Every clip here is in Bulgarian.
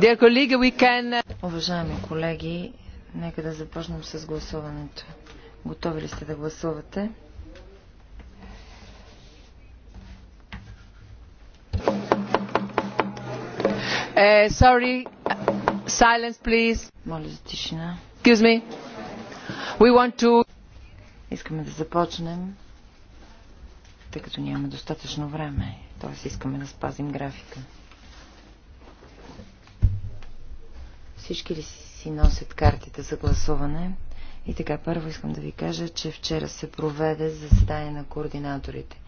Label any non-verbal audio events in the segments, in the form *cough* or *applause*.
Uh, Уважаеми колеги, нека да започнем с гласуването. Готови ли сте да гласувате? Uh, sorry. Silence, please. Моля за тишина. Excuse me. We want to... Искаме да започнем, тъй като нямаме достатъчно време. Т.е. искаме да спазим графика. Всички ли си носят картите за гласуване? И така, първо искам да ви кажа, че вчера се проведе заседание на координаторите.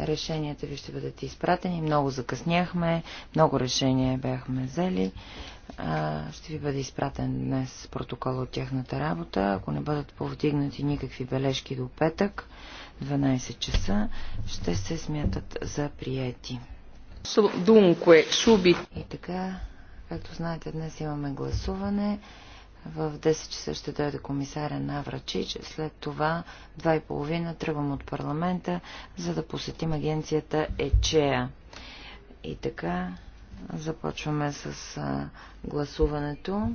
Решенията ви ще бъдат изпратени. Много закъсняхме, много решения бяхме взели. А, ще ви бъде изпратен днес протокол от тяхната работа. Ако не бъдат повдигнати никакви бележки до петък, 12 часа, ще се смятат за приети. И така, Както знаете, днес имаме гласуване. В 10 часа ще дойде комисаря Наврачич. След това, 2.30, тръгвам от парламента, за да посетим агенцията ЕЧЕА. И така, започваме с гласуването.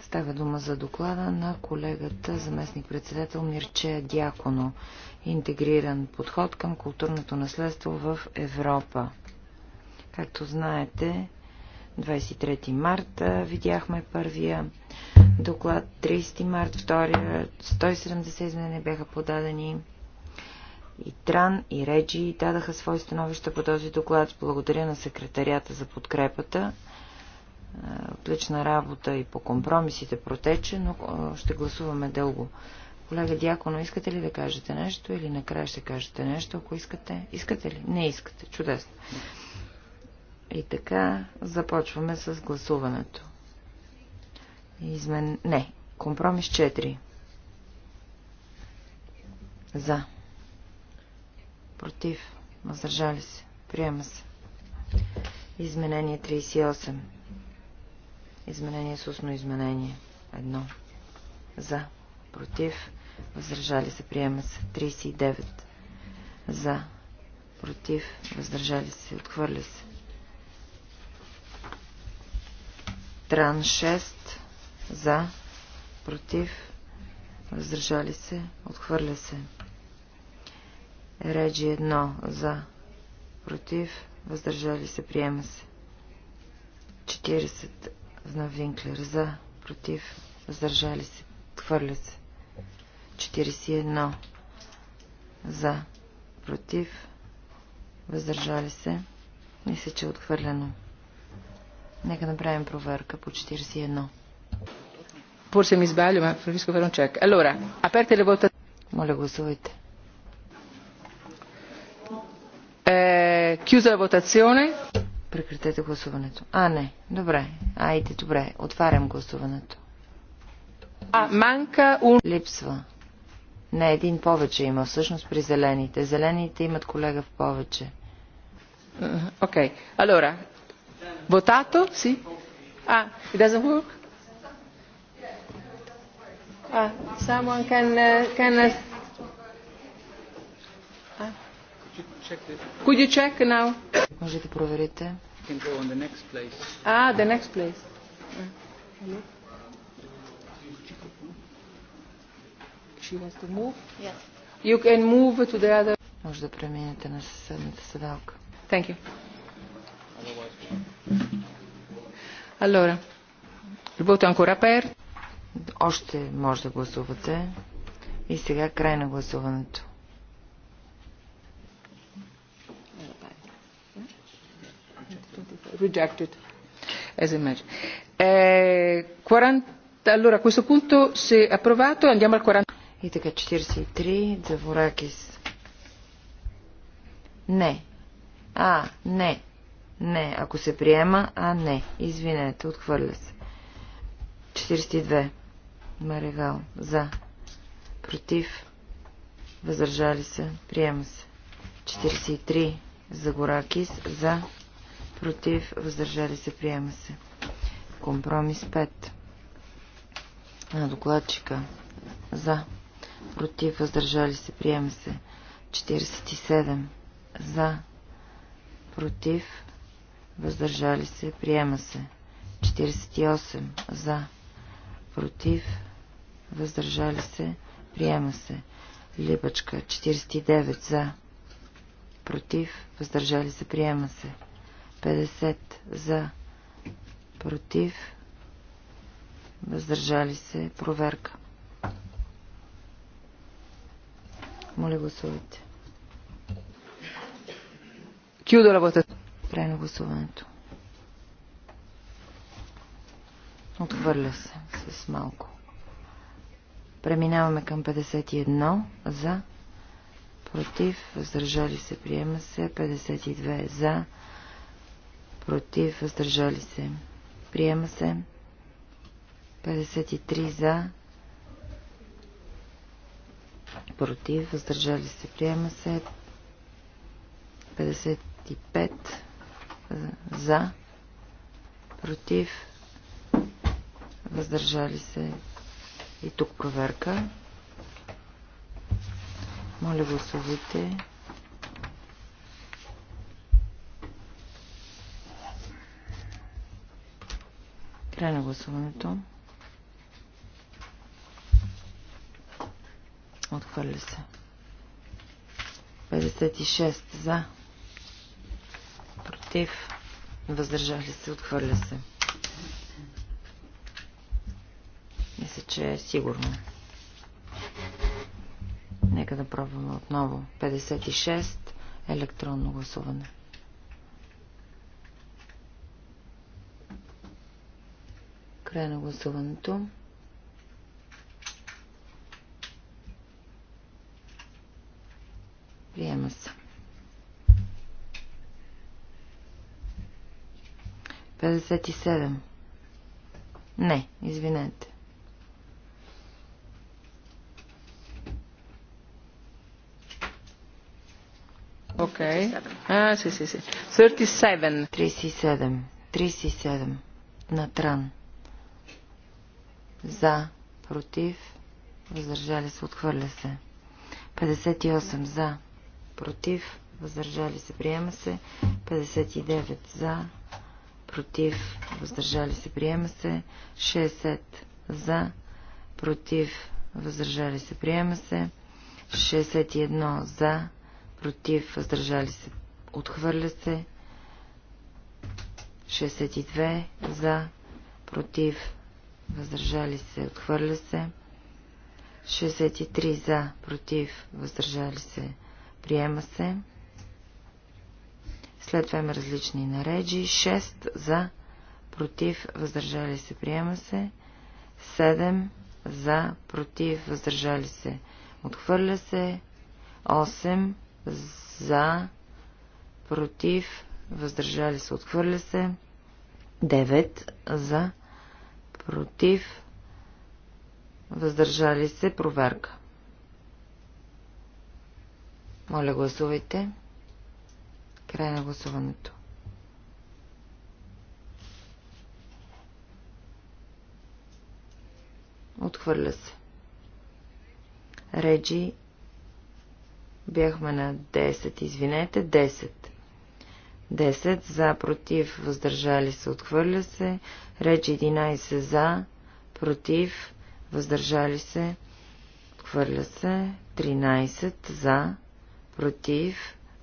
Става дума за доклада на колегата, заместник-председател Мирчея Дяконо. Интегриран подход към културното наследство в Европа. Както знаете, 23 марта видяхме първия доклад, 30 март, втория, 170 изменения бяха подадени. И Тран, и Реджи дадаха свои становища по този доклад. Благодаря на секретарията за подкрепата. Отлична работа и по компромисите протече, но ще гласуваме дълго. Колега Дяконо, искате ли да кажете нещо или накрая ще кажете нещо, ако искате? Искате ли? Не искате. Чудесно. И така, започваме с гласуването. Измен... Не. Компромис 4. За. Против. Въздържали се. Приема се. Изменение 38. Изменение с устно изменение. Едно. За. Против. Въздържали се. Приема се. 39. За. Против. Въздържали се. Отхвърля се. Тран 6 за, против, въздържали се, отхвърля се. Реджи 1 за, против, въздържали се, приема се. 40 на Винклер за, против, въздържали се, отхвърля се. 41 за, против, въздържали се. Мисля, че е отхвърлено. Нека направим проверка по 41. Forse mi sbaglio, ma preferisco fare un check. Allora, aperte Моля, гласувайте. Кюза е, chiusa Прекратете гласуването. А, не. Добре. Айде, добре. Отварям гласуването. А, манка un... Липсва. Не, един повече има, всъщност при зелените. Зелените имат колега в повече. Окей. Okay. Votato? Sì? Ah, it doesn't work? Ah, someone can... Uh, can uh, Could you check now? Може да проверите. Ah, the next place. She wants to move? Yes. You can move to the other. Може да преминете на съседната седалка. Thank you. Allora, il voto ancora aperto. Още може да гласувате. И сега край на гласуването. Rejected. As imagine. Eh, 40... Allora, a questo punto, se approvato, andiamo al 40. И така, 43, Заворакис. Не. А, не. Не, ако се приема, а не. Извинете, отхвърля се. 42. Марегал. За. Против. Въздържали се. Приема се. 43. Загоракис. За. Против. Въздържали се. Приема се. Компромис 5. На докладчика. За. Против. Въздържали се. Приема се. 47. За. Против въздържали се, приема се. 48 за, против, въздържали се, приема се. Либачка, 49 за, против, въздържали се, приема се. 50 за, против, въздържали се, проверка. Моля гласувайте. Кюдора Край на гласуването. Отхвърля се с малко. Преминаваме към 51 за, против, въздържали се, приема се, 52 за, против, въздържали се, приема се, 53 за, против, въздържали се, приема се, 55 за. Против. Въздържали се. И тук проверка. Моля гласовите. Край на гласуването. Отхвърля се. 56 за против, въздържали се, отхвърля се. Мисля, че е сигурно. Нека да пробваме отново. 56 електронно гласуване. Край на гласуването. Приема се. 57. Не, извинете. Окей. Okay. А, си, си, си. 37. 37. 37. На Тран. За. Против. Въздържали се. Отхвърля се. 58. За. Против. Въздържали се. Приема се. 59. За против, въздържали се, приема се. 60 за, против, въздържали се, приема се. 61 за, против, въздържали се, отхвърля се. 62 за, против, въздържали се, отхвърля се. 63 за, против, въздържали се, приема се. След това има различни нарежи. 6 за, против, въздържали се, приема се. 7 за, против, въздържали се, отхвърля се. 8 за, против, въздържали се, отхвърля се. 9 за, против, въздържали се, проверка. Моля, гласувайте. Край на гласуването. Отхвърля се. Реджи. Бяхме на 10. Извинете, 10. 10 за, против, въздържали се, отхвърля се. Реджи 11 за, против, въздържали се, отхвърля се. 13 за, против,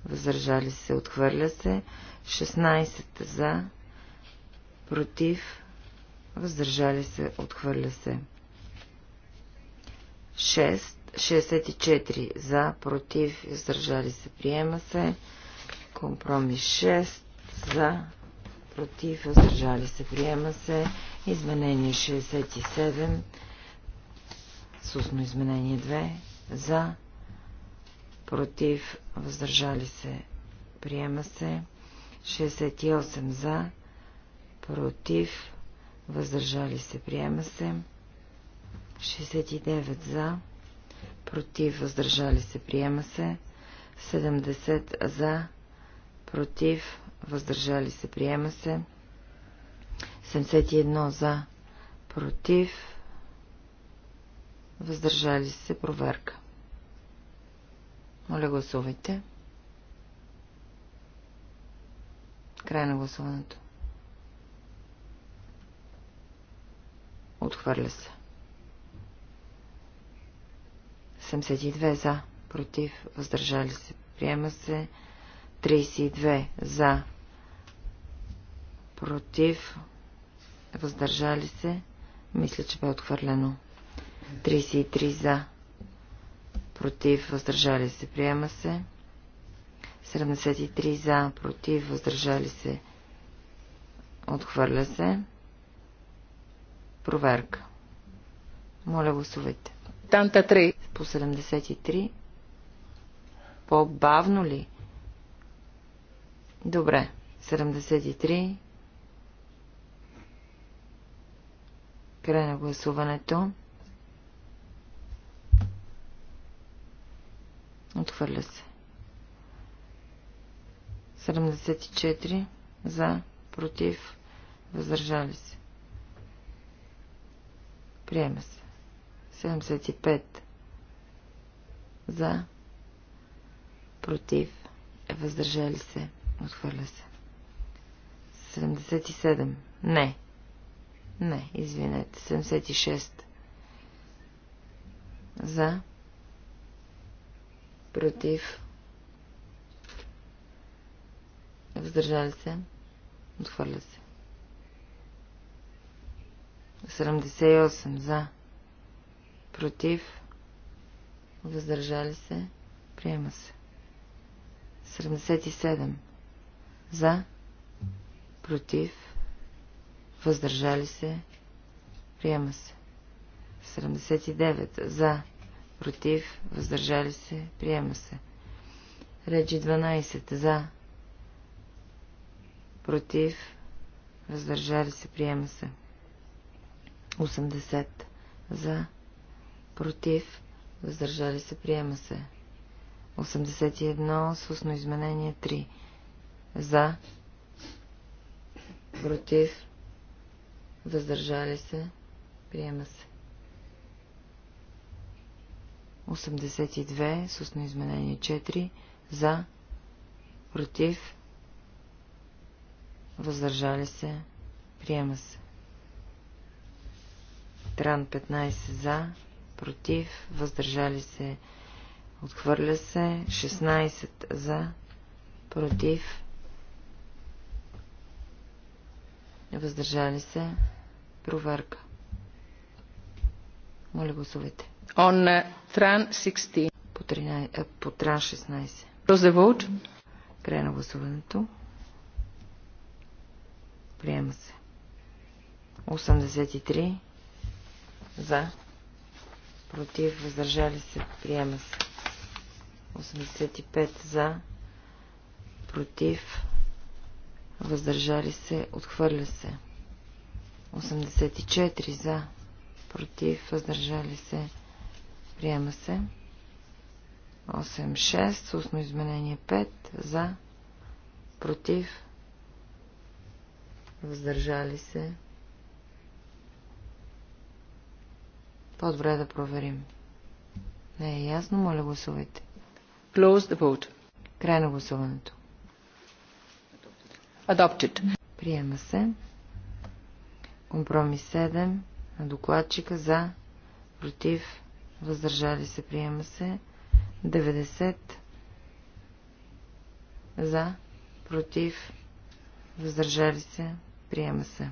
въздържали се, отхвърля се, 16 за, против, въздържали се, отхвърля се. 6, 64 за, против, въздържали се, приема се, компромис 6 за, против, въздържали се, приема се, изменение 67, сусно изменение 2, за, против, въздържали се, приема се. 68 за, против, въздържали се, приема се. 69 за, против, въздържали се, приема се. 70 за, против, въздържали се, приема се. 71 за, против, въздържали се, проверка. Моля, гласувайте. Край на гласуването. Отхвърля се. 72 за, против, въздържали се. Приема се. 32 за, против, въздържали се. Мисля, че бе отхвърлено. 33 за, против, въздържали се, приема се. 73 за, против, въздържали се, отхвърля се. Проверка. Моля гласувайте. Танта 3. По 73. По-бавно ли? Добре. 73. Край на гласуването. Отхвърля се. 74 за, против, въздържали се. Приема се. 75 за, против, въздържали се. Отхвърля се. 77. Не. Не, извинете. 76. За против, въздържали се, отхвърля се. 78 за, против, въздържали се, приема се. 77 за, против, въздържали се, приема се. 79 за, против, против, въздържали се, приема се. Реджи 12 за, против, въздържали се, приема се. 80 за, против, въздържали се, приема се. 81 с устно изменение 3 за, против, въздържали се, приема се. 82 с устно изменение 4 за, против, въздържали се, приема се. Тран 15 за, против, въздържали се, отхвърля се, 16 за, против, въздържали се, проверка. Моля гласувайте. On uh, Тран 16. Е, по, Тран 16. Close the Край на гласуването. Приема се. 83. За. Против. Въздържали се. Приема се. 85 за. Против. Въздържали се. Отхвърля се. 84 за. Против. Въздържали се. Приема се. 8-6. Устно изменение 5. За. Против. Въздържали се. По-добре да проверим. Не е ясно, моля гласувайте. Close the vote. Край на гласуването. Adopted. Приема се. Компромис 7 на докладчика за, против, въздържали се, приема се. 90 за, против, въздържали се, приема се.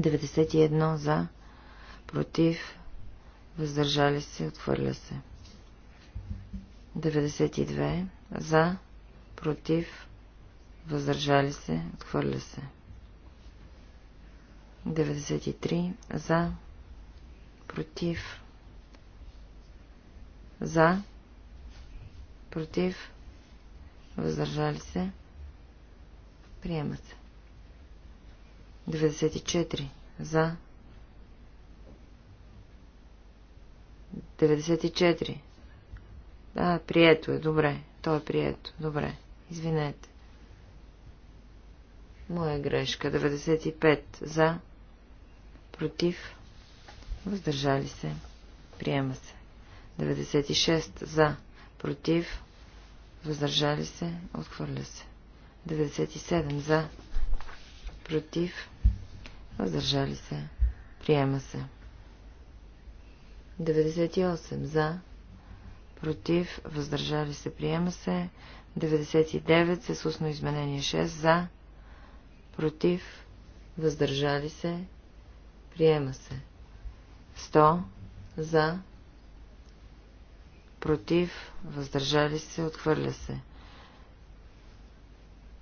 91 за, против, въздържали се, отвърля се. 92 за, против, въздържали се, отхвърля се. 93 за, против, за. Против. Въздържали се. Приема се. 94. За. 94. Да, прието е. Добре. То е прието. Добре. Извинете. Моя грешка. 95. За. Против. Въздържали се. Приема се. 96 за, против, въздържали се, отхвърля се. 97 за, против, въздържали се, приема се. 98 за, против, въздържали се, приема се. 99 с устно изменение 6 за, против, въздържали се, приема се. 100 за, против, въздържали се, отхвърля се.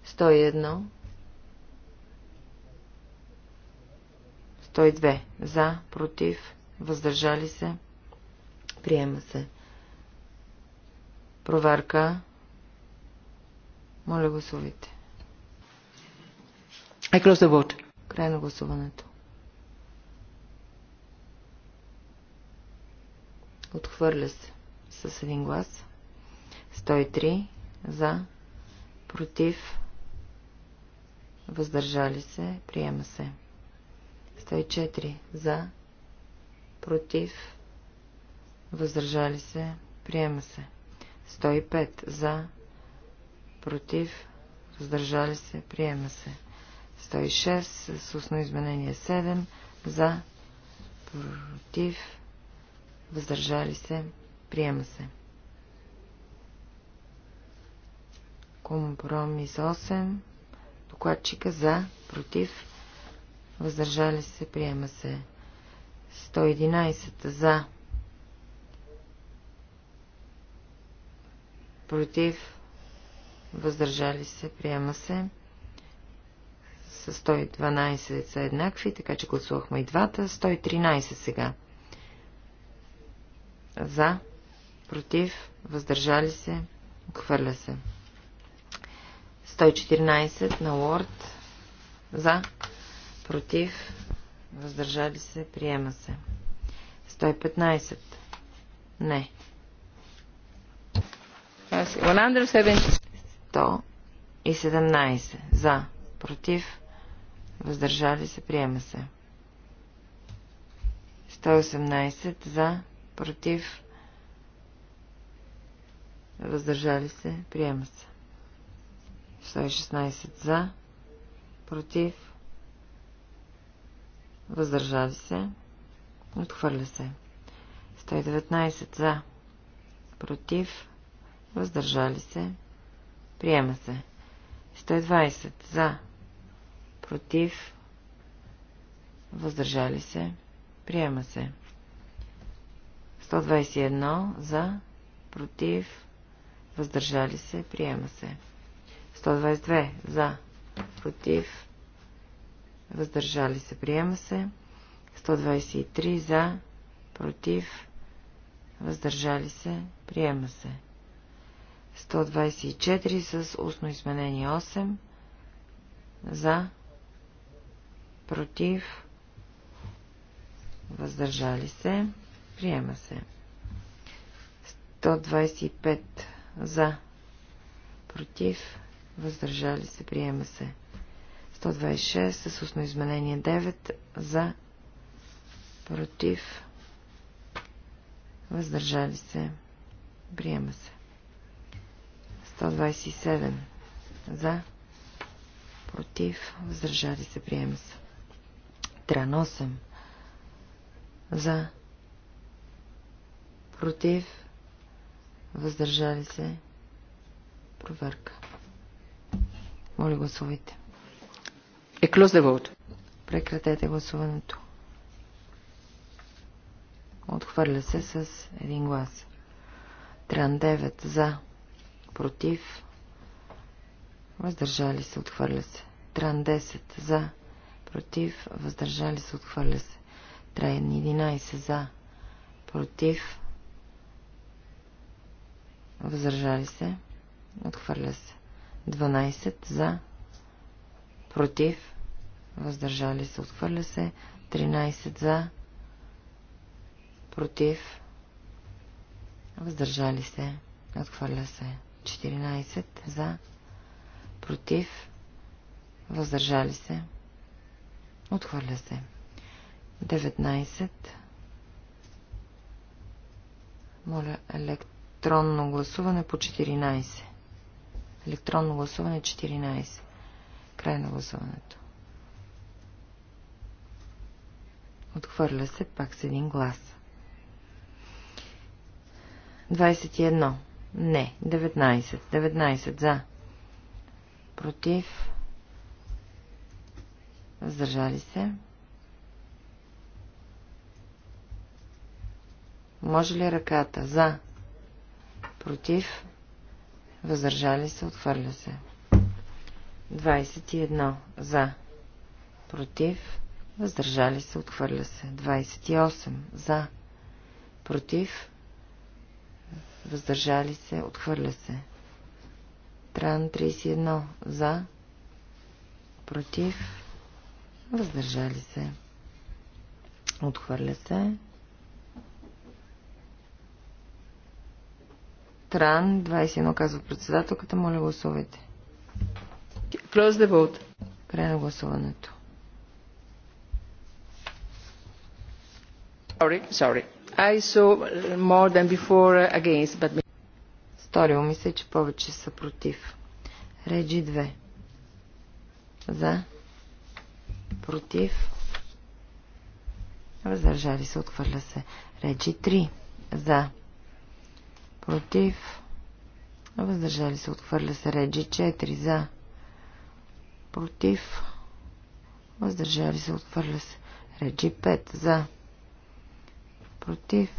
101, 102, за, против, въздържали се, приема се. Проверка. Моля гласувайте. I close the vote. Край на гласуването. Отхвърля се с един глас. 103 за, против, въздържали се, приема се. 104 за, против, въздържали се, приема се. 105 за, против, въздържали се, приема се. 106 с устно изменение 7 за, против, въздържали се, Приема се. Компромис 8. Докладчика за, против, въздържали се, приема се. 111 за, против, въздържали се, приема се. С 112 са еднакви, така че гласувахме и двата. 113 сега. За, против, въздържали се, отхвърля се. 114 на Лорд, за, против, въздържали се, приема се. 115, не. 117, за, против, въздържали се, приема се. 118 за, против, въздържали се, приема се. 116 за, против, въздържали се, отхвърля се. 119 за, против, въздържали се, приема се. 120 за, против, въздържали се, приема се. 121 за, против, въздържали се, приема се. 122 за, против, въздържали се, приема се. 123 за, против, въздържали се, приема се. 124 с устно изменение 8 за, против, въздържали се, приема се. 125 за. Против. Въздържали се. Приема се. 126 с устно изменение 9. За. Против. Въздържали се. Приема се. 127. За. Против. Въздържали се. Приема се. Тран 8. За. Против въздържали се, проверка. Моля гласувайте. Е close the Прекратете гласуването. Отхвърля се с един глас. Тран 9 за, против, въздържали се, отхвърля се. Тран 10 за, против, въздържали се, отхвърля се. Тран 11 за, против, Въздържали се. Отхвърля се. 12 за. Против. Въздържали се. Отхвърля се. 13 за. Против. Въздържали се. Отхвърля се. 14 за. Против. Въздържали се. Отхвърля се. 19. Моля елект електронно гласуване по 14. Електронно гласуване 14. Край на гласуването. Отхвърля се пак с един глас. 21. Не. 19. 19 за. Против. Въздържали се. Може ли ръката? За против, въздържали се, отхвърля се. 21 за, против, въздържали се, отхвърля се. 28 за, против, въздържали се, отхвърля се. Тран 31 за, против, въздържали се, отхвърля се. Тран 21 казва председателката. Моля гласувайте. Close the vote. Край на гласуването. Sorry, sorry. I saw uh, more than before uh, against, but... Сторило ми се, че повече са против. Реджи 2. За. Против. Въздържали се, отхвърля се. Реджи 3. За против, въздържали се, отхвърля се, реджи 4 за, против, въздържали се, отхвърля се, реджи 5 за, против,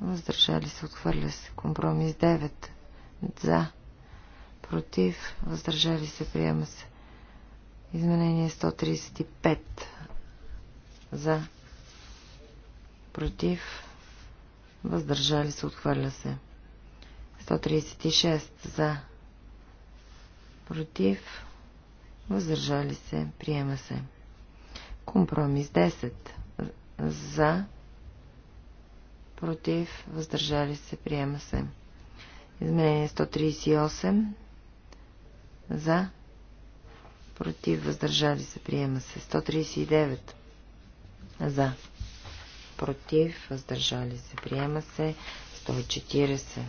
въздържали се, отхвърля се, компромис 9 за, против, въздържали се, приема се, изменение 135 за, против, въздържали се, отхвърля се. 136 за. Против. Въздържали се. Приема се. Компромис 10 за. Против. Въздържали се. Приема се. Изменение 138 за. Против. Въздържали се. Приема се. 139 за. Против. Въздържали се. Приема се. 140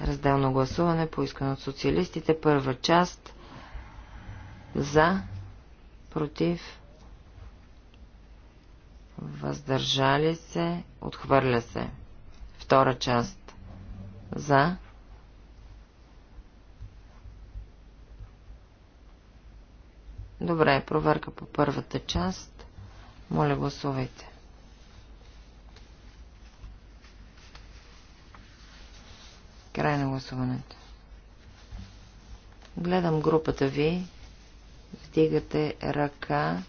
Разделно гласуване, поискано от социалистите. Първа част. За. Против. Въздържали се. Отхвърля се. Втора част. За. Добре, проверка по първата част. Моля, гласувайте. Край на гласуването. Гледам групата ви. Вдигате ръка,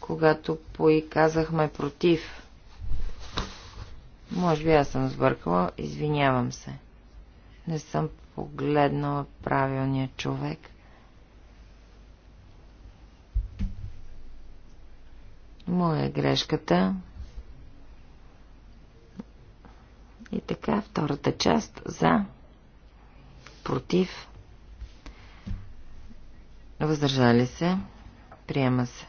когато поиказахме против. Може би аз съм сбъркала, извинявам се. Не съм погледнала правилния човек. Моя е грешката. И така, втората част за против, въздържали се, приема се.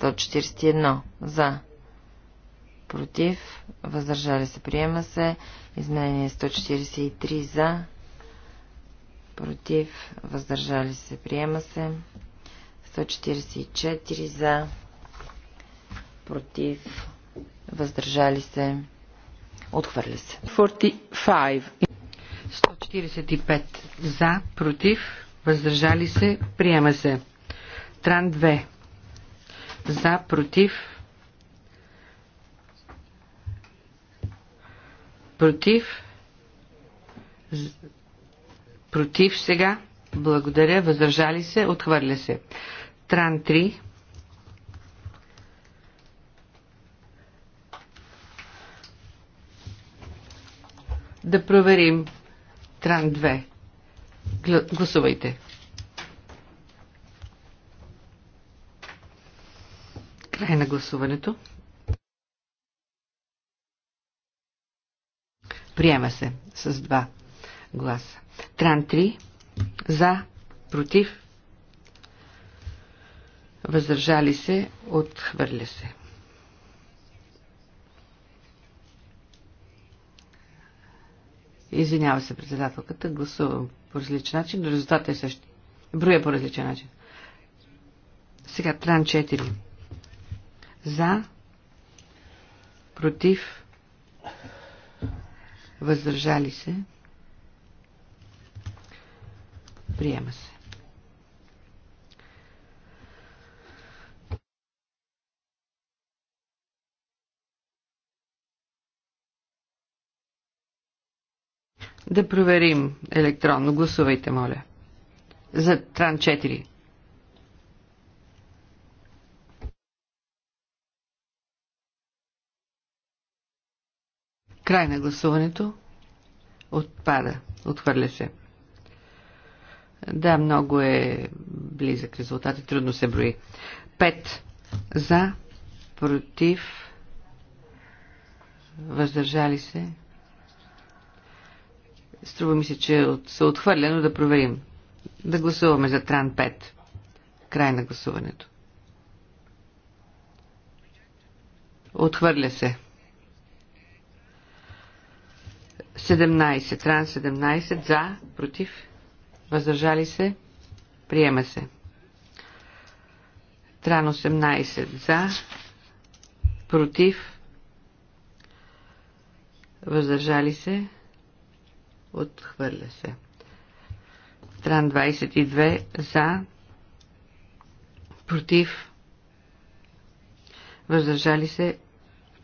141 за, против, въздържали се, приема се. Изменение 143 за, против, въздържали се, приема се. 144 за, против, въздържали се, отхвърля се. 45. 145 за, против, въздържали се, приема се. Тран 2 за, против, против, против сега, благодаря, въздържали се, отхвърля се. Тран 3 да проверим Тран 2. Гласувайте. Край на гласуването. Приема се с два гласа. Тран 3. За. Против. Въздържали се. Отхвърля се. Извинява се председателката, гласувам по различен начин, но резултатът е също. Броя е по различен начин. Сега тран 4. За, против, въздържали се, приема се. Да проверим електронно. Гласувайте, моля. За Тран 4. Край на гласуването. Отпада. Отхвърля се. Да, много е близък резултат. Трудно се брои. Пет. за, против, въздържали се. Струва ми се, че от, са отхвърлено да проверим. Да гласуваме за Тран 5. Край на гласуването. Отхвърля се. 17. Тран 17. За. Против. Въздържали се. Приема се. Тран 18. За. Против. Въздържали се. Отхвърля се. Тран 22 за. Против. Въздържали се.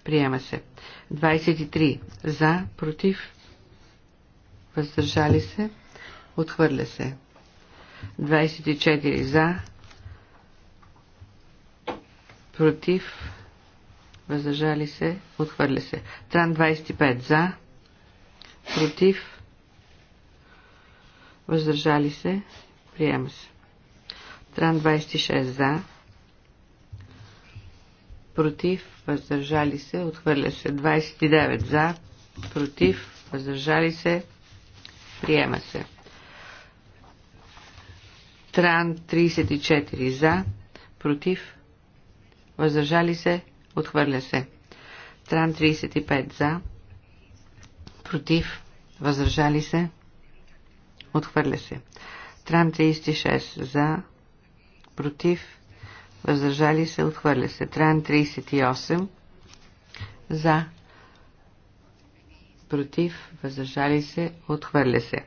Приема се. 23 за. Против. Въздържали се. Отхвърля се. 24 за. Против. Въздържали се. Отхвърля се. Тран 25 за. Против въздържали се, приема се. Тран 26 за, против, въздържали се, отхвърля се. 29 за, против, въздържали се, приема се. Тран 34 за, против, въздържали се, отхвърля се. Тран 35 за, против, въздържали се, Отхвърля се. Трам 36 за, против, въздържали се, отхвърля се. Трам 38 за, против, въздържали се, отхвърля се.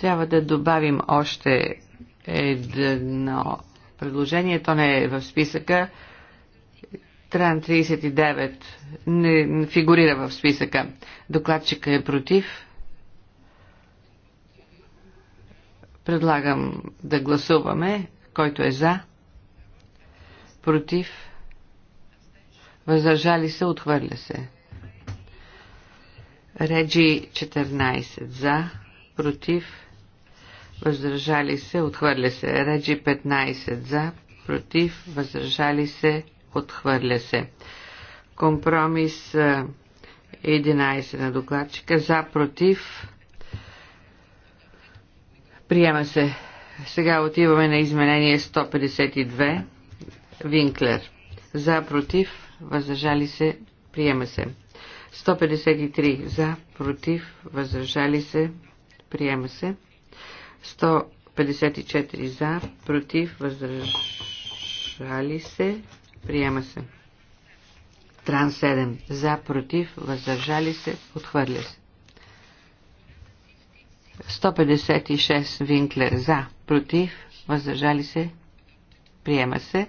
Трябва да добавим още едно предложение. То не е в списъка. Тран 39 не фигурира в списъка. Докладчика е против. Предлагам да гласуваме, който е за, против, въздържали се, отхвърля се. Реджи 14 за, против, въздържали се, отхвърля се. Реджи 15 за, против, въздържали се, отхвърля се. Компромис 11 на докладчика за, против, Приема се. Сега отиваме на изменение 152. Винклер. За, против, въздържали се, приема се. 153. За, против, въздържали се, приема се. 154. За, против, въздържали се, приема се. Тран 7. За, против, въздържали се, отхвърля се. 156 Винклер за, против, въздържали се, приема се.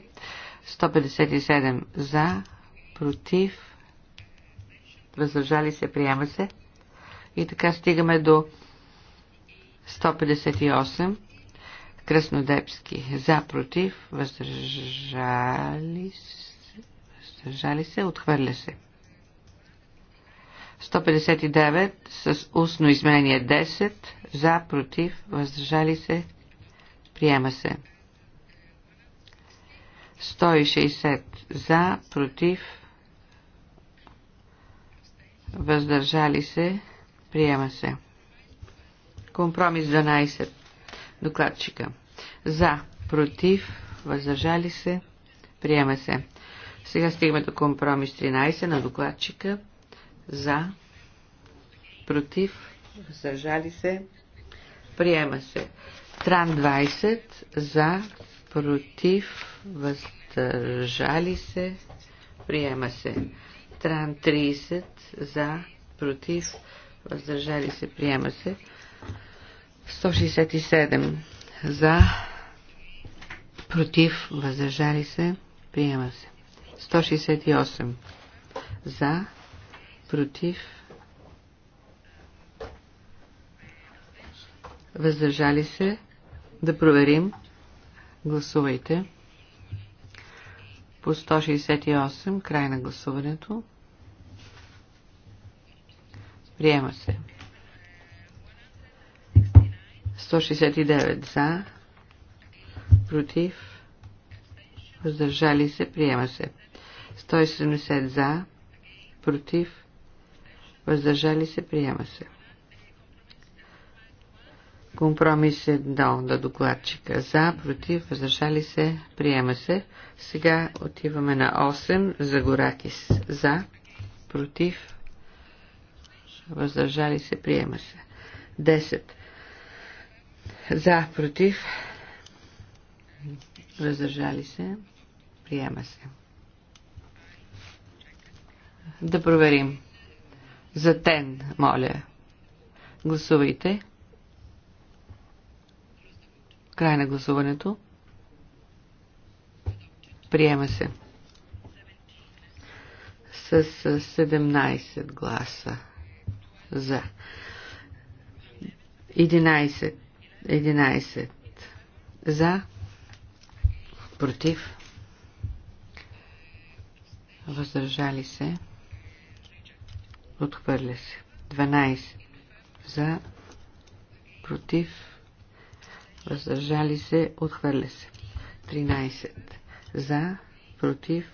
157 за, против, въздържали се, приема се. И така стигаме до 158 Краснодепски за, против, въздържали се, въздържали се, отхвърля се. 159 с устно изменение 10 за, против, въздържали се, приема се. 160 за, против, въздържали се, приема се. Компромис 12. Докладчика. За, против, въздържали се, приема се. Сега стигаме до компромис 13 на докладчика за, против, въздържали се, приема се. Тран 20 за, против, въздържали се, приема се. Тран 30 за, против, въздържали се, приема се. 167 за, против, въздържали се, приема се. 168 за, против, въздържали се, да проверим. Гласувайте. По 168, край на гласуването. Приема се. 169 за, против, въздържали се, приема се. 170 за, против, въздържали се, приема се. Компромис е дал на докладчика. За, против, въздържали се, приема се. Сега отиваме на 8 за Горакис. За, против, въздържали се, приема се. 10. За, против, въздържали се, приема се. Да проверим. За тен, моля. Гласувайте. Край на гласуването. Приема се. С 17 гласа за. 11. 11 за. Против. Въздържали се. Отхвърля се. 12. За. Против. Въздържали се. Отхвърля се. 13. За. Против.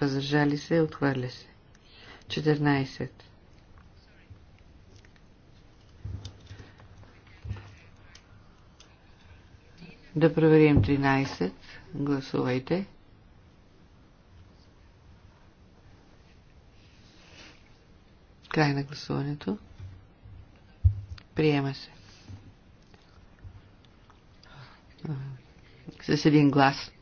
Въздържали се. Отхвърля се. 14. Да проверим 13. Гласувайте. Край на гласуването. Приема се. С един глас.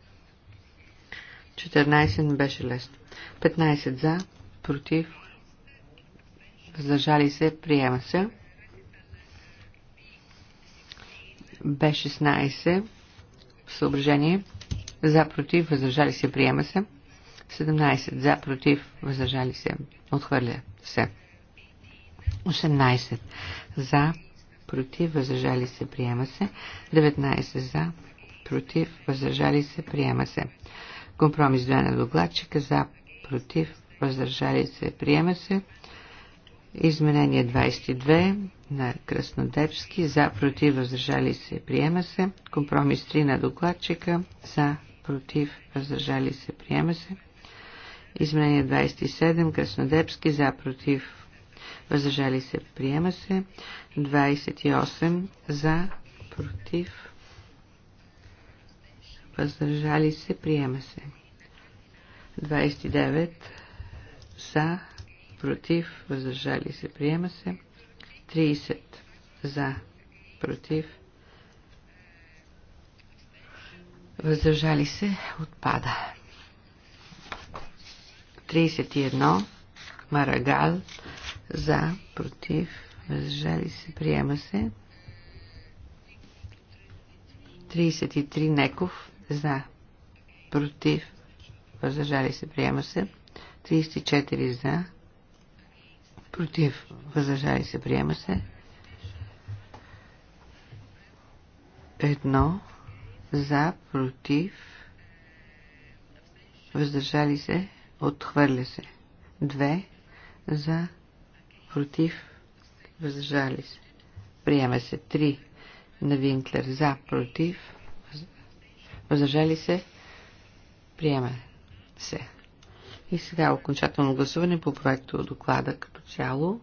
14 не беше лесно. 15 за, против, въздържали се, приема се. Б16 съображение за, против, въздържали се, приема се. 17 за, против, въздържали се, отхвърля се. 18 за, против, въздържали се, приема се. 19 за, против, въздържали се, приема се. Компромис 2 на докладчика за, против, въздържали се, приема се. Изменение 22 на Краснодевски за, против, въздържали се, приема се. Компромис 3 на докладчика за, против, въздържали се, приема се. Изменение 27 Краснодепски за, против, въздържали се, приема се. 28 за, против, въздържали се, приема се. 29 за, против, въздържали се, приема се. 30 за, против, въздържали се, отпада. 31 Марагал за, против, въздържали се, приема се. 33 Неков. За, против, въздържали се, приема се. 34 за, против, въздържали се, приема се. Едно за, против, въздържали се, отхвърля се. Две за, против, въздържали се. Приема се 3 на Винклер за, против, въздържали се. Приема се. И сега окончателно гласуване по проекто доклада като цяло.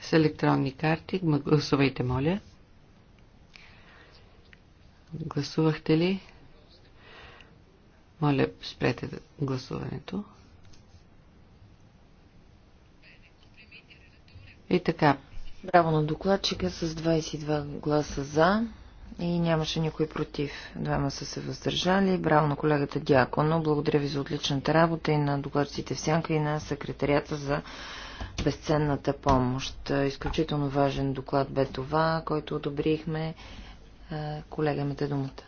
С електронни карти. Гласувайте, моля. Гласувахте ли? Моля, спрете гласуването. И така. Браво на докладчика с 22 гласа за и нямаше никой против. Двама са се въздържали. Браво на колегата Дяконо. Благодаря ви за отличната работа и на докладците в сянка и на секретарията за безценната помощ. Изключително важен доклад бе това, който одобрихме. Е, колега, имате думата.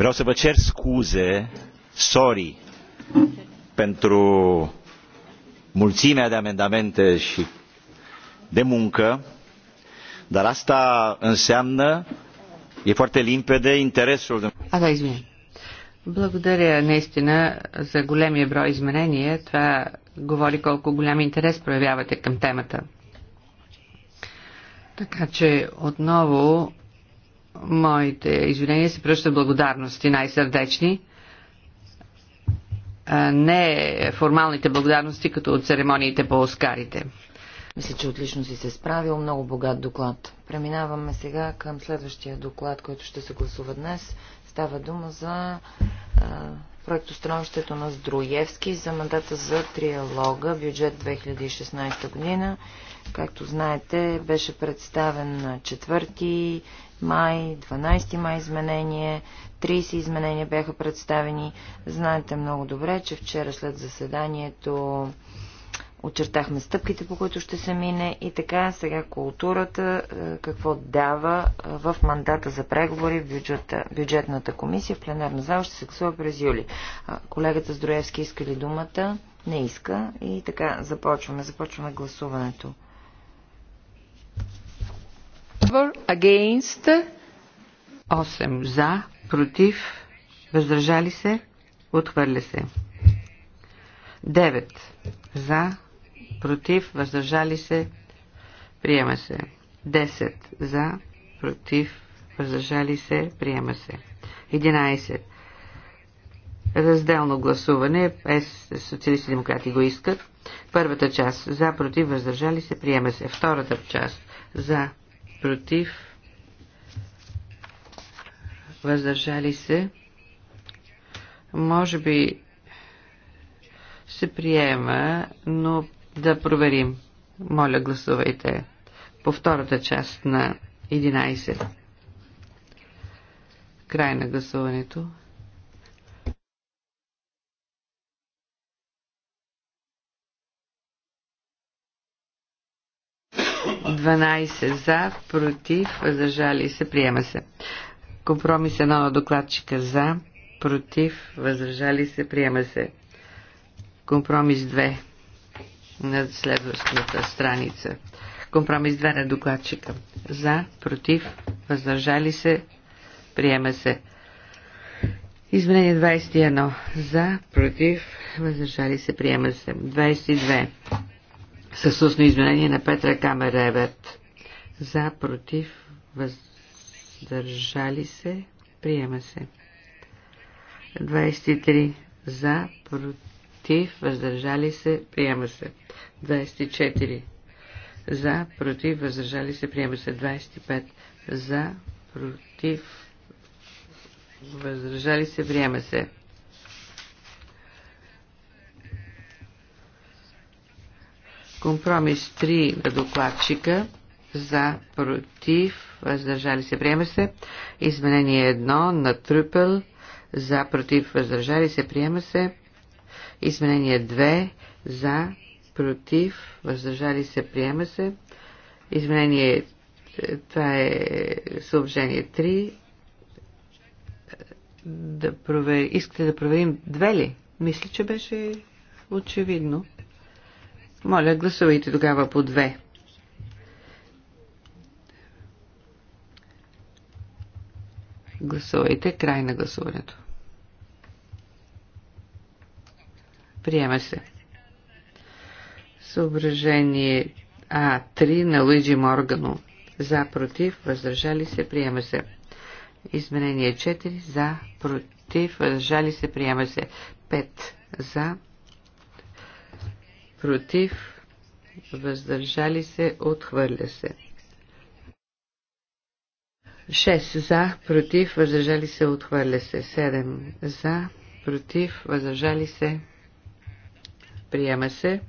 Vreau să vă cer scuze, sorry, pentru mulțimea de amendamente și de muncă, dar asta înseamnă, e foarte limpede, interesul... Ага, извиня. E Благодаря наистина за големия брой изменения. Това говори колко голям интерес проявявате към темата. Така че отново Моите извинения се пръщат благодарности най-сърдечни. Не формалните благодарности, като от церемониите по Оскарите. Мисля, че отлично си се справил. Много богат доклад. Преминаваме сега към следващия доклад, който ще се гласува днес. Става дума за проектостановището на Здруевски за мандата за триалога бюджет 2016 година. Както знаете, беше представен на 4 май, 12 май изменение, 30 изменения бяха представени. Знаете много добре, че вчера след заседанието очертахме стъпките, по които ще се мине и така сега културата е, какво дава е, в мандата за преговори в бюджета, бюджетната комисия в пленарна зала ще се гласува през юли. Колегата Здроевски иска ли думата? Не иска и така започваме. Започваме гласуването. Against. 8 за, против, въздържали се, отхвърля се. 9 за, против, въздържали се, приема се. 10 за, против, въздържали се, приема се. 11. Разделно гласуване, ЕС, социалисти демократи го искат. Първата част за, против, въздържали се, приема се. Втората част за, против, въздържали се. Може би се приема, но да проверим. Моля, гласувайте по втората част на 11. Край на гласуването. Дванайсет за, против, въздържали се, приема се. Компромис едно на докладчика за, против, въздържали се, приема се. Компромис 2 на следващата страница. Компромис 2 на докладчика. За, против, въздържали се, приема се. Изменение 21. За, против, въздържали се, приема се. 22. Съсусно, изменение на Петра Камеревет. За, против, въздържали се, приема се. 23. За, против, против, въздържали се, приема се. 24. За, против, въздържали се, приема се. 25. За, против, въздържали се, приема се. Компромис 3 на докладчика. За, против, въздържали се, приема се. Изменение 1 на Трюпел. За, против, въздържали се, приема се. Изменение 2 за, против, въздържали се, приема се. Изменение, е, това е съобщение 3. Да провер... Искате да проверим две ли? Мисля, че беше очевидно. Моля, гласувайте тогава по две. Гласувайте край на гласуването. Приема се. Съображение А3 на Луиджи Моргано. За, против, въздържали се, приема се. Изменение 4. За, против, въздържали се, приема се. 5. За, против, въздържали се, отхвърля се. 6. За, против, въздържали се, отхвърля се. 7. За, против, въздържали се, Приема се.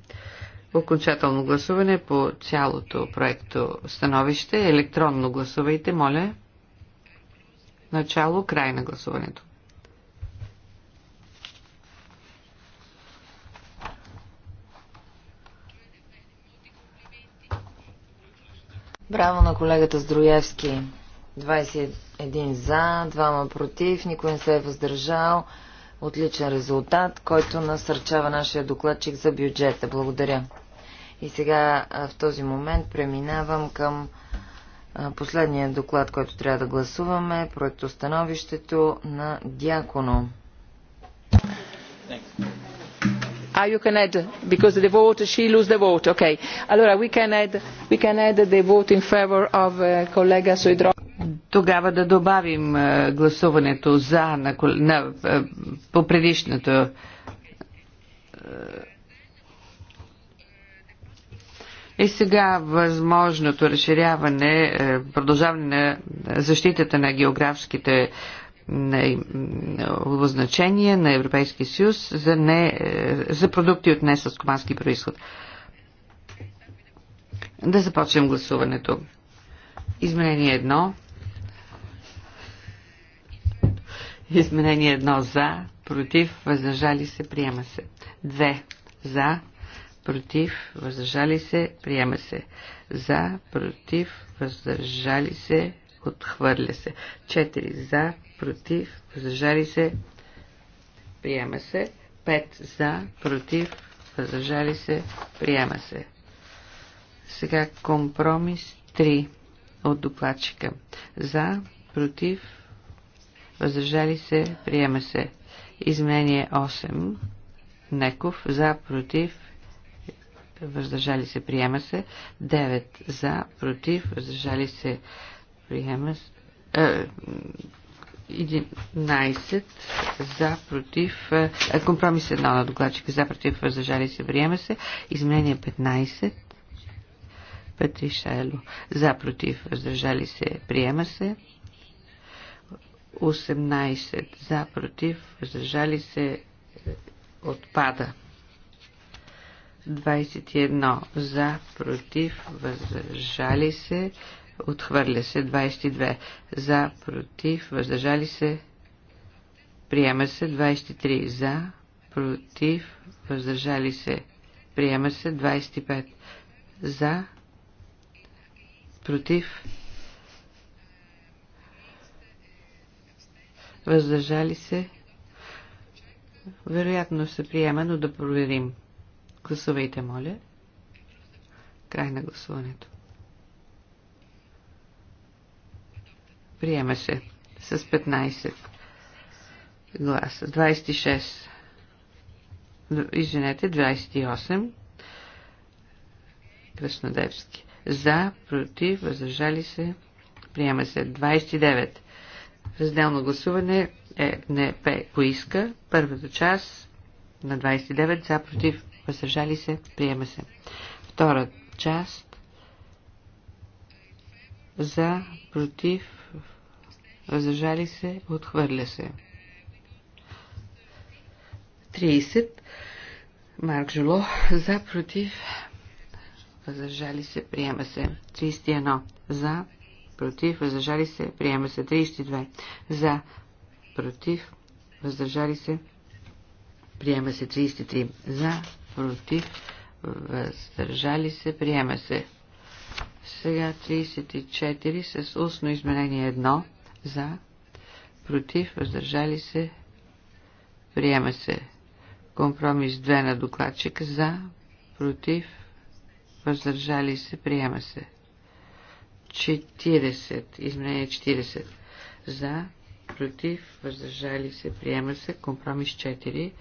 Окончателно гласуване по цялото проекто становище. Електронно гласувайте, моля. Начало, край на гласуването. Браво на колегата Здроевски. 21 за, 2 против, никой не се е въздържал отличен резултат, който насърчава нашия докладчик за бюджета. Благодаря. И сега в този момент преминавам към последния доклад, който трябва да гласуваме, проектостановището на Дяконо. Ah, you can add because the vote she lose the vote. Okay. Allora we can add we can add the vote in favor of uh, collega Soidro тогава да добавим е, гласуването за на, на, е, по предишното е, и сега възможното разширяване, продължаване на защитата на географските обозначения на Европейския съюз за, не, за продукти от несъскомански происход. Да започнем гласуването. Изменение едно. Изменение 1 за, против, въздържали се, приема се. 2 за, против, въздържали се, приема се. За, против, въздържали се, отхвърля се. 4 за, против, въздържали се, приема се. 5 за, против, въздържали се, приема се. Сега компромис 3 от докладчика. За, против, въздържали се, приема се. Изменение 8, Неков, за, против, въздържали се, приема се. 9, за, против, въздържали се, приема е, се. 11 за против е, компромис 1 на докладчика за против въздържали се приема се изменение 15 Петришайло за против въздържали се приема се 18 за, против, въздържали се, отпада. 21 за, против, въздържали се, отхвърля се. 22 за, против, въздържали се, приема се. 23 за, против, въздържали се, приема се. 25 за, против, въздържали се. Вероятно се приема, но да проверим. Гласувайте, моля. Край на гласуването. Приема се с 15 гласа. 26. Извинете, 28. Краснодевски. За, против, въздържали се. Приема се 29. Разделно гласуване е, не пе, поиска. Първата част на 29 за против въздържали се, приема се. Втора част за против въздържали се, отхвърля се. 30. Марк Жоло за против въздържали се, приема се. 31. За против, въздържали се, приема се 32 за, против, въздържали се, приема се 33 за, против, въздържали се, приема се. Сега 34 с устно изменение 1 за, против, въздържали се, приема се. Компромис 2 на докладчик за, против, въздържали се, приема се. 40. Изменение 40. За, против, въздържали се, приема се. Компромис 4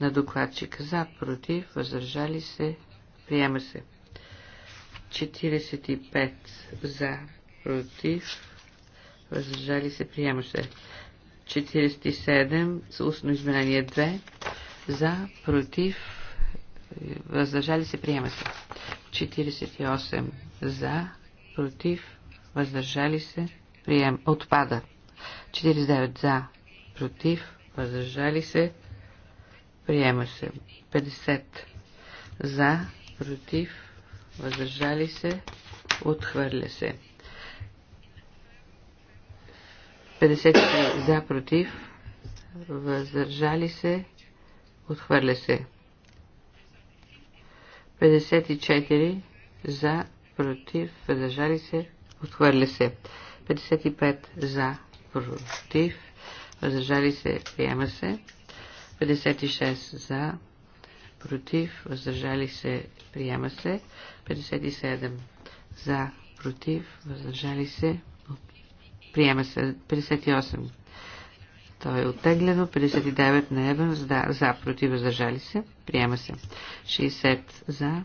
на докладчика. За, против, въздържали се, приема се. 45 за, против, въздържали се, приема се. 47 с устно изменение 2 за, против, въздържали се, приема се. 48 за, против, въздържали се, прием, отпада. 49 за, против, въздържали се, приема се. 50 за, против, въздържали се, отхвърля се. 53 за, против, въздържали се, отхвърля се. 54 за, против, въздържали се, отхвърля се. 55 за, против, въздържали се, приема се. 56 за, против, въздържали се, приема се. 57 за, против, въздържали се, приема се. 58 то е оттеглено. 59 на Еван за, за, против, въздържали се. Приема се. 60 за,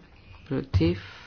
против,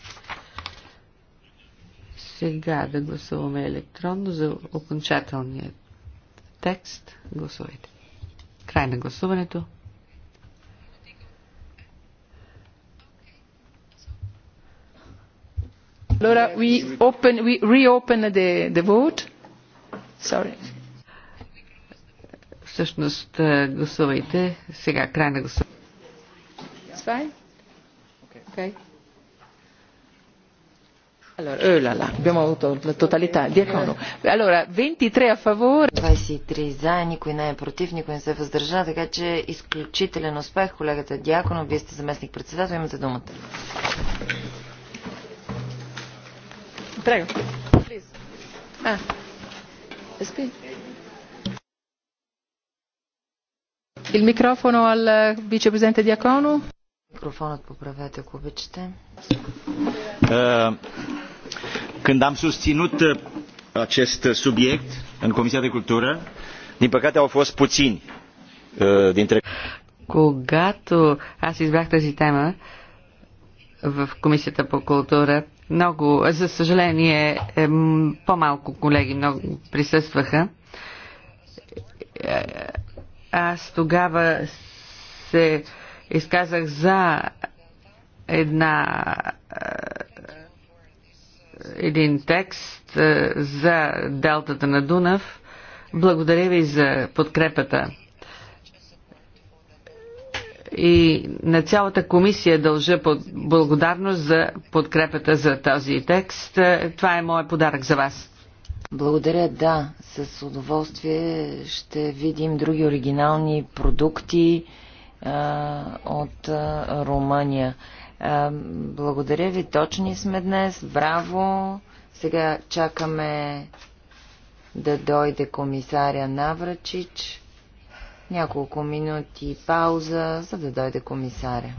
Сега да гласуваме електронно за окончателния текст. Гласувайте. Край на гласуването. Laura, we open we reopen the, the vote. Sorry. Всъщност е, гласувайте сега край на гласуването. It's fine? Okay. okay. Allora, eulala, eh, abbiamo avuto la totalità di Allora, 23 a favore. 23 за, никой не е против, никой не се въздържа, така че изключителен успех, колегата Дяконов, вие сте заместник председател, имате думата. Prego. Please. Ah. Il microfono al eh, vicepresidente Diaconu. Микрофонът поправете, ако обичате. Uh, Când am susținut uh, acest uh, subiect în Comisia de Cultură, din păcate au fost puțini uh, dintre... Когато аз избрах тази тема в Комисията по култура, много, за съжаление, е, по-малко колеги много присъстваха. Е, аз тогава се изказах за една е, един текст е, за делтата на Дунав. Благодаря ви за подкрепата. И на цялата комисия дължа под благодарност за подкрепата за този текст. Е, това е моят подарък за вас. Благодаря, да. С удоволствие ще видим други оригинални продукти а, от а, Румъния. Благодаря ви, точни сме днес, браво. Сега чакаме да дойде комисаря Наврачич. Няколко минути пауза, за да дойде комисаря.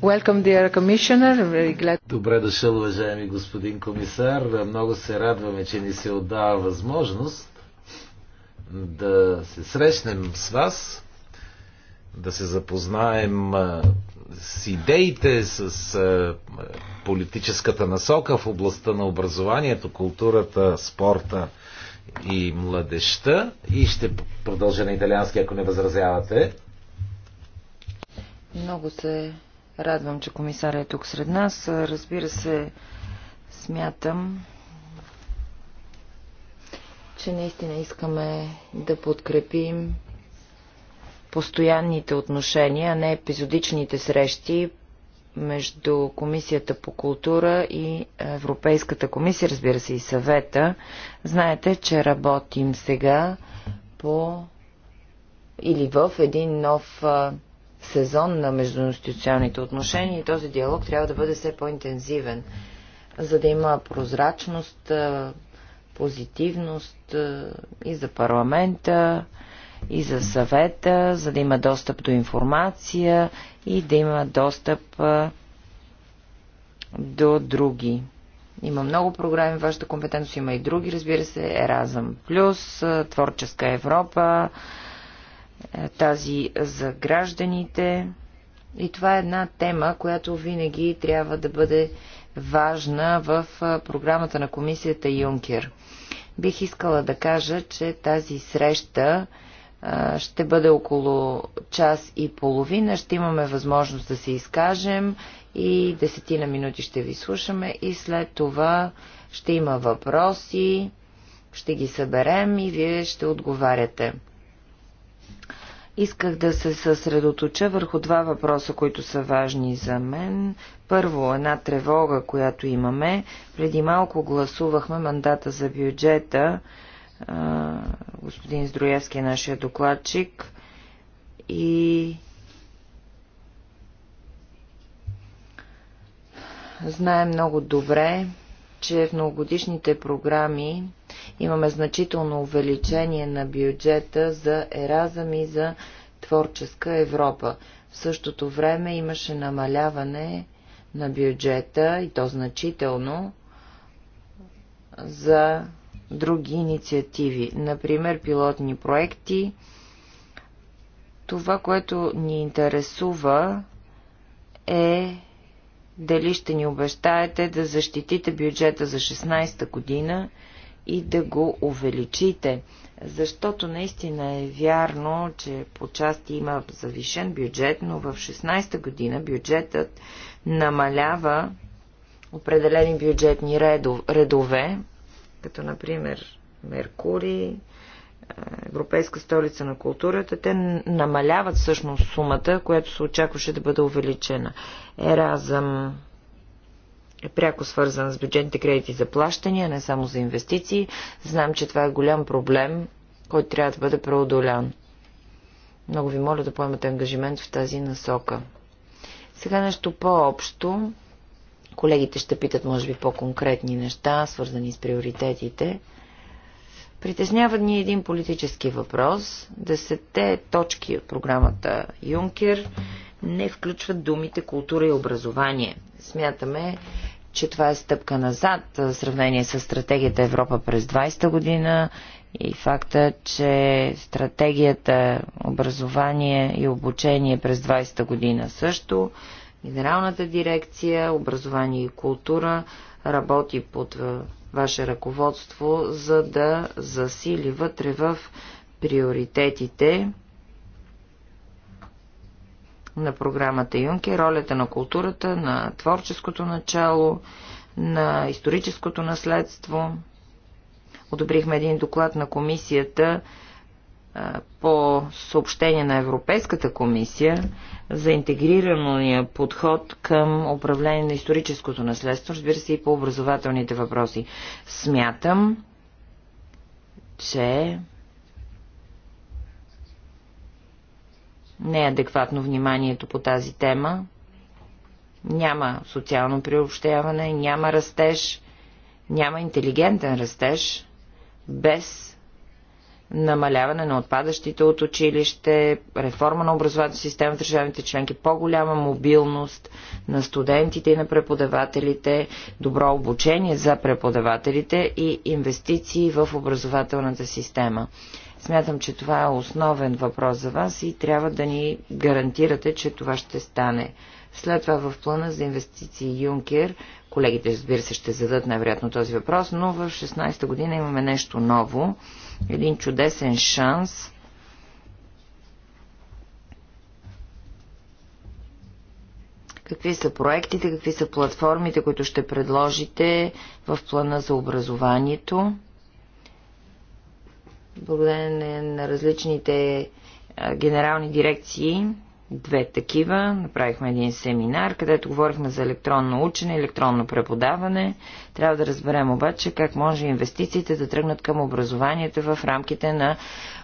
Welcome, dear commissioner. very glad. Добре дошъл, уважаеми господин комисар. Много се радваме, че ни се отдава възможност да се срещнем с вас, да се запознаем с идеите, с политическата насока в областта на образованието, културата, спорта и младеща. И ще продължа на италиански, ако не възразявате. Много се Радвам, че комисаря е тук сред нас. Разбира се, смятам, че наистина искаме да подкрепим постоянните отношения, а не епизодичните срещи между Комисията по култура и Европейската комисия, разбира се и съвета. Знаете, че работим сега по или в един нов сезон на междуинституционните отношения и този диалог трябва да бъде все по-интензивен, за да има прозрачност, позитивност и за парламента, и за съвета, за да има достъп до информация и да има достъп до други. Има много програми, вашата компетентност има и други, разбира се, Еразъм Плюс, Творческа Европа, е, тази за гражданите. И това е една тема, която винаги трябва да бъде важна в е, програмата на комисията Юнкер. Бих искала да кажа, че тази среща е, ще бъде около час и половина. Ще имаме възможност да се изкажем и десетина минути ще ви слушаме и след това ще има въпроси, ще ги съберем и вие ще отговаряте. Исках да се съсредоточа върху два въпроса, които са важни за мен. Първо, една тревога, която имаме. Преди малко гласувахме мандата за бюджета. Господин Здроевски е нашия докладчик. И знаем много добре, че в многогодишните програми Имаме значително увеличение на бюджета за Еразъм и за Творческа Европа. В същото време имаше намаляване на бюджета, и то значително, за други инициативи, например пилотни проекти. Това, което ни интересува е дали ще ни обещаете да защитите бюджета за 16-та година и да го увеличите. Защото наистина е вярно, че по части има завишен бюджет, но в 16-та година бюджетът намалява определени бюджетни редове, като например Меркурий, е, Европейска столица на културата, те намаляват всъщност сумата, която се очакваше да бъде увеличена. Еразъм е пряко свързан с бюджетните кредити за плащания, не само за инвестиции. Знам, че това е голям проблем, който трябва да бъде преодолян. Много ви моля да поемате ангажимент в тази насока. Сега нещо по-общо. Колегите ще питат, може би, по-конкретни неща, свързани с приоритетите. Притеснява ни един политически въпрос. Десетте точки от програмата Юнкер не включват думите култура и образование. Смятаме, че това е стъпка назад в сравнение с стратегията Европа през 20-та година и факта, че стратегията образование и обучение през 20-та година също, Генералната дирекция образование и култура работи под ваше ръководство, за да засили вътре в приоритетите на програмата Юнки, ролята на културата, на творческото начало, на историческото наследство. Одобрихме един доклад на комисията по съобщение на Европейската комисия за интегрирания подход към управление на историческото наследство, разбира се и по образователните въпроси. Смятам, че неадекватно е вниманието по тази тема. Няма социално приобщаване, няма растеж, няма интелигентен растеж без намаляване на отпадащите от училище, реформа на образователната система в държавните членки, по-голяма мобилност на студентите и на преподавателите, добро обучение за преподавателите и инвестиции в образователната система. Смятам, че това е основен въпрос за вас и трябва да ни гарантирате, че това ще стане. След това в плана за инвестиции Юнкер, колегите разбира се ще зададат най-вероятно този въпрос, но в 16-та година имаме нещо ново, един чудесен шанс Какви са проектите, какви са платформите, които ще предложите в плана за образованието? благодарение на различните генерални дирекции, две такива, направихме един семинар, където говорихме за електронно учене, електронно преподаване. Трябва да разберем обаче как може инвестициите да тръгнат към образованието в рамките на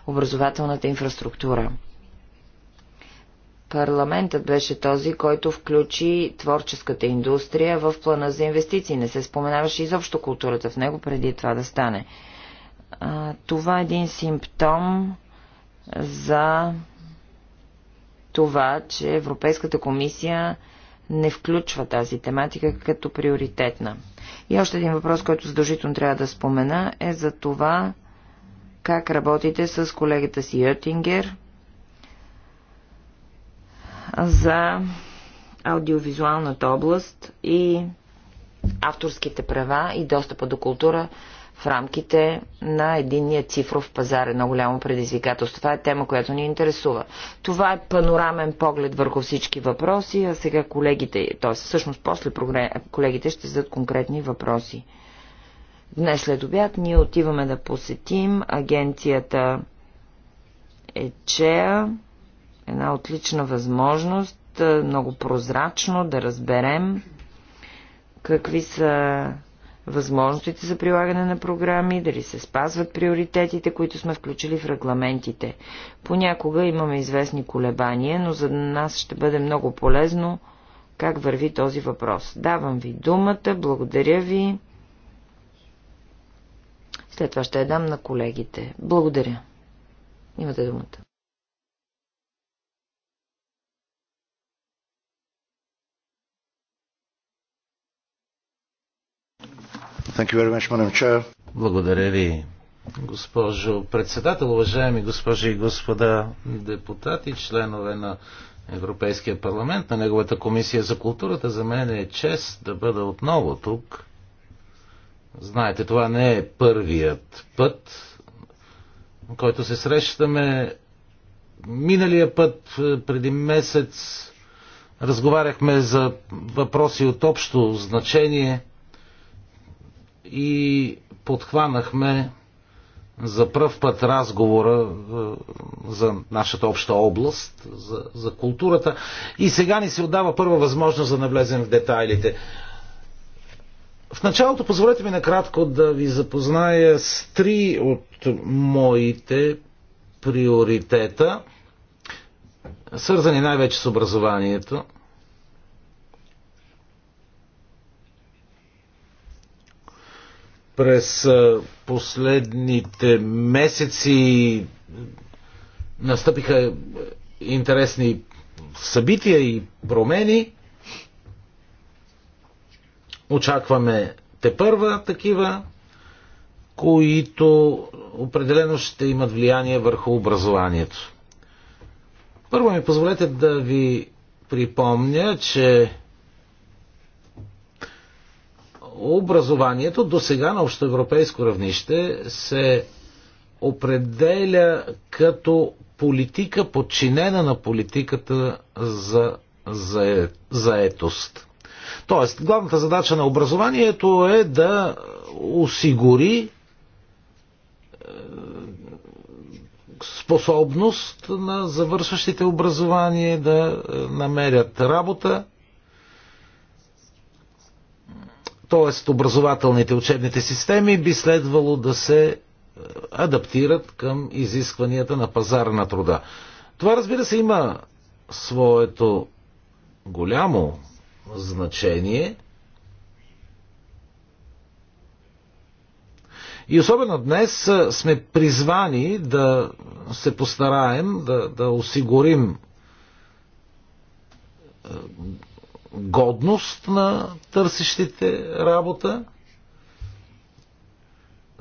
образователната инфраструктура. Парламентът беше този, който включи творческата индустрия в плана за инвестиции. Не се споменаваше изобщо културата в него преди това да стане това е един симптом за това, че Европейската комисия не включва тази тематика като приоритетна. И още един въпрос, който задължително трябва да спомена, е за това как работите с колегата си Йотингер за аудиовизуалната област и авторските права и достъпа до култура в рамките на единния цифров пазар. Едно голямо предизвикателство. Това е тема, която ни интересува. Това е панорамен поглед върху всички въпроси, а сега колегите, т.е. всъщност после колегите ще зададат конкретни въпроси. Днес след обяд ние отиваме да посетим агенцията ЕЧЕА, една отлична възможност, много прозрачно да разберем какви са възможностите за прилагане на програми, дали се спазват приоритетите, които сме включили в регламентите. Понякога имаме известни колебания, но за нас ще бъде много полезно как върви този въпрос. Давам ви думата, благодаря ви. След това ще я дам на колегите. Благодаря. Имате думата. Much, Благодаря ви, госпожо председател, уважаеми госпожи и господа депутати, членове на Европейския парламент, на неговата комисия за културата. За мен е чест да бъда отново тук. Знаете, това не е първият път, който се срещаме. Миналия път, преди месец, разговаряхме за въпроси от общо значение – и подхванахме за пръв път разговора е, за нашата обща област, за, за културата. И сега ни се отдава първа възможност да навлезем в детайлите. В началото позволете ми накратко да ви запозная с три от моите приоритета, свързани най-вече с образованието. През последните месеци настъпиха интересни събития и промени. Очакваме те първа такива, които определено ще имат влияние върху образованието. Първо ми позволете да ви припомня, че образованието до сега на общоевропейско равнище се определя като политика подчинена на политиката за заетост. Тоест, главната задача на образованието е да осигури е, способност на завършващите образование да е, намерят работа, т.е. образователните учебните системи би следвало да се е, адаптират към изискванията на пазара на труда. Това, разбира се, има своето голямо значение. И особено днес е, сме призвани да се постараем да, да осигурим е, годност на търсещите работа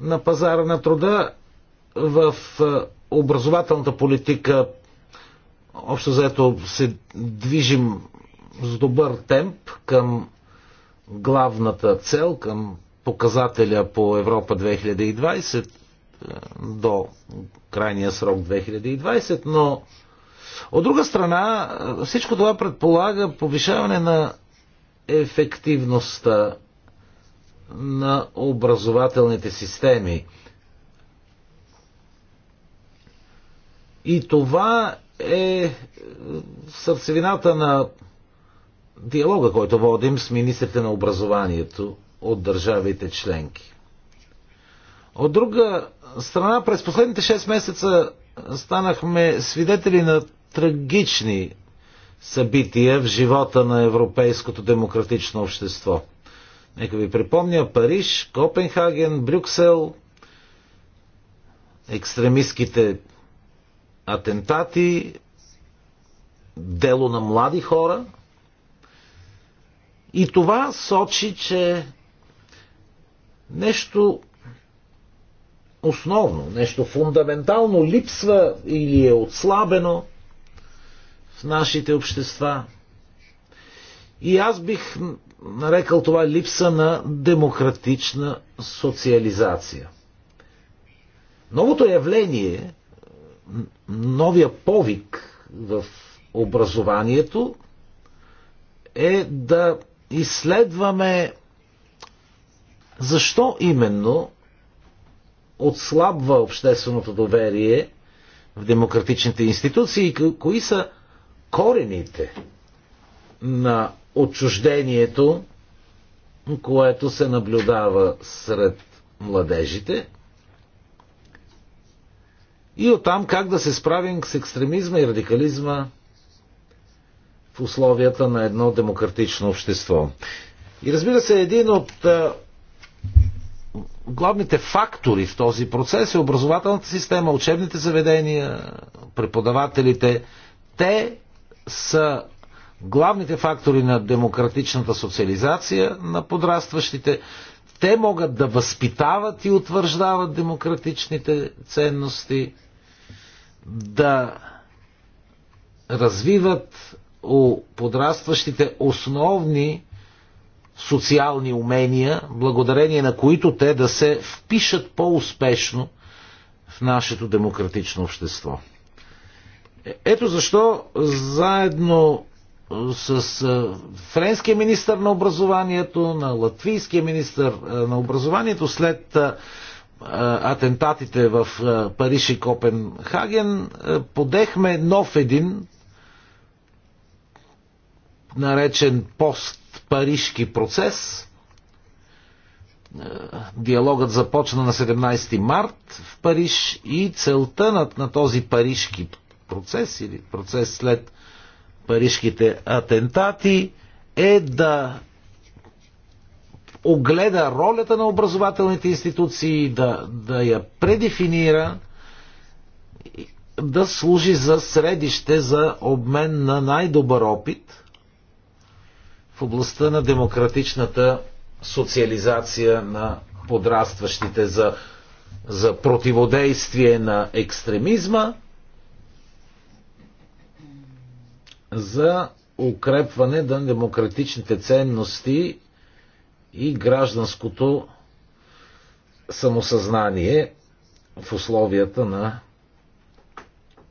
на пазара на труда в образователната политика общо заето се движим с добър темп към главната цел, към показателя по Европа 2020 до крайния срок 2020, но от друга страна, всичко това предполага повишаване на ефективността на образователните системи. И това е сърцевината на диалога, който водим с министрите на образованието от държавите членки. От друга страна, през последните 6 месеца станахме свидетели на трагични събития в живота на европейското демократично общество. Нека ви припомня Париж, Копенхаген, Брюксел, екстремистските атентати, дело на млади хора. И това сочи, че нещо основно, нещо фундаментално липсва или е отслабено нашите общества. И аз бих нарекал това липса на демократична социализация. Новото явление, новия повик в образованието е да изследваме защо именно отслабва общественото доверие в демократичните институции и кои са корените на отчуждението, което се наблюдава сред младежите и оттам как да се справим с екстремизма и радикализма в условията на едно демократично общество. И разбира се, един от главните фактори в този процес е образователната система, учебните заведения, преподавателите. Те са главните фактори на демократичната социализация на подрастващите. Те могат да възпитават и утвърждават демократичните ценности, да развиват у подрастващите основни социални умения, благодарение на които те да се впишат по-успешно в нашето демократично общество. Ето защо заедно с френския министр на образованието, на латвийския министр на образованието след атентатите в Париж и Копенхаген подехме нов един наречен пост-парижки процес. Диалогът започна на 17 март в Париж и целта на, на този парижки процес или процес след парижките атентати е да огледа ролята на образователните институции, да, да я предефинира, да служи за средище за обмен на най-добър опит в областта на демократичната социализация на подрастващите за, за противодействие на екстремизма за укрепване на демократичните ценности и гражданското самосъзнание в условията на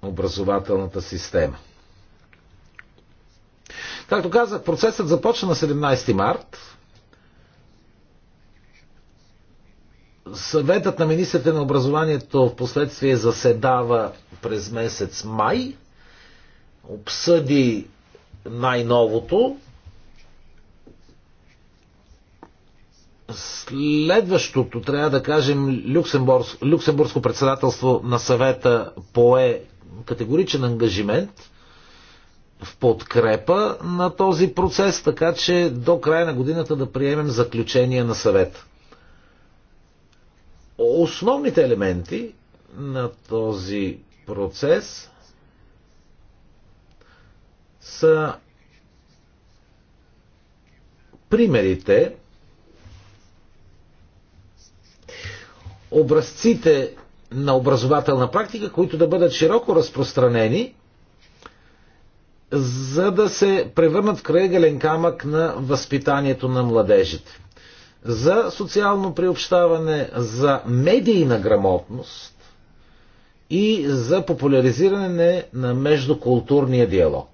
образователната система. Както казах, процесът започна на 17 март. Съветът на министрите на образованието в последствие заседава през месец май обсъди най-новото. Следващото, трябва да кажем, Люксембург, Люксембургско председателство на съвета пое категоричен ангажимент в подкрепа на този процес, така че до края на годината да приемем заключение на съвета. Основните елементи на този процес са примерите, образците на образователна практика, които да бъдат широко разпространени, за да се превърнат в крайъгълен камък на възпитанието на младежите. За социално приобщаване, за медийна грамотност и за популяризиране на междукултурния диалог.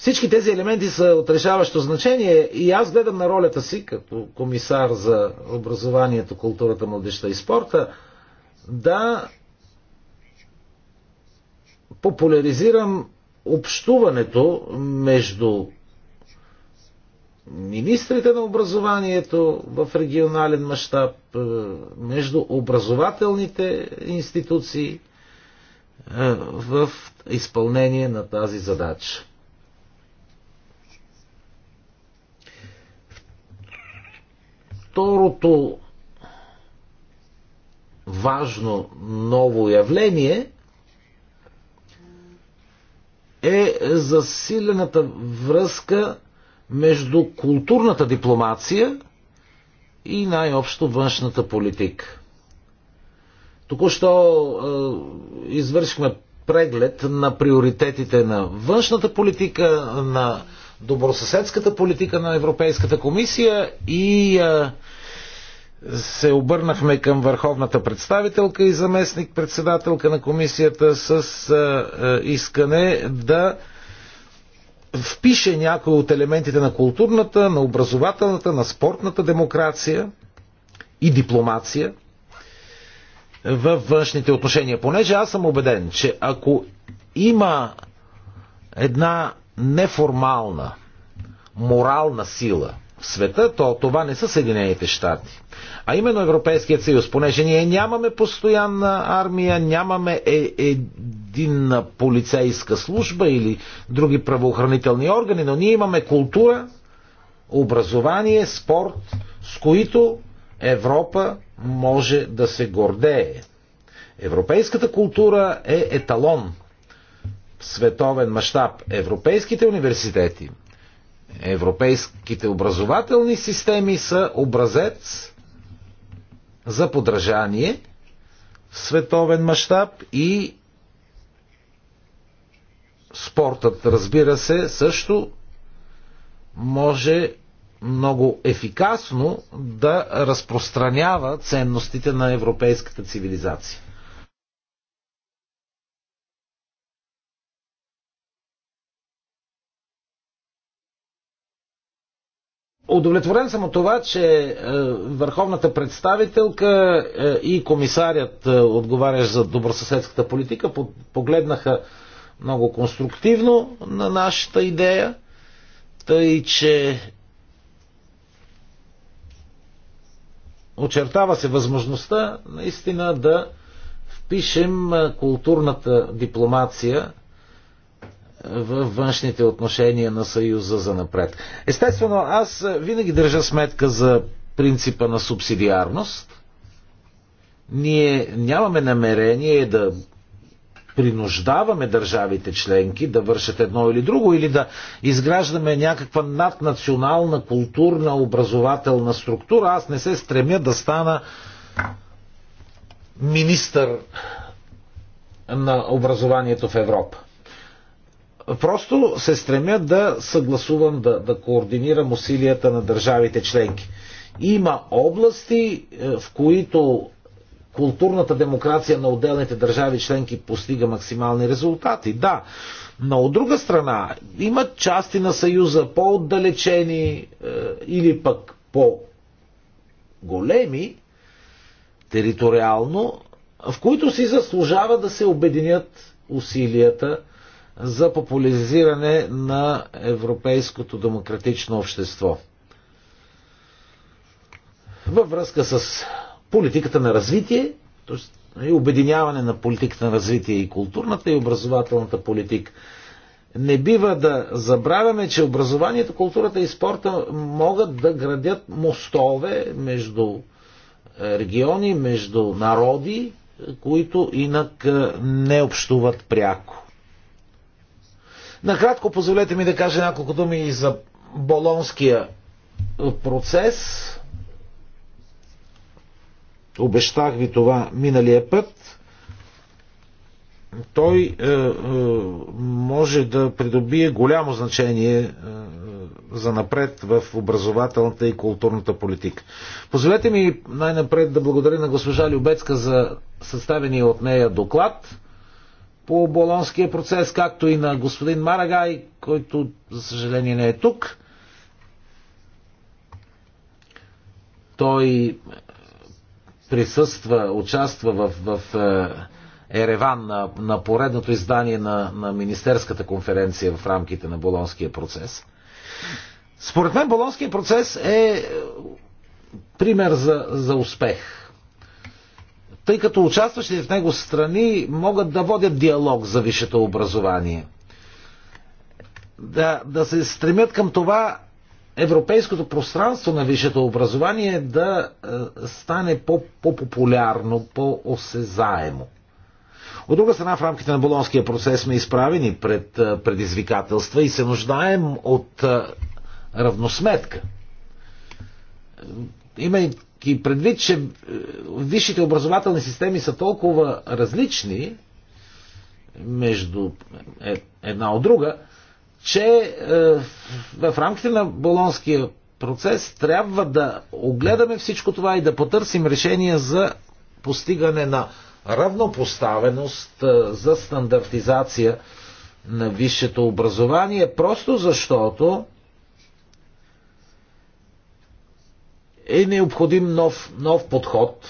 Всички тези елементи са от решаващо значение и аз гледам на ролята си като комисар за образованието, културата, младеща и спорта да популяризирам общуването между министрите на образованието в регионален мащаб, е, между образователните институции е, в изпълнение на тази задача. Второто важно ново явление е засилената връзка между културната дипломация и най-общо външната политика. Току-що извършихме преглед на приоритетите на външната политика, на добросъседската политика на Европейската комисия и се обърнахме към върховната представителка и заместник председателка на комисията с искане да впише някои от елементите на културната, на образователната, на спортната демокрация и дипломация във външните отношения. Понеже аз съм убеден, че ако има една неформална морална сила в света, то това не са Съединените щати. А именно Европейският съюз, понеже ние нямаме постоянна армия, нямаме е, единна полицейска служба или други правоохранителни органи, но ние имаме култура, образование, спорт, с които Европа може да се гордее. Европейската култура е еталон световен мащаб европейските университети, европейските образователни системи са образец за подражание в световен мащаб и спортът, разбира се, също може много ефикасно да разпространява ценностите на европейската цивилизация. Удовлетворен съм от това, че е, върховната представителка е, и комисарят, е, отговарящ за добросъседската политика, погледнаха много конструктивно на нашата идея, тъй че очертава се възможността наистина да впишем културната дипломация във външните отношения на Съюза за напред. Естествено, аз винаги държа сметка за принципа на субсидиарност. Ние нямаме намерение да принуждаваме държавите членки да вършат едно или друго или да изграждаме някаква наднационална, културна, образователна структура. Аз не се стремя да стана министър на образованието в Европа просто се стремя да съгласувам, да, да координирам усилията на държавите членки. Има области, е, в които културната демокрация на отделните държави членки постига максимални резултати. Да, но от друга страна има части на Съюза по-отдалечени е, или пък по-големи териториално, в които си заслужава да се обединят усилията за популяризиране на европейското демократично общество. Във връзка с политиката на развитие, т.е. и обединяване на политиката на развитие и културната и образователната политика. Не бива да забравяме, че образованието, културата и спорта могат да градят мостове между е, региони, между народи, които инак е, не общуват пряко. Накратко позволете ми да кажа няколко думи и за болонския процес. Обещах ви това миналия път. Той е, е, може да придобие голямо значение е, за напред в образователната и културната политика. Позволете ми най-напред да благодаря на госпожа Любецка за съставения от нея доклад по болонския процес, както и на господин Марагай, който, за съжаление, не е тук. Той присъства, участва в, в е, Ереван на, на поредното издание на, на Министерската конференция в рамките на Болонския процес. Според мен Болонския процес е пример за, за успех тъй като участващите в него страни могат да водят диалог за висшето образование. Да, да се стремят към това европейското пространство на висшето образование да е, стане по-популярно, по-осезаемо. От друга страна, в рамките на Болонския процес сме изправени пред е, предизвикателства и се нуждаем от е, равносметка. Има и и предвид, че е, висшите образователни системи са толкова различни между е, една от друга, че е, в рамките на болонския процес трябва да огледаме всичко това и да потърсим решения за постигане на равнопоставеност, за стандартизация на висшето образование, просто защото е необходим нов, нов подход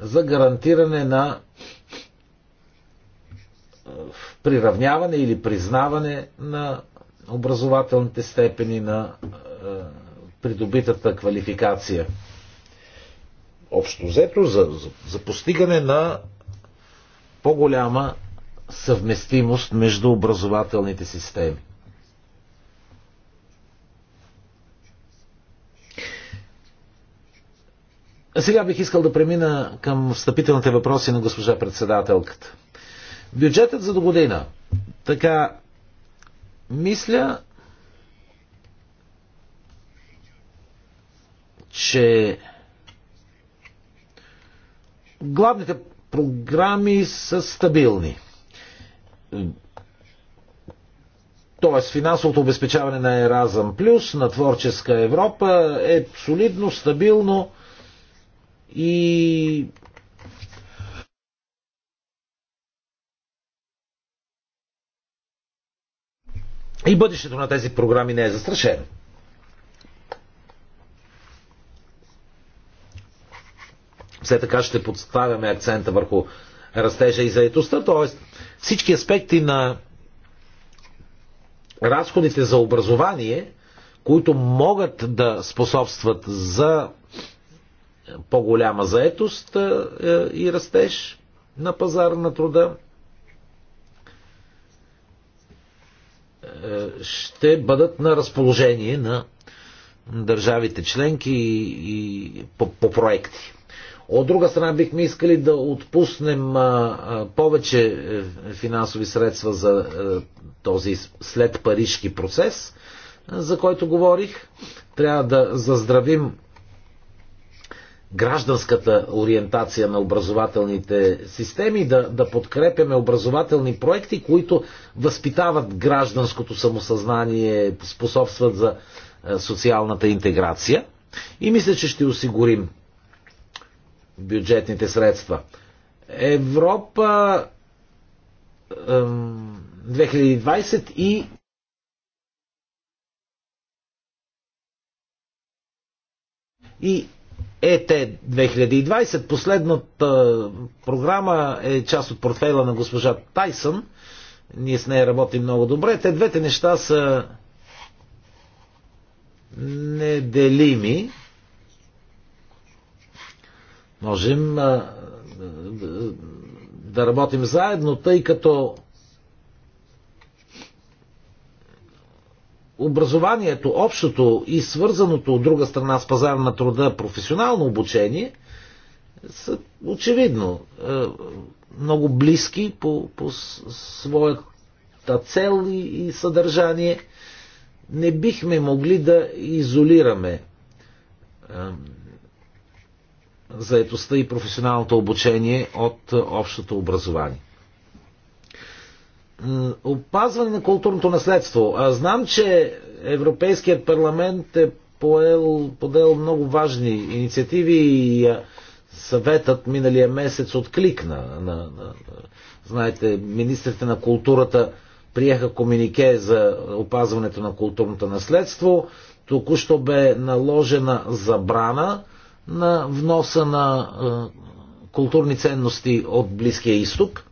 за гарантиране на приравняване или признаване на образователните степени на придобитата квалификация. Общо взето за, за, за постигане на по-голяма съвместимост между образователните системи. Сега бих искал да премина към встъпителните въпроси на госпожа председателката. Бюджетът за до година. Така, мисля, че главните програми са стабилни. Тоест финансовото обезпечаване на Еразъм Плюс, на Творческа Европа е солидно, стабилно и и бъдещето на тези програми не е застрашено. Все така ще подставяме акцента върху растежа и заетостта, т.е. всички аспекти на разходите за образование, които могат да способстват за по-голяма заетост е, и растеж на пазара на труда, е, ще бъдат на разположение на държавите членки и, и по, по проекти. От друга страна бихме искали да отпуснем а, а, повече е, финансови средства за а, този след парижки процес, а, за който говорих. Трябва да заздравим гражданската ориентация на образователните системи, да, да подкрепяме образователни проекти, които възпитават гражданското самосъзнание, способстват за е, социалната интеграция. И мисля, че ще осигурим бюджетните средства. Европа 2020 и и ЕТ 2020, последната програма е част от портфейла на госпожа Тайсън. Ние с нея работим много добре. Те двете неща са неделими. Можем да работим заедно, тъй като образованието, общото и свързаното от друга страна с пазар на труда професионално обучение са очевидно е, много близки по, по своята цел и, и съдържание. Не бихме могли да изолираме е, заетостта и професионалното обучение от е, общото образование. Е, опазване на културното наследство. А знам, че Европейският парламент е поел, подел много важни инициативи и съветът миналия месец откликна. На, на, на, знаете, министрите на културата приеха комунике за опазването на културното наследство. Току-що бе наложена забрана на вноса на културни ценности от Близкия изток.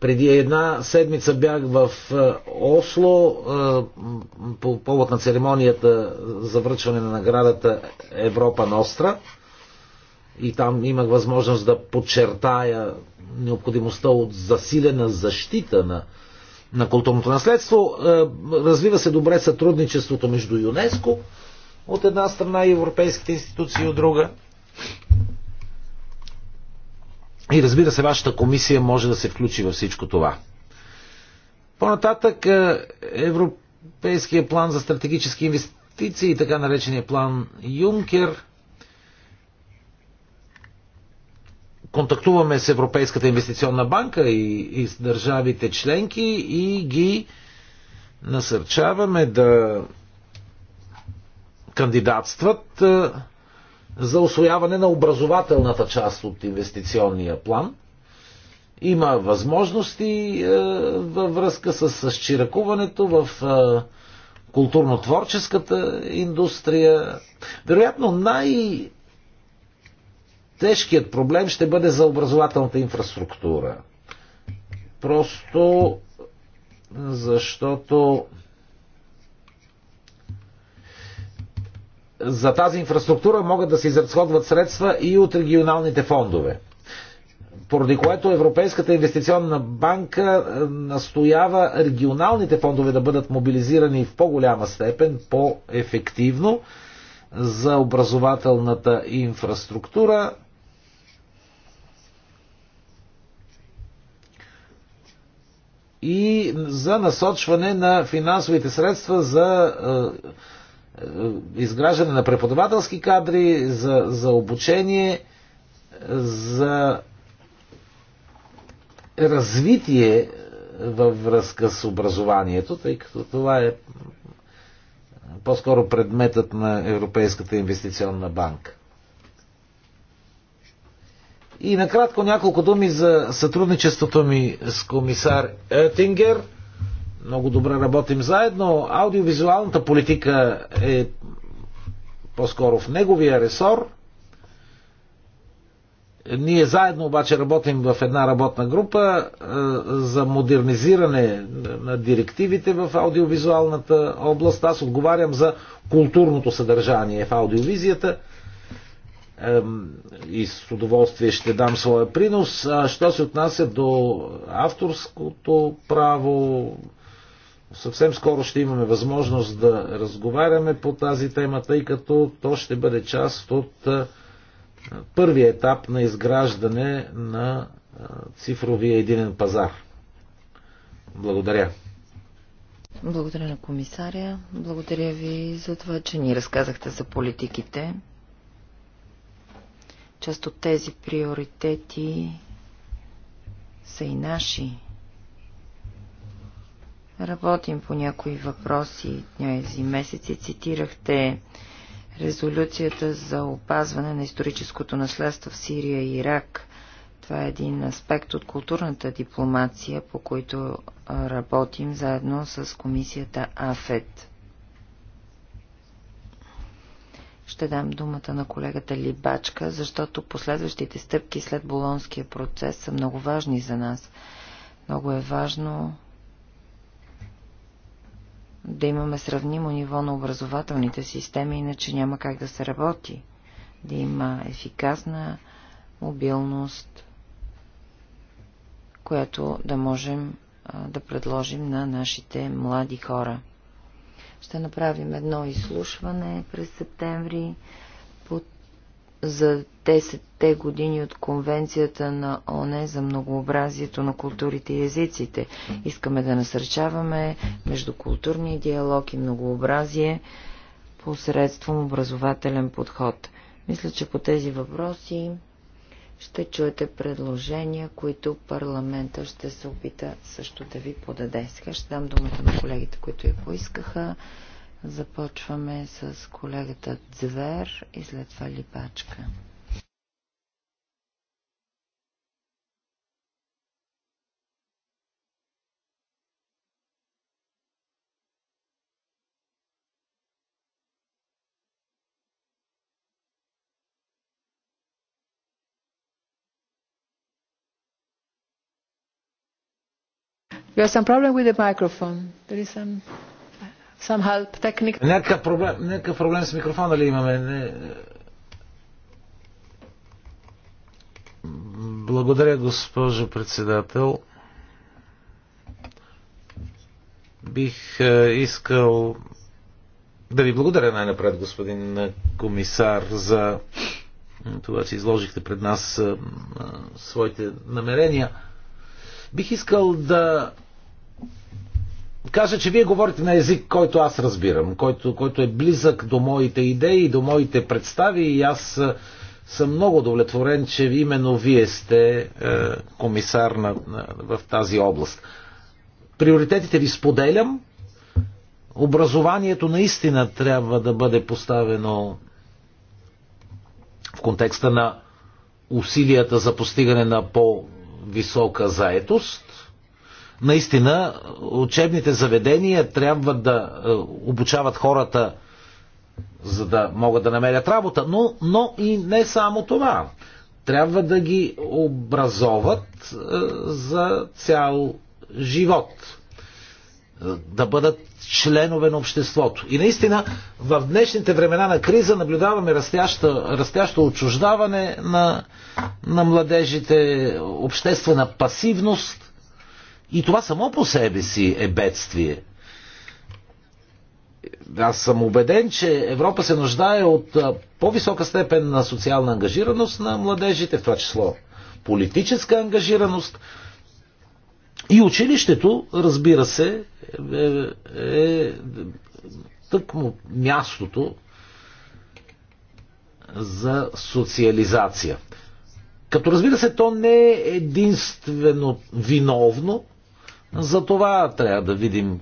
Преди една седмица бях в е, Осло е, по повод на церемонията за връчване на наградата Европа Ностра и там имах възможност да подчертая необходимостта от засилена защита на, на културното наследство. Е, развива се добре сътрудничеството между ЮНЕСКО от една страна и европейските институции от друга. И разбира се, вашата комисия може да се включи във всичко това. По-нататък е, Европейския план за стратегически инвестиции, така наречения план Юнкер, контактуваме с Европейската инвестиционна банка и, и с държавите членки и ги насърчаваме да кандидатстват е, за освояване на образователната част от инвестиционния план. Има възможности е, във връзка с, с чиракуването в е, културно-творческата индустрия. Вероятно най- тежкият проблем ще бъде за образователната инфраструктура. Просто защото за тази инфраструктура могат да се изразходват средства и от регионалните фондове. Поради което Европейската инвестиционна банка е, настоява регионалните фондове да бъдат мобилизирани в по-голяма степен, по-ефективно за образователната инфраструктура, и за насочване на финансовите средства за е, е, изграждане на преподавателски кадри, за, за обучение, за развитие е, във връзка с образованието, тъй като това е по-скоро предметът на Европейската инвестиционна банка. И накратко няколко думи за сътрудничеството ми с комисар Етингер – много добре работим заедно. Аудиовизуалната политика е по-скоро в неговия ресор. Ние заедно обаче работим в една работна група е, за модернизиране на директивите в аудиовизуалната област. Аз отговарям за културното съдържание в аудиовизията и с удоволствие ще дам своя принос. Що се отнася до авторското право, Съвсем скоро ще имаме възможност да разговаряме по тази тема, тъй като то ще бъде част от първия етап на изграждане на цифровия единен пазар. Благодаря. Благодаря на комисаря. Благодаря ви за това, че ни разказахте за политиките. Част от тези приоритети са и наши. Работим по някои въпроси и месеци. Цитирахте резолюцията за опазване на историческото наследство в Сирия и Ирак. Това е един аспект от културната дипломация, по който работим заедно с комисията АФЕД. Ще дам думата на колегата Либачка, защото последващите стъпки след Болонския процес са много важни за нас. Много е важно да имаме сравнимо ниво на образователните системи, иначе няма как да се работи. Да има ефикасна мобилност, която да можем да предложим на нашите млади хора. Ще направим едно изслушване през септември под за 10-те години от Конвенцията на ОНЕ за многообразието на културите и езиците. Искаме да насърчаваме междукултурния диалог и многообразие посредством образователен подход. Мисля, че по тези въпроси ще чуете предложения, които парламента ще се опита също да ви подаде. Сега ще дам думата на колегите, които я поискаха. Започваме с колегата Звер и след това Липачка. You have some problem with the microphone. There is some Някакъв проблем, някакъв проблем с микрофона ли имаме? Не... Благодаря, госпожо председател. Бих е, искал да ви благодаря най-напред, господин комисар, за това, че изложихте пред нас е, е, своите намерения. Бих искал да кажа, че вие говорите на език, който аз разбирам, който, който е близък до моите идеи, до моите представи и аз е, съм много удовлетворен, че именно вие сте е, комисар на, на, в тази област. Приоритетите ви споделям. Образованието наистина трябва да бъде поставено в контекста на усилията за постигане на по-висока заетост Наистина, учебните заведения трябва да е, обучават хората, за да могат да намерят работа, но, но и не само това. Трябва да ги образоват е, за цял живот е, да бъдат членове на обществото. И наистина в днешните времена на криза наблюдаваме растящо, растящо отчуждаване на, на младежите, обществена пасивност и това само по себе си е бедствие. Аз съм убеден, че Европа се нуждае от по-висока степен на социална ангажираност на младежите, в това число политическа ангажираност. И училището, разбира се, е, е, е тъкмо мястото за социализация. Като разбира се, то не е единствено виновно, за това трябва да видим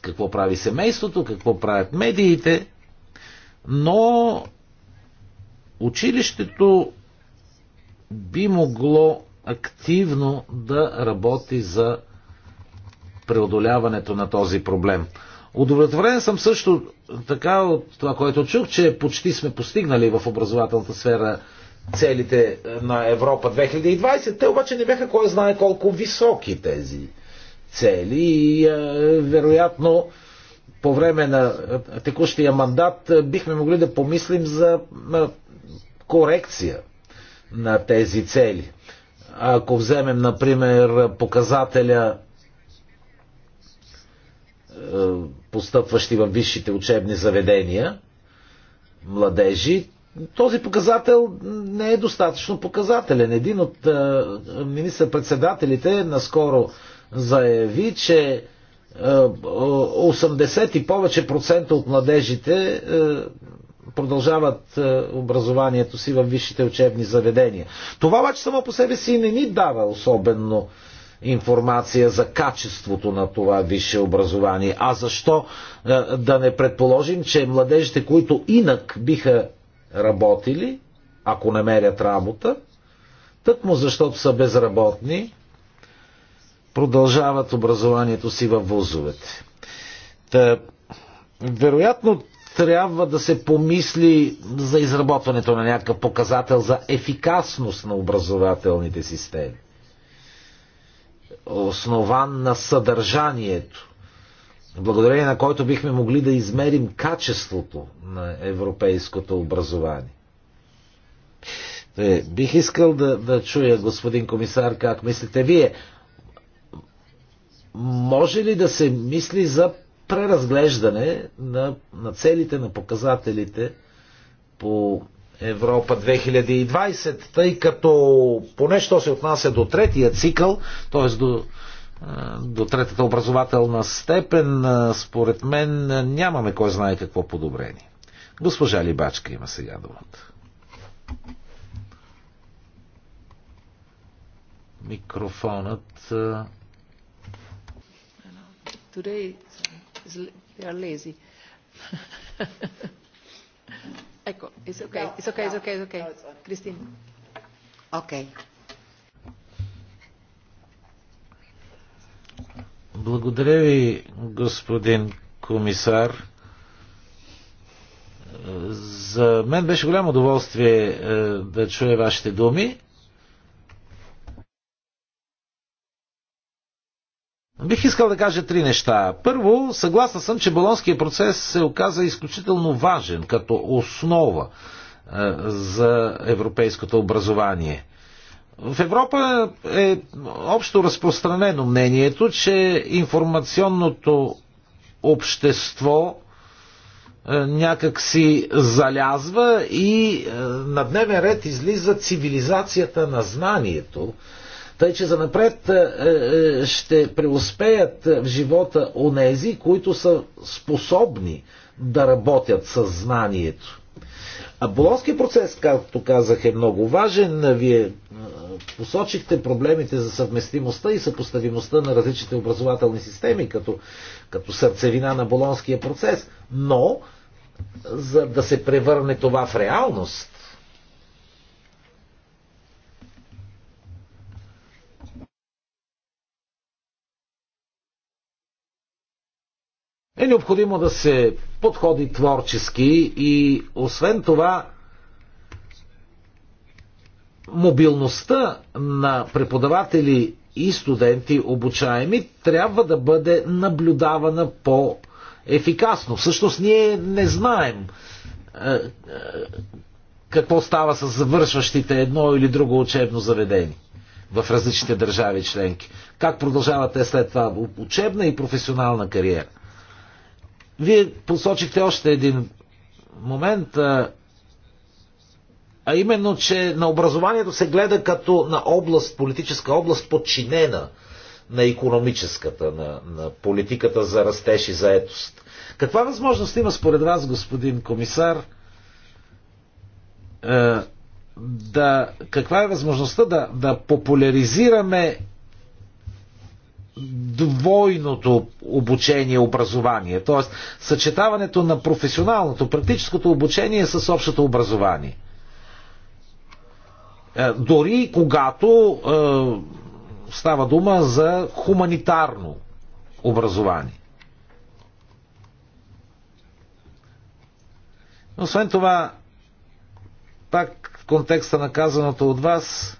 какво прави семейството, какво правят медиите, но училището би могло активно да работи за преодоляването на този проблем. Удовлетворен съм също така от това, което чух, че почти сме постигнали в образователната сфера целите на Европа 2020. Те обаче не бяха кой знае колко високи тези цели и вероятно по време на текущия мандат бихме могли да помислим за корекция на тези цели. Ако вземем, например, показателя постъпващи във висшите учебни заведения, младежи, този показател не е достатъчно показателен. Един от министър-председателите наскоро заяви, че 80 е, и повече процента от младежите е, продължават е, образованието си във висшите учебни заведения. Това обаче само по себе си не ни дава особено информация за качеството на това висше образование. А защо да не предположим, че младежите, които инак биха работили, ако намерят работа, тъкмо защото са безработни, продължават образованието си във вузовете. Та, вероятно трябва да се помисли за изработването на някакъв показател за ефикасност на образователните системи. Основан на съдържанието, благодарение на който бихме могли да измерим качеството на европейското образование. Е, бих искал да, да чуя, господин комисар, как мислите вие може ли да се мисли за преразглеждане на, на целите, на показателите по Европа 2020, тъй като поне що се отнася до третия цикъл, т.е. до до третата образователна степен, според мен нямаме кой знае какво подобрение. Госпожа Либачка има сега думата. Микрофонът Today they are lazy. ecco, it's okay, no, it's okay, no, it's okay, it's okay. No, it's on. Christine. Okay. Благодаря ви, господин комисар. За мен беше голямо удоволствие да чуя вашите думи. Бих искал да кажа три неща. Първо, съгласна съм, че Болонския процес се оказа изключително важен като основа е, за европейското образование. В Европа е общо разпространено мнението, че информационното общество е, някак си залязва и е, на дневен ред излиза цивилизацията на знанието, тъй, че занапред е, е, ще преуспеят в живота онези, които са способни да работят със знанието. А Болонския процес, както казах, е много важен. Вие е, посочихте проблемите за съвместимостта и съпоставимостта на различните образователни системи, като, като сърцевина на Болонския процес. Но, за да се превърне това в реалност, е необходимо да се подходи творчески и освен това мобилността на преподаватели и студенти обучаеми трябва да бъде наблюдавана по-ефикасно. Всъщност ние не знаем е, е, какво става с завършващите едно или друго учебно заведение в различните държави членки. Как продължават те след това учебна и професионална кариера. Вие посочихте още един момент, а именно, че на образованието се гледа като на област, политическа област, подчинена на економическата, на, на политиката за растеж и заетост. Каква възможност има според вас, господин комисар, да, каква е възможността да, да популяризираме двойното обучение, образование. т.е. съчетаването на професионалното, практическото обучение с общото образование. Е, дори когато е, става дума за хуманитарно образование. Освен това, пак в контекста на казаното от вас,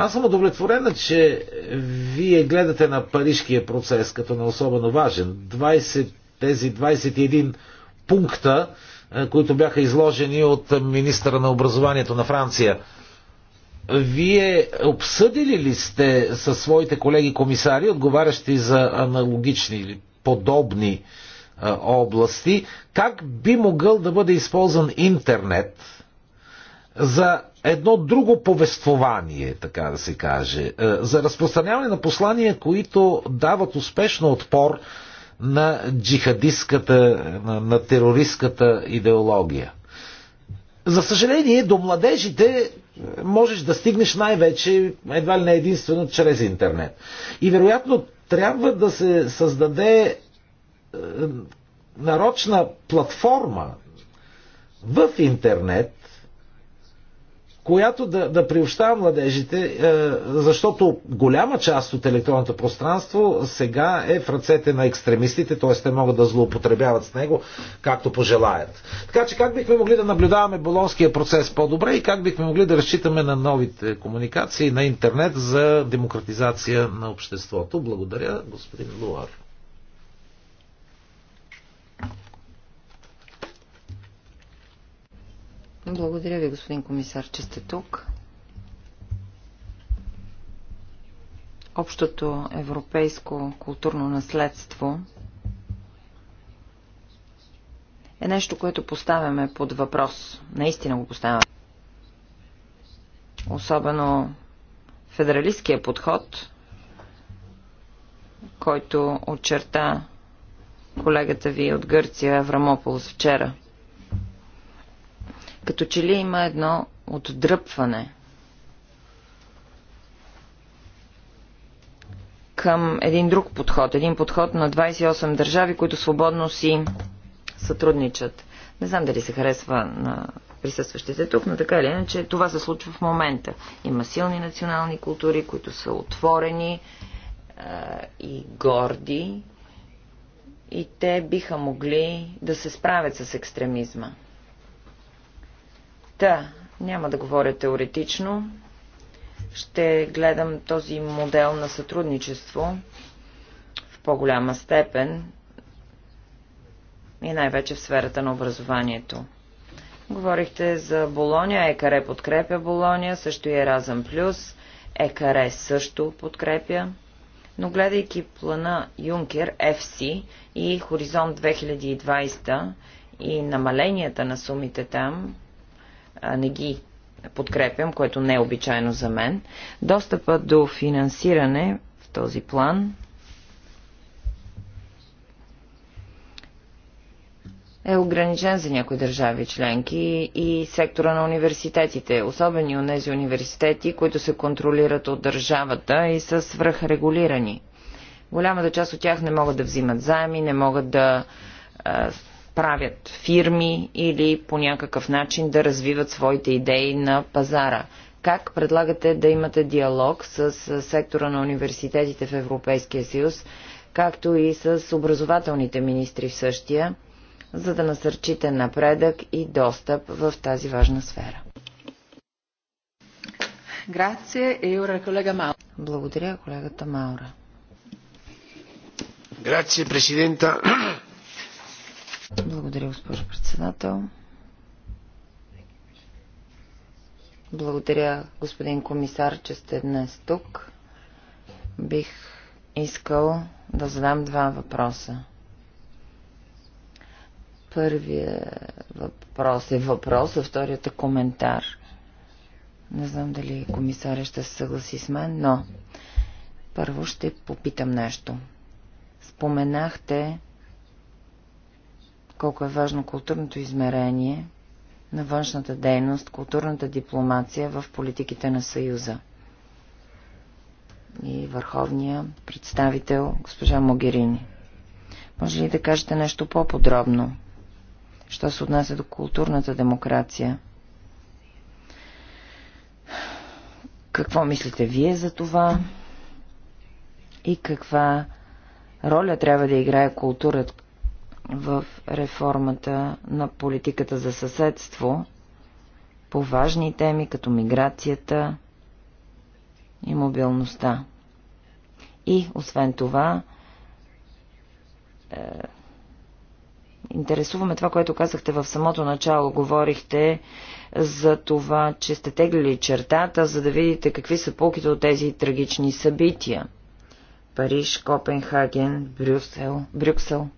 Аз съм удовлетворена, че вие гледате на парижкия процес като на особено важен. 20, тези 21 пункта, е, които бяха изложени от министра на образованието на Франция. Вие обсъдили ли сте със своите колеги комисари, отговарящи за аналогични или подобни е, области, как би могъл да бъде използван интернет за едно друго повествование, така да се каже, е, за разпространяване на послания, които дават успешно отпор на джихадистската, на, на терористската идеология. За съжаление, до младежите можеш да стигнеш най-вече, едва ли не единствено, чрез интернет. И вероятно трябва да се създаде е, нарочна платформа в интернет, която да, да приобщава младежите, е, защото голяма част от електронното пространство сега е в ръцете на екстремистите, т.е. те могат да злоупотребяват с него както пожелаят. Така че как бихме могли да наблюдаваме болонския процес по-добре и как бихме могли да разчитаме на новите комуникации, на интернет за демократизация на обществото? Благодаря, господин Луар. Благодаря ви, господин комисар, че сте тук. Общото европейско културно наследство е нещо, което поставяме под въпрос. Наистина го поставяме. Особено федералистския подход, който очерта колегата ви от Гърция Еврамополс вчера – като че ли има едно отдръпване към един друг подход, един подход на 28 държави, които свободно си сътрудничат. Не знам дали се харесва на присъстващите тук, но така или иначе това се случва в момента. Има силни национални култури, които са отворени е, и горди и те биха могли да се справят с екстремизма. Та, няма да говоря теоретично. Ще гледам този модел на сътрудничество в по-голяма степен и най-вече в сферата на образованието. Говорихте за Болония, ЕКАРЕ подкрепя Болония, също и Еразъм Плюс, ЕКАРЕ също подкрепя, но гледайки плана Юнкер, FC и Хоризонт 2020 и намаленията на сумите там, не ги подкрепям, което не е обичайно за мен. Достъпът до финансиране в този план е ограничен за някои държави членки и сектора на университетите, особено от тези университети, които се контролират от държавата и са свръхрегулирани. Голямата част от тях не могат да взимат заеми, не могат да правят фирми или по някакъв начин да развиват своите идеи на пазара. Как предлагате да имате диалог с сектора на университетите в Европейския съюз, както и с образователните министри в същия, за да насърчите напредък и достъп в тази важна сфера? Благодаря, колегата Маура. Грация, президента. Благодаря, госпожо председател. Благодаря, господин комисар, че сте днес тук. Бих искал да задам два въпроса. Първият въпрос е въпрос, а вторият е коментар. Не знам дали комисаря ще се съгласи с мен, но първо ще попитам нещо. Споменахте колко е важно културното измерение на външната дейност, културната дипломация в политиките на Съюза. И върховния представител госпожа Могерини. Може ли да кажете нещо по-подробно, що се отнася до културната демокрация? Какво мислите вие за това? И каква роля трябва да играе културата в реформата на политиката за съседство по важни теми като миграцията и мобилността. И, освен това, е, интересуваме това, което казахте в самото начало. Говорихте за това, че сте теглили чертата, за да видите какви са полките от тези трагични събития. Париж, Копенхаген, Брюксел. Брюксел.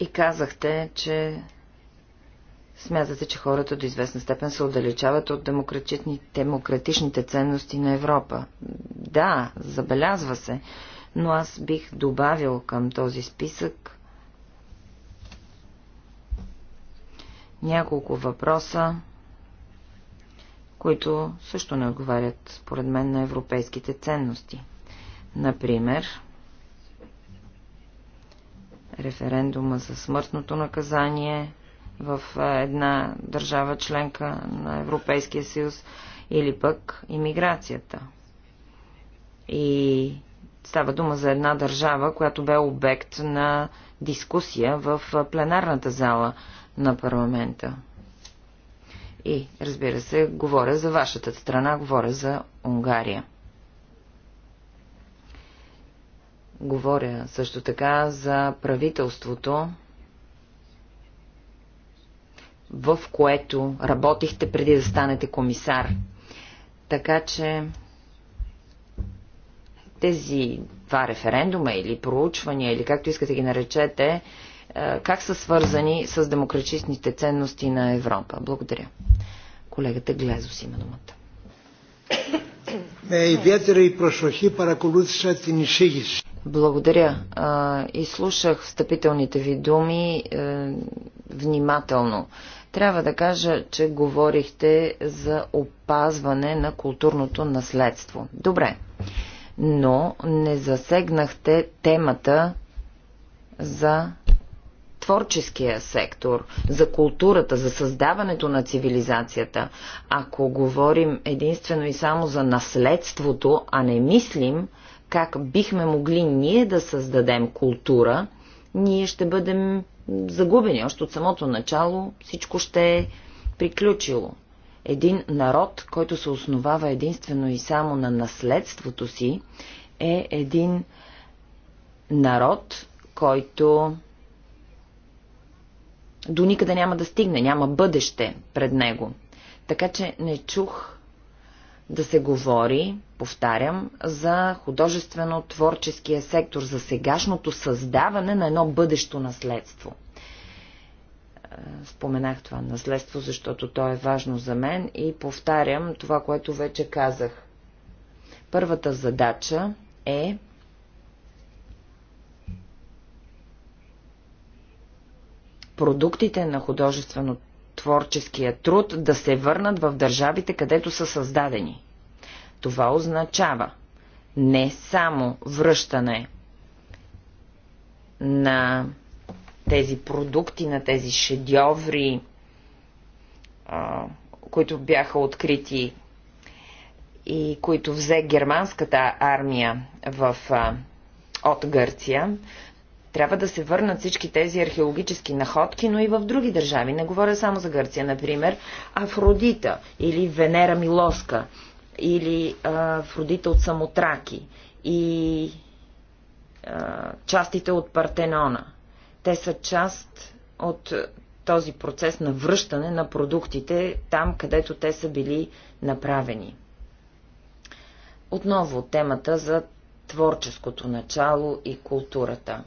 И казахте, че смятате, че хората до известна степен се отдалечават от демократични, демократичните ценности на Европа. Да, забелязва се, но аз бих добавил към този списък няколко въпроса, които също не отговарят, според мен, на европейските ценности. Например, референдума за смъртното наказание в една държава членка на Европейския съюз или пък имиграцията. И става дума за една държава, която бе обект на дискусия в пленарната зала на парламента. И, разбира се, говоря за вашата страна, говоря за Унгария. Говоря също така за правителството, в което работихте преди да станете комисар. Така че тези два референдума или проучвания, или както искате ги наречете, е, как са свързани с демократичните ценности на Европа? Благодаря. Колегата Глезос има думата. ветра и προσοχή παρακολούθησα την εισήγηση. Благодаря. Изслушах встъпителните ви думи е, внимателно. Трябва да кажа, че говорихте за опазване на културното наследство. Добре, но не засегнахте темата за творческия сектор, за културата, за създаването на цивилизацията. Ако говорим единствено и само за наследството, а не мислим как бихме могли ние да създадем култура, ние ще бъдем загубени. Още от самото начало всичко ще е приключило. Един народ, който се основава единствено и само на наследството си, е един народ, който до никъде няма да стигне, няма бъдеще пред него. Така че не чух да се говори повтарям, за художествено-творческия сектор, за сегашното създаване на едно бъдещо наследство. Е, споменах това наследство, защото то е важно за мен и повтарям това, което вече казах. Първата задача е продуктите на художествено-творческия труд да се върнат в държавите, където са създадени – това означава не само връщане на тези продукти, на тези шедьоври, които бяха открити и които взе германската армия в, от Гърция, трябва да се върнат всички тези археологически находки, но и в други държави. Не говоря само за Гърция, например, Афродита или Венера Милоска или а, в родите от самотраки и а, частите от Партенона. Те са част от този процес на връщане на продуктите там, където те са били направени. Отново темата за творческото начало и културата.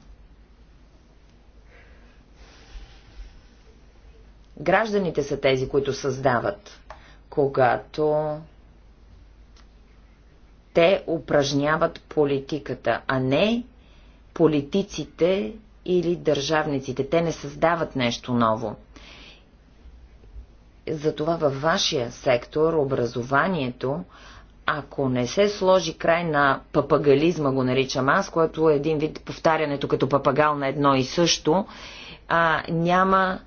Гражданите са тези, които създават. Когато те упражняват политиката, а не политиците или държавниците. Те не създават нещо ново. Затова във вашия сектор, образованието, ако не се сложи край на папагализма, го наричам аз, което е един вид повтарянето като папагал на едно и също, а, няма...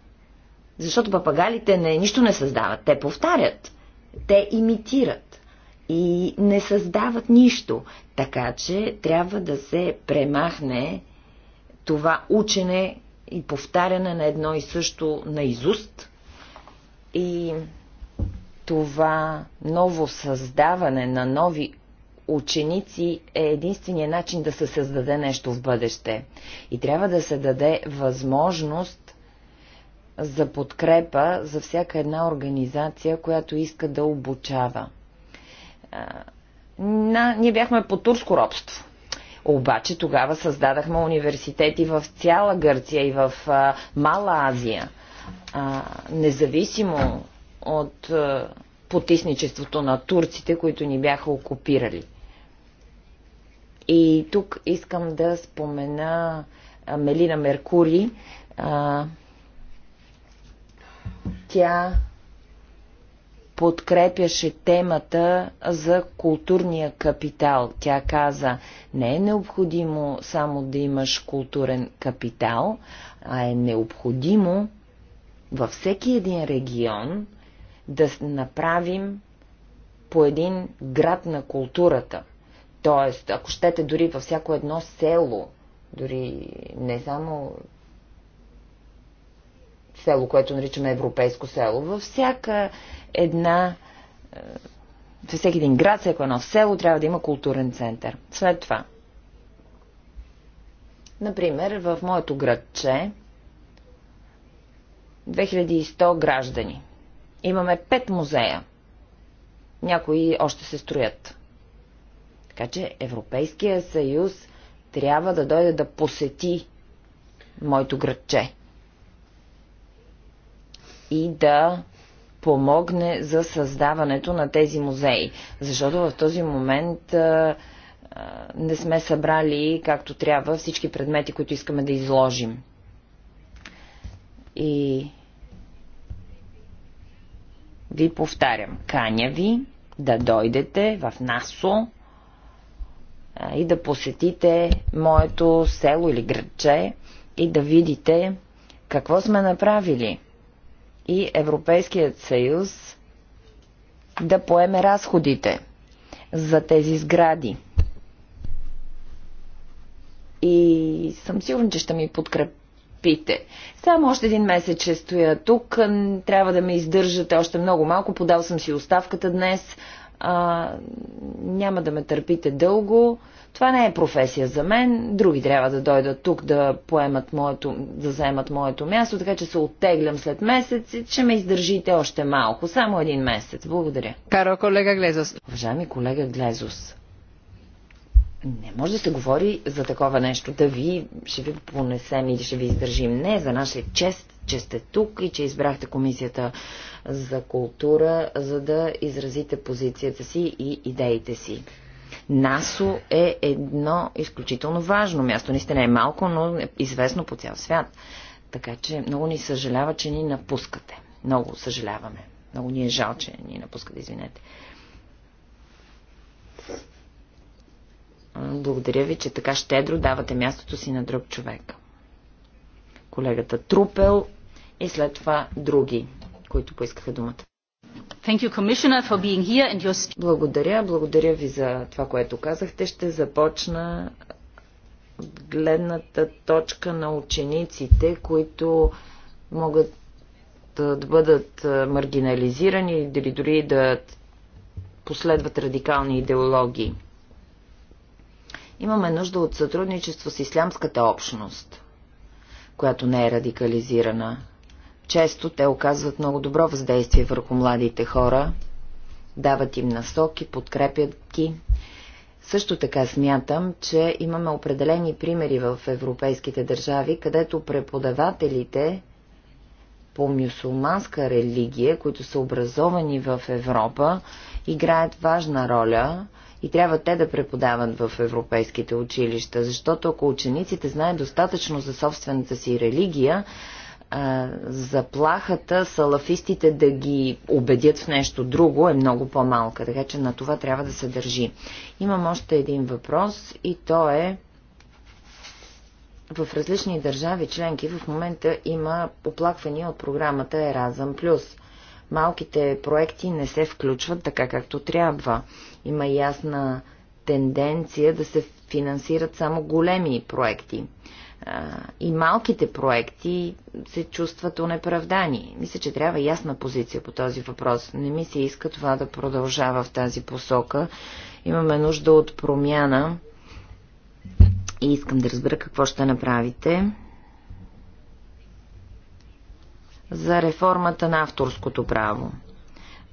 Защото папагалите не, нищо не създават, те повтарят, те имитират и не създават нищо. Така че трябва да се премахне това учене и повтаряне на едно и също на изуст и това ново създаване на нови ученици е единствения начин да се създаде нещо в бъдеще. И трябва да се даде възможност за подкрепа за всяка една организация, която иска да обучава на... ние бяхме по турско робство. Обаче тогава създадахме университети в цяла Гърция и в а, Мала Азия. А, независимо от а, потисничеството на турците, които ни бяха окупирали. И тук искам да спомена а, Мелина Меркури. А, тя подкрепяше темата за културния капитал. Тя каза, не е необходимо само да имаш културен капитал, а е необходимо във всеки един регион да направим по един град на културата. Тоест, ако щете дори във всяко едно село, дори не само село, което наричаме европейско село, във всяка една във е, всеки един град, всяко едно село трябва да има културен център. След това. Например, в моето градче 2100 граждани. Имаме 5 музея. Някои още се строят. Така че Европейския съюз трябва да дойде да посети моето градче и да помогне за създаването на тези музеи. Защото в този момент а, а, не сме събрали както трябва всички предмети, които искаме да изложим. И ви повтарям, каня ви да дойдете в Насо а, и да посетите моето село или градче и да видите какво сме направили – и Европейският съюз да поеме разходите за тези сгради. И съм сигурна, че ще ми подкрепите. Само още един месец ще стоя тук. Трябва да ме издържате още много малко. Подал съм си оставката днес. А, няма да ме търпите дълго. Това не е професия за мен, други трябва да дойдат тук да поемат моето, да заемат моето място, така че се оттеглям след месец и ще ме издържите още малко, само един месец. Благодаря. Каро колега Глезос. Уважаеми колега Глезос, не може да се говори за такова нещо, да ви ще ви понесем или ще ви издържим. Не, за наша е чест, че сте тук и че избрахте комисията за култура, за да изразите позицията си и идеите си. НАСО е едно изключително важно място. Наистина е малко, но е известно по цял свят. Така че много ни съжалява, че ни напускате. Много съжаляваме. Много ни е жал, че ни напускате, извинете. Благодаря ви, че така щедро давате мястото си на друг човек. Колегата Трупел и след това други, които поискаха думата. Благодаря, благодаря ви за това, което казахте. Ще започна гледната точка на учениците, които могат да бъдат маргинализирани или дори да последват радикални идеологии. Имаме нужда от сътрудничество с ислямската общност, която не е радикализирана. Често те оказват много добро въздействие върху младите хора, дават им насоки, подкрепят ги. Също така смятам, че имаме определени примери в европейските държави, където преподавателите по мюсулманска религия, които са образовани в Европа, играят важна роля и трябва те да преподават в европейските училища, защото ако учениците знаят достатъчно за собствената си религия, заплахата салафистите да ги убедят в нещо друго е много по-малка, така че на това трябва да се държи. Имам още един въпрос и то е в различни държави членки в момента има оплаквания от програмата Еразъм Плюс. Малките проекти не се включват така както трябва. Има ясна тенденция да се финансират само големи проекти и малките проекти се чувстват унеправдани. Мисля, че трябва ясна позиция по този въпрос. Не ми се иска това да продължава в тази посока. Имаме нужда от промяна и искам да разбера какво ще направите за реформата на авторското право.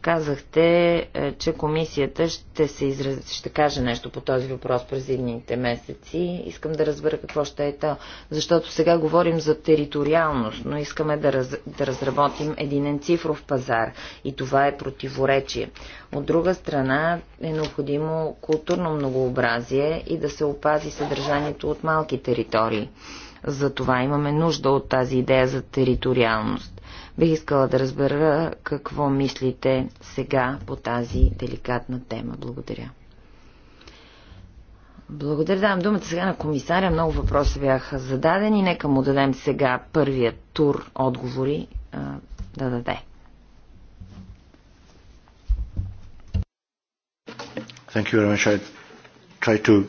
Казахте, е, че комисията ще, се израз... ще каже нещо по този въпрос през едните месеци. Искам да разбера какво ще е то, защото сега говорим за териториалност, но искаме да, раз... да разработим един цифров пазар и това е противоречие. От друга страна е необходимо културно многообразие и да се опази съдържанието от малки територии. Затова имаме нужда от тази идея за териториалност. Бих искала да разбера какво мислите сега по тази деликатна тема. Благодаря. Благодаря. Давам думата сега на комисаря. Много въпроси бяха зададени. Нека му дадем сега първия тур отговори да даде. Thank you very much. I try to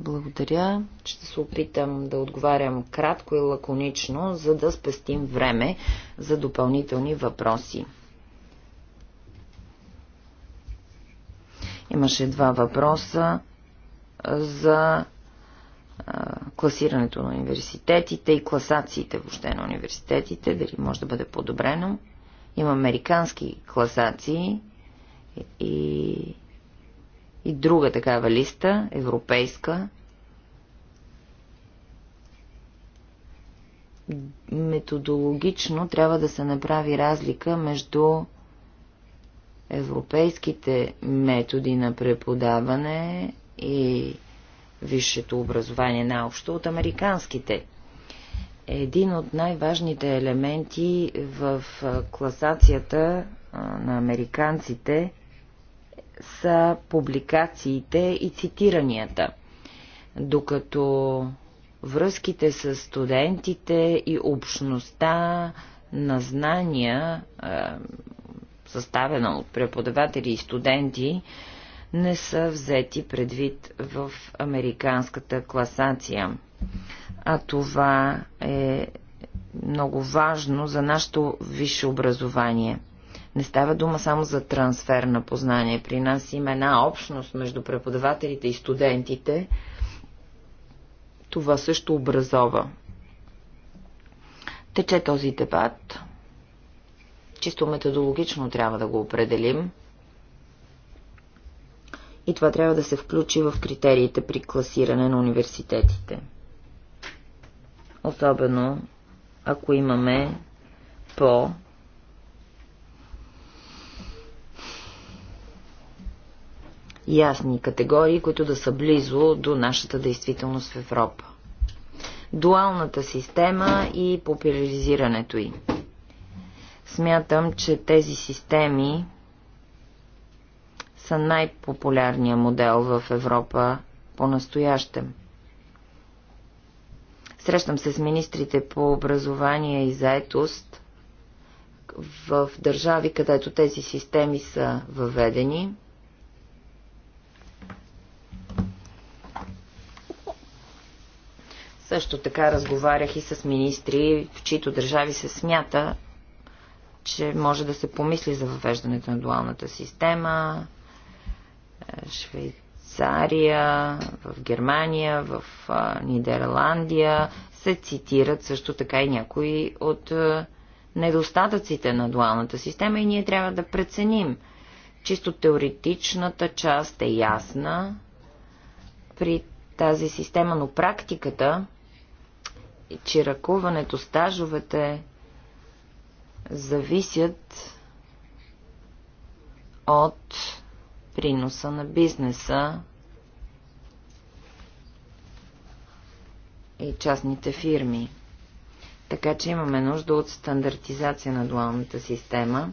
благодаря. Ще се опитам да отговарям кратко и лаконично, за да спестим време за допълнителни въпроси. Имаше два въпроса за класирането на университетите и класациите въобще на университетите, дали може да бъде подобрено. Има американски класации и и друга такава листа, европейска. Методологично трябва да се направи разлика между европейските методи на преподаване и висшето образование наобщо от американските. Един от най-важните елементи в класацията на американците са публикациите и цитиранията, докато връзките с студентите и общността на знания, е, съставена от преподаватели и студенти, не са взети предвид в американската класация. А това е много важно за нашето висше образование – не става дума само за трансфер на познание. При нас има една общност между преподавателите и студентите. Това също образова. Тече този дебат. Чисто методологично трябва да го определим. И това трябва да се включи в критериите при класиране на университетите. Особено ако имаме по ясни категории, които да са близо до нашата действителност в Европа. Дуалната система и популяризирането й. Смятам, че тези системи са най-популярния модел в Европа по-настоящем. Срещам се с министрите по образование и заетост в държави, където тези системи са въведени – Също така разговарях и с министри, в чието държави се смята, че може да се помисли за въвеждането на дуалната система. Е, Швейцария, в Германия, в Нидерландия се цитират също така и някои от недостатъците на дуалната система и ние трябва да преценим. Чисто теоретичната част е ясна при тази система, но практиката че ръкуването, стажовете зависят от приноса на бизнеса и частните фирми. Така че имаме нужда от стандартизация на дуалната система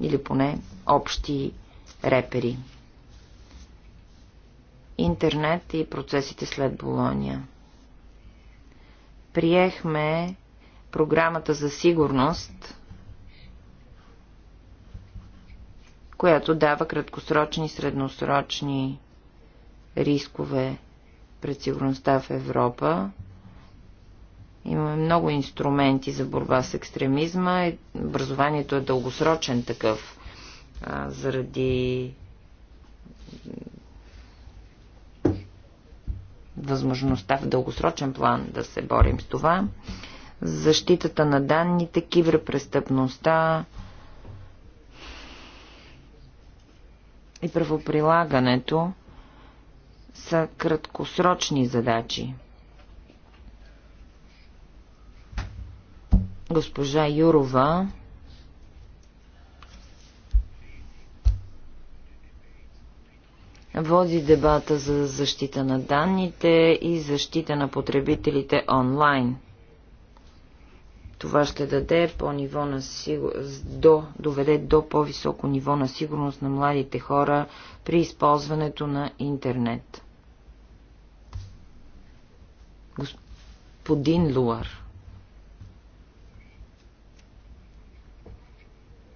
или поне общи репери. Интернет и процесите след Болония приехме програмата за сигурност, която дава краткосрочни и средносрочни рискове пред сигурността в Европа. Имаме много инструменти за борба с екстремизма. Е, образованието е дългосрочен такъв заради възможността в дългосрочен план да се борим с това. Защитата на данните, киберпрестъпността и правоприлагането са краткосрочни задачи. Госпожа Юрова води дебата за защита на данните и защита на потребителите онлайн. Това ще даде по ниво на сигур... до, доведе до по-високо ниво на сигурност на младите хора при използването на интернет. Господин Луар.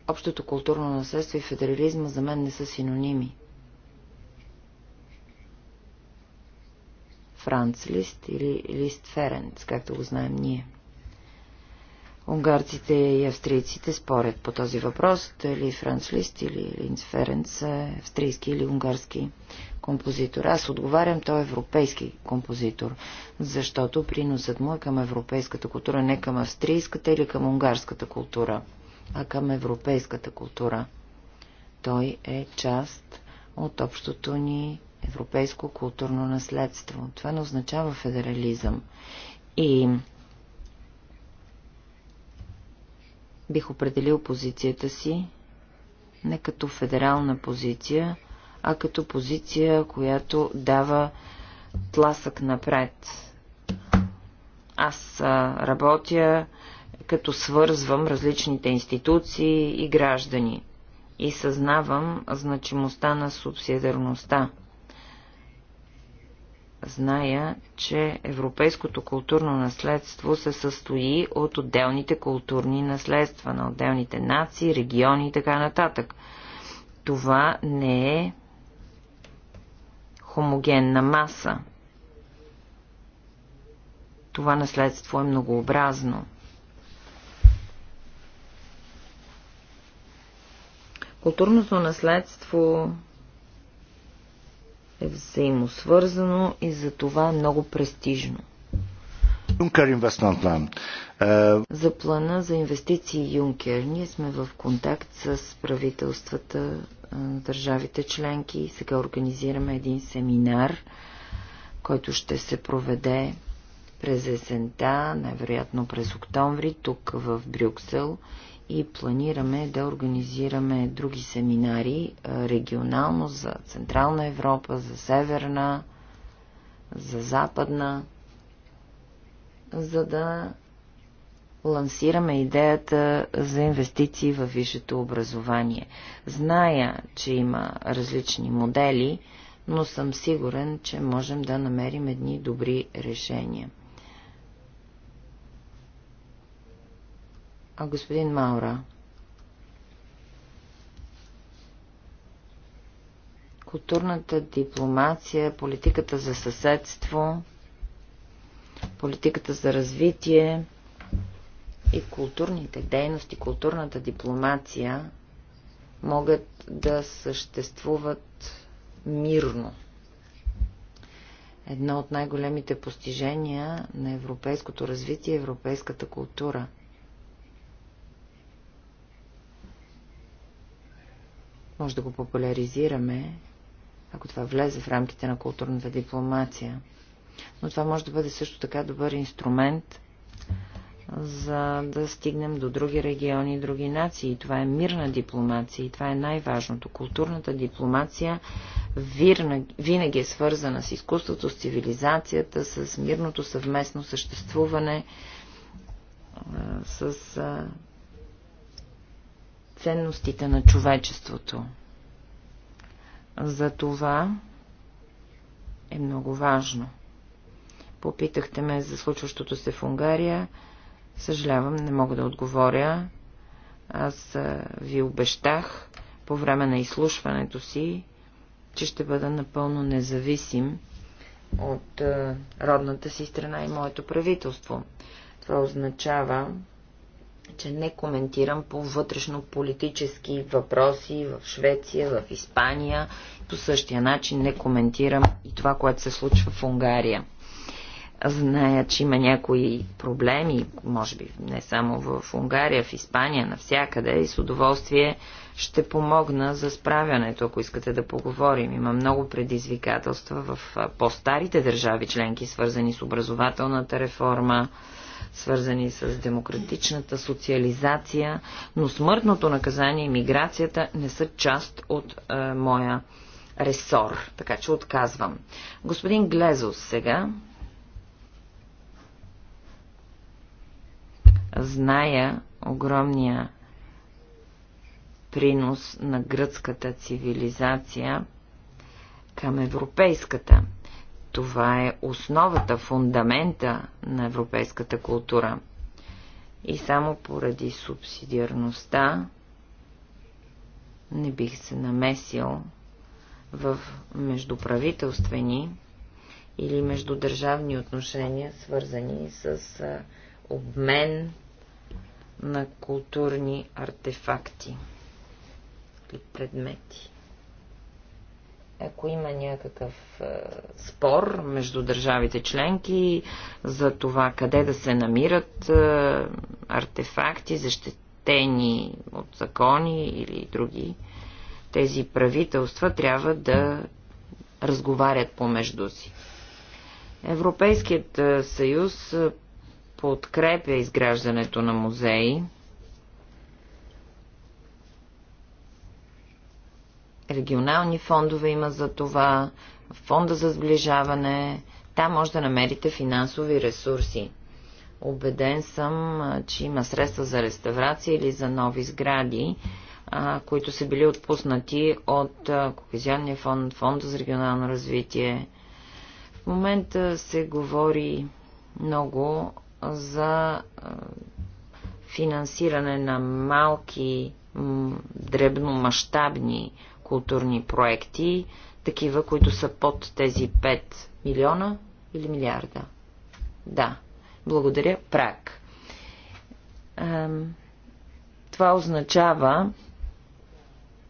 Общото културно наследство и федерализма за мен не са синоними. Франц Лист или Лист Ференц, както го знаем ние. Унгарците и австрийците спорят по този въпрос, дали Франц Лист или Линц Ференц е австрийски или унгарски композитор. Аз отговарям, той е европейски композитор, защото приносът му е към европейската култура, не към австрийската или към унгарската култура, а към европейската култура. Той е част от общото ни европейско културно наследство. Това не означава федерализъм. И бих определил позицията си не като федерална позиция, а като позиция, която дава тласък напред. Аз работя като свързвам различните институции и граждани и съзнавам значимостта на субсидиарността зная, че европейското културно наследство се състои от отделните културни наследства на отделните нации, региони и така нататък. Това не е хомогенна маса. Това наследство е многообразно. Културното наследство е взаимосвързано и за това е много престижно. Е, за плана за инвестиции Юнкер ние сме в контакт с правителствата на е, държавите членки. Сега организираме един семинар, който ще се проведе през есента, най-вероятно през октомври, тук в Брюксел и планираме да организираме други семинари регионално за Централна Европа, за Северна, за Западна, за да лансираме идеята за инвестиции във висшето образование. Зная, че има различни модели, но съм сигурен, че можем да намерим едни добри решения. А господин Маура. Културната дипломация, политиката за съседство, политиката за развитие и културните дейности, културната дипломация могат да съществуват мирно. Едно от най-големите постижения на европейското развитие е европейската култура – Може да го популяризираме, ако това влезе в рамките на културната дипломация. Но това може да бъде също така добър инструмент, за да стигнем до други региони и други нации. Това е мирна дипломация и това е най-важното. Културната дипломация винаги е свързана с изкуството, с цивилизацията, с мирното съвместно съществуване, с ценностите на човечеството. За това е много важно. Попитахте ме за случващото се в Унгария. Съжалявам, не мога да отговоря. Аз ви обещах по време на изслушването си, че ще бъда напълно независим от родната си страна и моето правителство. Това означава, че не коментирам по вътрешно-политически въпроси в Швеция, в Испания. По същия начин не коментирам и това, което се случва в Унгария. Зная, че има някои проблеми, може би не само в Унгария, в Испания, навсякъде и с удоволствие ще помогна за справянето, ако искате да поговорим. Има много предизвикателства в по-старите държави членки, свързани с образователната реформа, свързани с демократичната социализация, но смъртното наказание и миграцията не са част от е, моя ресор, така че отказвам. Господин Глезос сега. Зная огромния принос на гръцката цивилизация към европейската. Това е основата, фундамента на европейската култура. И само поради субсидиарността не бих се намесил в междуправителствени или междудържавни отношения, свързани с обмен на културни артефакти или предмети ако има някакъв е, спор между държавите членки за това къде да се намират е, артефакти, защитени от закони или други, тези правителства трябва да разговарят помежду си. Европейският е, съюз подкрепя изграждането на музеи, регионални фондове има за това, фонда за сближаване, там може да намерите финансови ресурси. Обеден съм, че има средства за реставрация или за нови сгради, които са били отпуснати от Кохезионния фонд, Фонда за регионално развитие. В момента се говори много за финансиране на малки, дребномащабни културни проекти, такива, които са под тези 5 милиона или милиарда. Да. Благодаря. Прак. Това означава.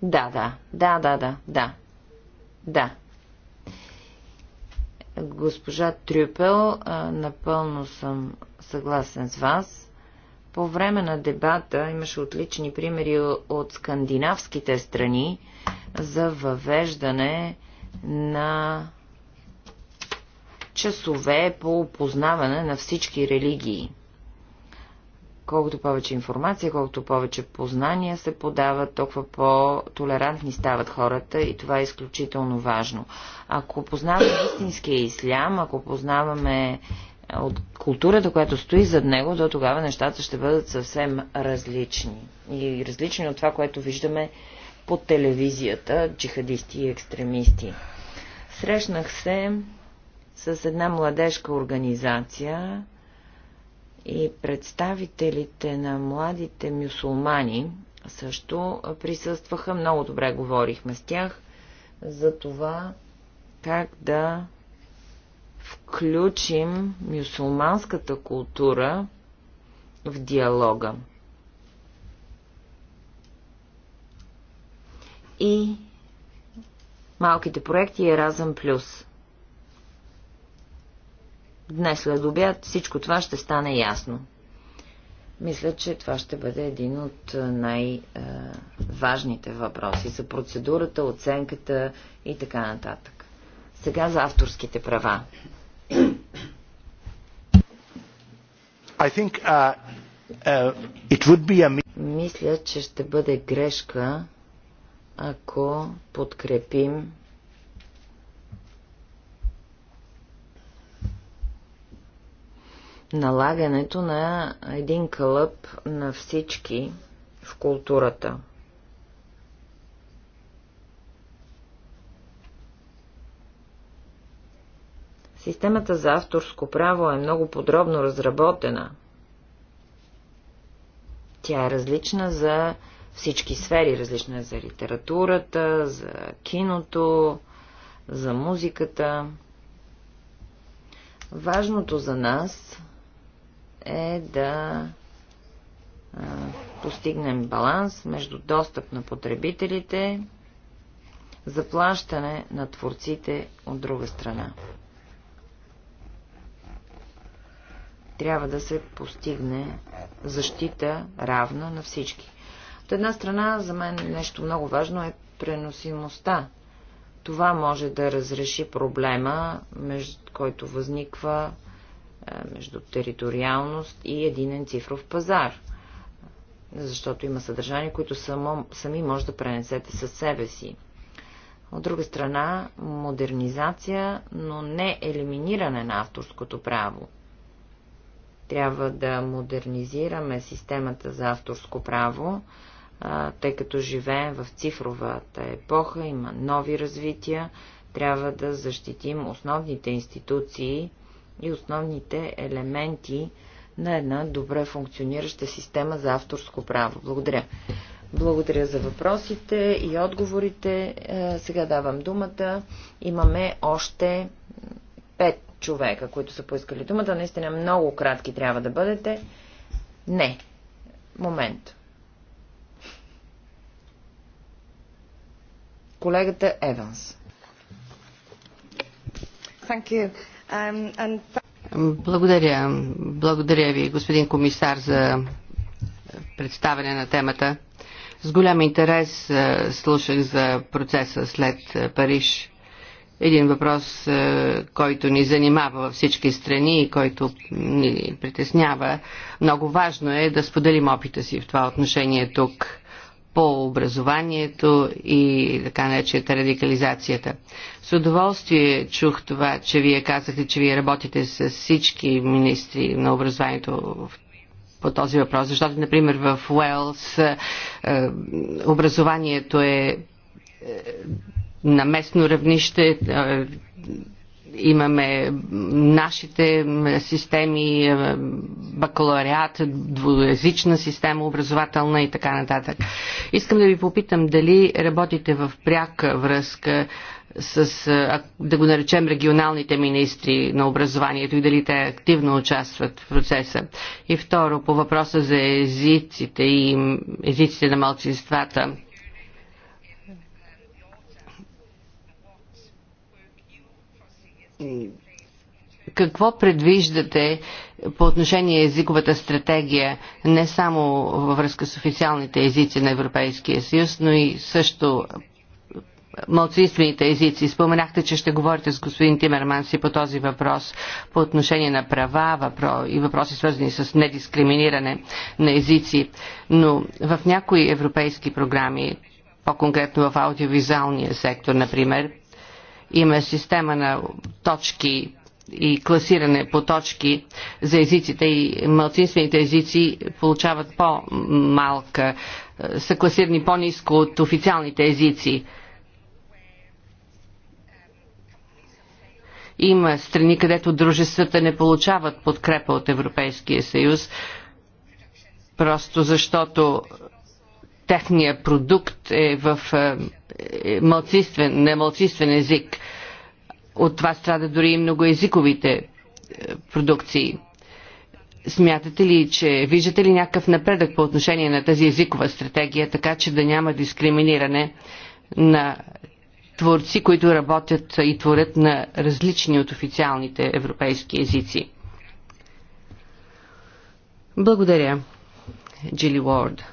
Да, да. Да, да, да. Да. Да. Госпожа Трюпел, напълно съм съгласен с вас. По време на дебата имаше отлични примери от скандинавските страни за въвеждане на часове по опознаване на всички религии. Колкото повече информация, колкото повече познания се подават, толкова по-толерантни стават хората и това е изключително важно. Ако познаваме истинския ислям, ако познаваме от културата, която стои зад него, до тогава нещата ще бъдат съвсем различни. И различни от това, което виждаме по телевизията, джихадисти и екстремисти. Срещнах се с една младежка организация и представителите на младите мюсулмани също присъстваха. Много добре говорихме с тях за това как да включим мюсулманската култура в диалога. И малките проекти Еразъм Плюс. Днес след обяд всичко това ще стане ясно. Мисля, че това ще бъде един от най-важните въпроси за процедурата, оценката и така нататък. Сега за авторските права. Uh, uh, Мисля, че ще бъде грешка, ако подкрепим налагането на един кълъп на всички в културата. Системата за авторско право е много подробно разработена. Тя е различна за всички сфери. Различна е за литературата, за киното, за музиката. Важното за нас е да постигнем баланс между достъп на потребителите, заплащане на творците от друга страна. трябва да се постигне защита равна на всички. От една страна, за мен нещо много важно е преносимостта. Това може да разреши проблема, който възниква е, между териториалност и единен цифров пазар. Защото има съдържания, които само, сами може да пренесете със себе си. От друга страна, модернизация, но не елиминиране на авторското право – трябва да модернизираме системата за авторско право, тъй като живеем в цифровата епоха, има нови развития, трябва да защитим основните институции и основните елементи на една добре функционираща система за авторско право. Благодаря. Благодаря за въпросите и отговорите. Е, сега давам думата. Имаме още пет човека, които са поискали думата. Наистина много кратки трябва да бъдете. Не. Момент. Колегата Еванс. Um, Благодаря. Благодаря ви, господин комисар, за представяне на темата. С голям интерес слушах за процеса след Париж един въпрос, е, който ни занимава във всички страни и който ни притеснява. Много важно е да споделим опита си в това отношение тук по образованието и така наречената радикализацията. С удоволствие чух това, че вие казахте, че вие работите с всички министри на образованието в по този въпрос, защото, например, в Уелс е, е, образованието е на местно равнище е, имаме нашите системи, е, бакалавриат, двуязична система, образователна и така нататък. Искам да ви попитам дали работите в пряка връзка с, е, да го наречем, регионалните министри на образованието и дали те активно участват в процеса. И второ, по въпроса за езиците и езиците на малцинствата какво предвиждате по отношение езиковата стратегия не само във връзка с официалните езици на Европейския съюз, но и също малцинствените езици. Споменахте, че ще говорите с господин Тимерманси по този въпрос по отношение на права въпро... и въпроси свързани с недискриминиране на езици. Но в някои европейски програми, по-конкретно в аудиовизуалния сектор, например, има система на точки и класиране по точки за езиците и малцинствените езици получават по-малка, са класирани по-низко от официалните езици. Има страни, където дружествата не получават подкрепа от Европейския съюз, просто защото техния продукт е в е, е малцинствен, език. От това страда дори и многоязиковите е, продукции. Смятате ли, че виждате ли някакъв напредък по отношение на тази езикова стратегия, така че да няма дискриминиране на творци, които работят и творят на различни от официалните европейски езици? Благодаря, Джили Уорд.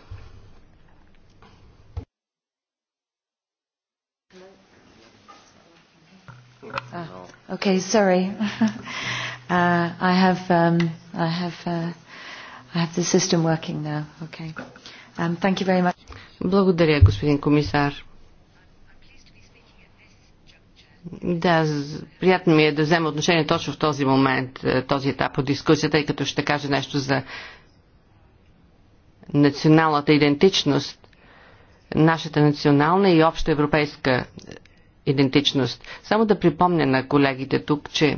Uh, okay, sorry. *laughs* uh, I have, um, I have, uh, I have the system working now. Okay. Um, thank you very much. Благодаря, господин комисар. Да, приятно ми е да взема отношение точно в този момент, е, този етап от дискусията, и като ще кажа нещо за националната идентичност, нашата национална и обща европейска идентичност. Само да припомня на колегите тук, че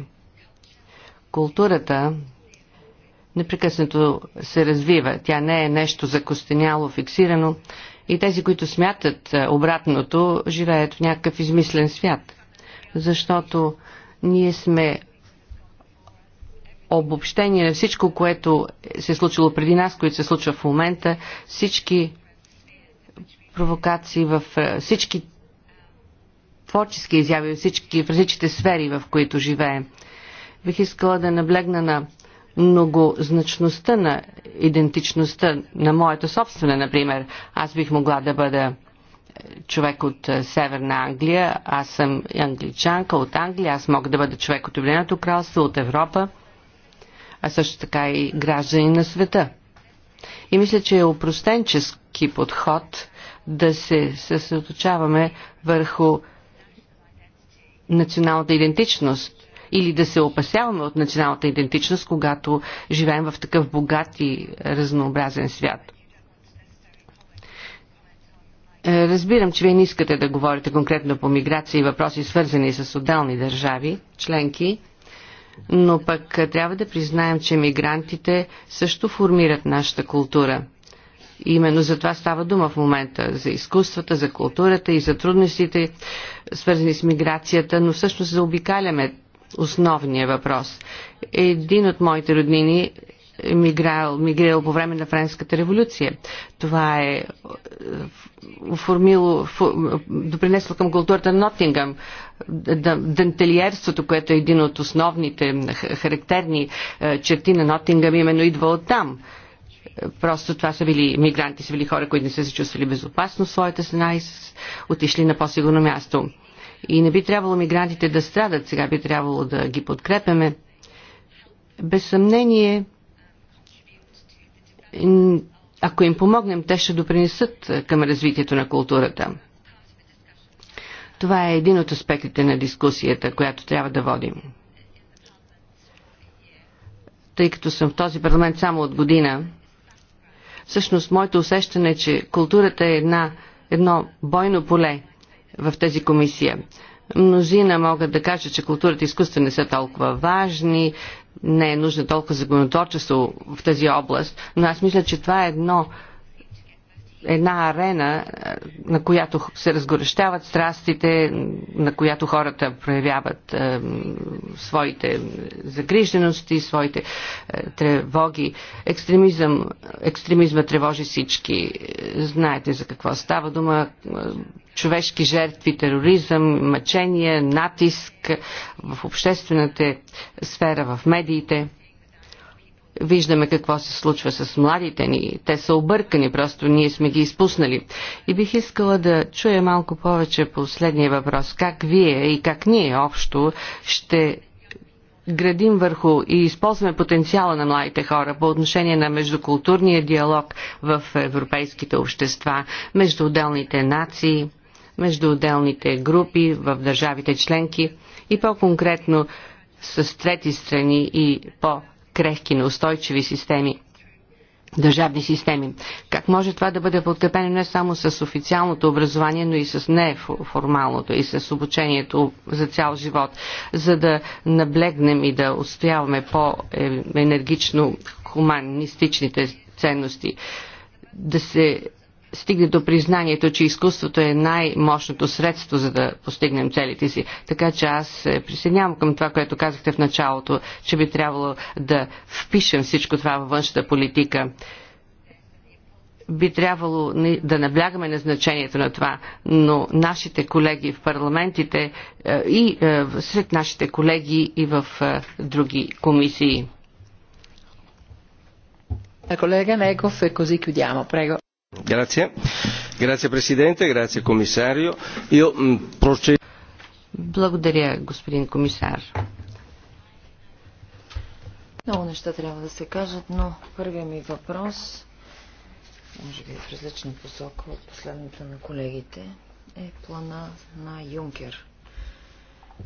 културата непрекъснато се развива. Тя не е нещо закостеняло, фиксирано. И тези, които смятат обратното, живеят в някакъв измислен свят. Защото ние сме обобщение на всичко, което се е случило преди нас, което се случва в момента, всички провокации в всички творчески изяви всички, в различните сфери, в които живеем. Бих искала да наблегна на многозначността на идентичността на моята собствена, например. Аз бих могла да бъда човек от е, Северна Англия, аз съм англичанка от Англия, аз мога да бъда човек от Обединеното кралство, от Европа, а също така и граждани на света. И мисля, че е опростенчески подход да се съсредоточаваме върху националната идентичност или да се опасяваме от националната идентичност, когато живеем в такъв богат и разнообразен свят. Е, разбирам, че вие не искате да говорите конкретно по миграция и въпроси свързани с отделни държави, членки, но пък трябва да признаем, че мигрантите също формират нашата култура – Именно за това става дума в момента, за изкуствата, за културата и за трудностите, свързани с миграцията, но всъщност заобикаляме основния въпрос. Един от моите роднини е миграл, мигрирал по време на Френската революция. Това е, е оформило, допринесло към културата на Нотингъм. Дентелиерството, което е един от основните характерни е, черти на Нотингъм, именно идва от там. Просто това са били мигранти, са били хора, които не са се чувствали безопасно в своята страна и отишли на по-сигурно място. И не би трябвало мигрантите да страдат, сега би трябвало да ги подкрепяме. Без съмнение, ако им помогнем, те ще допринесат към развитието на културата. Това е един от аспектите на дискусията, която трябва да водим. Тъй като съм в този парламент само от година, Всъщност, моето усещане е, че културата е една, едно бойно поле в тази комисия. Мнозина могат да кажат, че културата и изкуството не са толкова важни, не е нужно толкова законотворчество в тази област, но аз мисля, че това е едно една арена, е, на която се разгорещават страстите, на която хората проявяват е, своите загрижености, своите е, тревоги. Екстремизъм, екстремизма тревожи всички. Знаете за какво става дума. Е, човешки жертви, тероризъм, мъчение, натиск в обществената сфера, в медиите – Виждаме какво се случва с младите ни. Те са объркани, просто ние сме ги изпуснали. И бих искала да чуя малко повече последния въпрос. Как вие и как ние общо ще градим върху и използваме потенциала на младите хора по отношение на междукултурния диалог в европейските общества, между отделните нации, между отделните групи в държавите членки и по-конкретно с трети страни и по крехки, неустойчиви системи, държавни системи. Как може това да бъде подкрепено не само с официалното образование, но и с неформалното и с обучението за цял живот, за да наблегнем и да отстояваме по-енергично хуманистичните ценности, да се стигне до признанието, че изкуството е най-мощното средство за да постигнем целите си. Така че аз присъединявам към това, което казахте в началото, че би трябвало да впишем всичко това във външната политика. Би трябвало да наблягаме на значението на това, но нашите колеги в парламентите е, и е, сред нашите колеги и в е, други комисии. Колега Неков, così chiudiamo, prego. Благодаря, господин комисар. Много неща трябва да се кажат, но първият ми въпрос, може би в различна посока от последната на колегите, е плана на Юнкер. Е,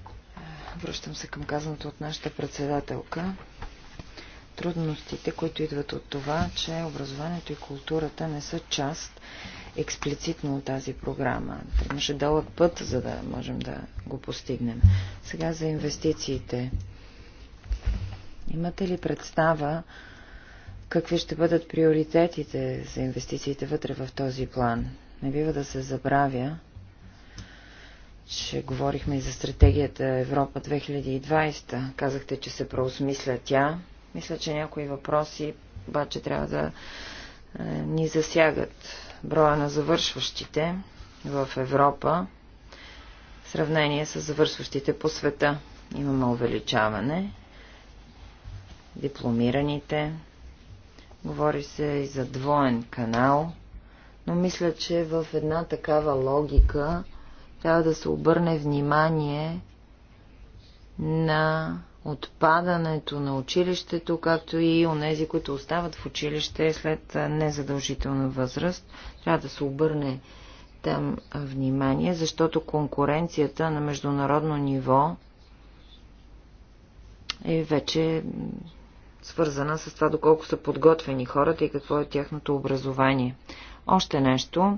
връщам се към казаното от нашата председателка трудностите, които идват от това, че образованието и културата не са част експлицитно от тази програма. Трябваше дълъг път, за да можем да го постигнем. Сега за инвестициите. Имате ли представа какви ще бъдат приоритетите за инвестициите вътре в този план? Не бива да се забравя, че говорихме и за стратегията Европа 2020. Казахте, че се проосмисля тя мисля, че някои въпроси обаче трябва да е, ни засягат. Броя на завършващите в Европа в сравнение с завършващите по света. Имаме увеличаване. Дипломираните. Говори се и за двоен канал. Но мисля, че в една такава логика трябва да се обърне внимание на отпадането на училището, както и у нези, които остават в училище след незадължителна възраст. Трябва да се обърне там внимание, защото конкуренцията на международно ниво е вече свързана с това доколко са подготвени хората и какво е тяхното образование. Още нещо.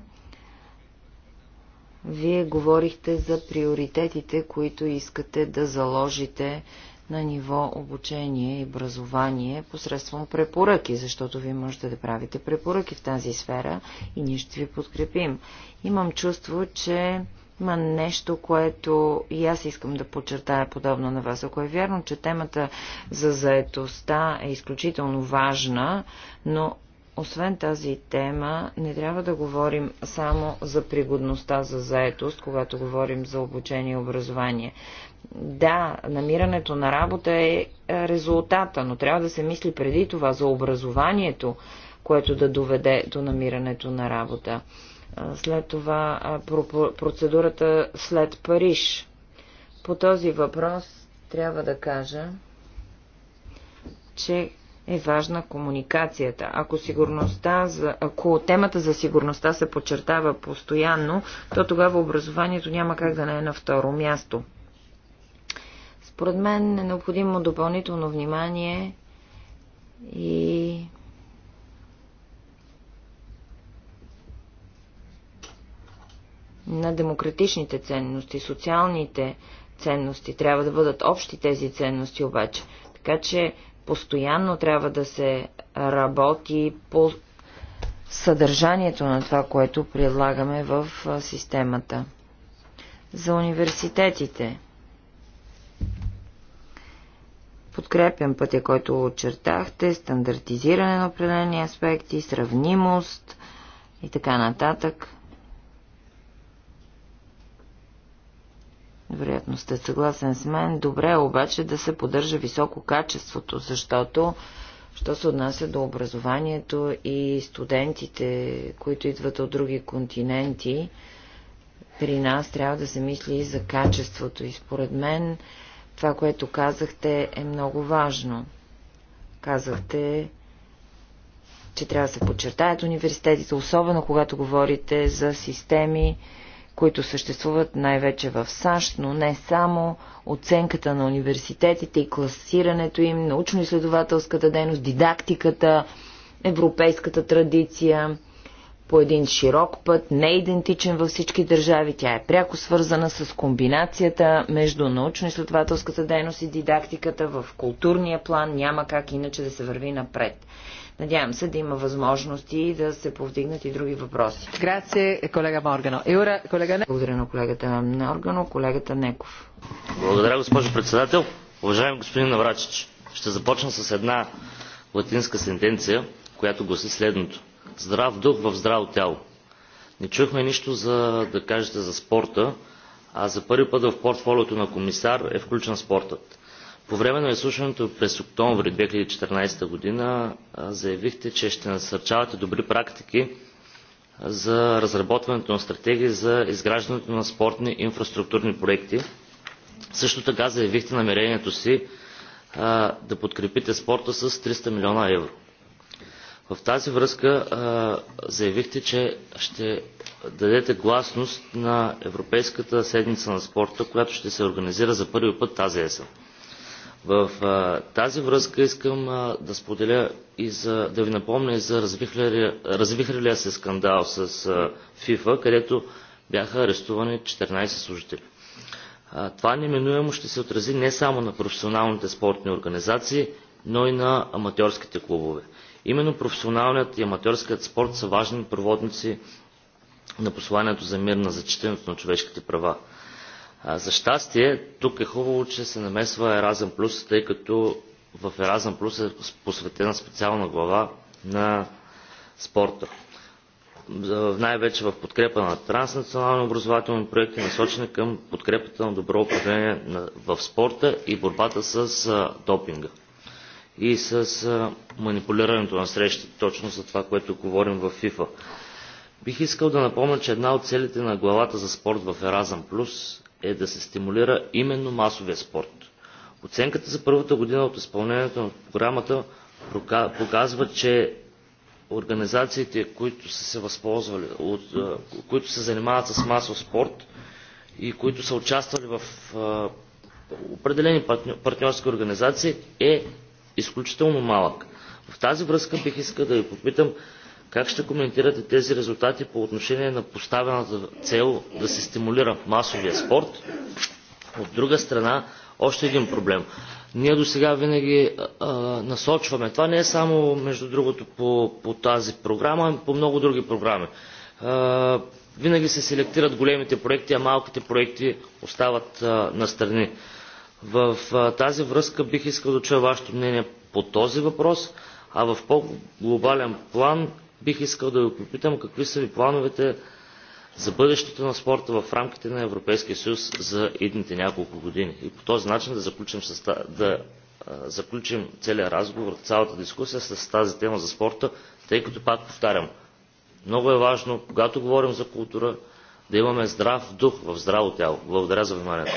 Вие говорихте за приоритетите, които искате да заложите на ниво обучение и образование посредством препоръки, защото вие можете да правите препоръки в тази сфера и ние ще ви подкрепим. Имам чувство, че има нещо, което и аз искам да подчертая подобно на вас. Ако е вярно, че темата за заетостта е изключително важна, но освен тази тема, не трябва да говорим само за пригодността за заетост, когато говорим за обучение и образование. Да, намирането на работа е, е резултата, но трябва да се мисли преди това за образованието, което да доведе до намирането на работа. След това процедурата след Париж. По този въпрос трябва да кажа, че е важна комуникацията. Ако, сигурността за, ако темата за сигурността се подчертава постоянно, то тогава образованието няма как да не е на второ място. Според мен е необходимо допълнително внимание и на демократичните ценности, социалните ценности. Трябва да бъдат общи тези ценности обаче. Така че постоянно трябва да се работи по съдържанието на това, което предлагаме в системата. За университетите. Подкрепям пътя, който очертахте, стандартизиране на определени аспекти, сравнимост и така нататък. Вероятно сте съгласен с мен. Добре е обаче да се поддържа високо качеството, защото що се отнася до образованието и студентите, които идват от други континенти, при нас трябва да се мисли и за качеството. И според мен това, което казахте, е много важно. Казахте, че трябва да се подчертаят университетите, особено когато говорите за системи, които съществуват най-вече в САЩ, но не само оценката на университетите и класирането им, научно-изследователската дейност, дидактиката, европейската традиция – по един широк път, не идентичен във всички държави. Тя е пряко свързана с комбинацията между научно-изследователската дейност и дидактиката в културния план. Няма как иначе да се върви напред. Надявам се да има възможности да се повдигнат и други въпроси. Грация, колега Моргано. Юра, колега... Благодаря на колегата Моргано, колегата Неков. Благодаря, госпожо председател. Уважаеми господин Наврачич, ще започна с една латинска сентенция, която гласи следното – здрав дух в здраво тяло. Не чухме нищо за, да кажете за спорта, а за първи път в портфолиото на комисар е включен спортът. По време на изслушването през октомври 2014 година заявихте, че ще насърчавате добри практики за разработването на стратегии за изграждането на спортни инфраструктурни проекти. Също така заявихте намерението си да подкрепите спорта с 300 милиона евро. В тази връзка заявихте, че ще дадете гласност на Европейската седмица на спорта, която ще се организира за първи път тази есен. В тази връзка искам да споделя и за, да ви напомня и за развихрилия, развихрилия се скандал с ФИФА, където бяха арестувани 14 служители. Това неминуемо ще се отрази не само на професионалните спортни организации, но и на аматьорските клубове. Именно професионалният и аматьорският спорт са важни проводници на посланието за мир, на зачитането на човешките права. За щастие, тук е хубаво, че се намесва Еразъм Плюс, тъй като в Еразъм Плюс е посветена специална глава на спорта. Най-вече в подкрепа на транснационални образователни проекти, насочени към подкрепата на добро управление в спорта и борбата с допинга и с манипулирането на срещи, точно за това, което говорим в ФИФА. Бих искал да напомня, че една от целите на главата за спорт в Еразъм Плюс е да се стимулира именно масовия спорт. Оценката за първата година от изпълнението на програмата показва, че организациите, които са се възползвали, от, които се занимават с масов спорт и които са участвали в определени партньорски организации, е изключително малък. В тази връзка бих искал да ви попитам как ще коментирате тези резултати по отношение на поставената цел да се стимулира масовия спорт? От друга страна, още един проблем. Ние до сега винаги а, насочваме. Това не е само, между другото, по, по тази програма, а по много други програми. А, винаги се селектират големите проекти, а малките проекти остават а, настрани. В тази връзка бих искал да чуя вашето мнение по този въпрос, а в по-глобален план бих искал да ви попитам какви са ви плановете за бъдещето на спорта в рамките на Европейския съюз за едните няколко години. И по този начин да заключим, с, да заключим целият разговор, цялата дискусия с тази тема за спорта, тъй като пак повтарям, много е важно, когато говорим за култура, да имаме здрав дух в здраво тяло. Благодаря за вниманието.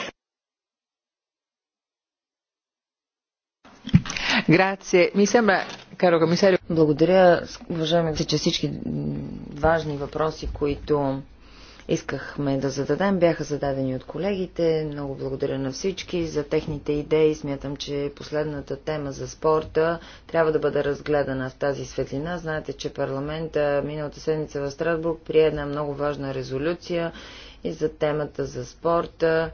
Благодаря, уважаеми, че всички важни въпроси, които искахме да зададем, бяха зададени от колегите. Много благодаря на всички за техните идеи. Смятам, че последната тема за спорта трябва да бъде разгледана в тази светлина. Знаете, че парламента миналата седмица в Страсбург прие една много важна резолюция и за темата за спорта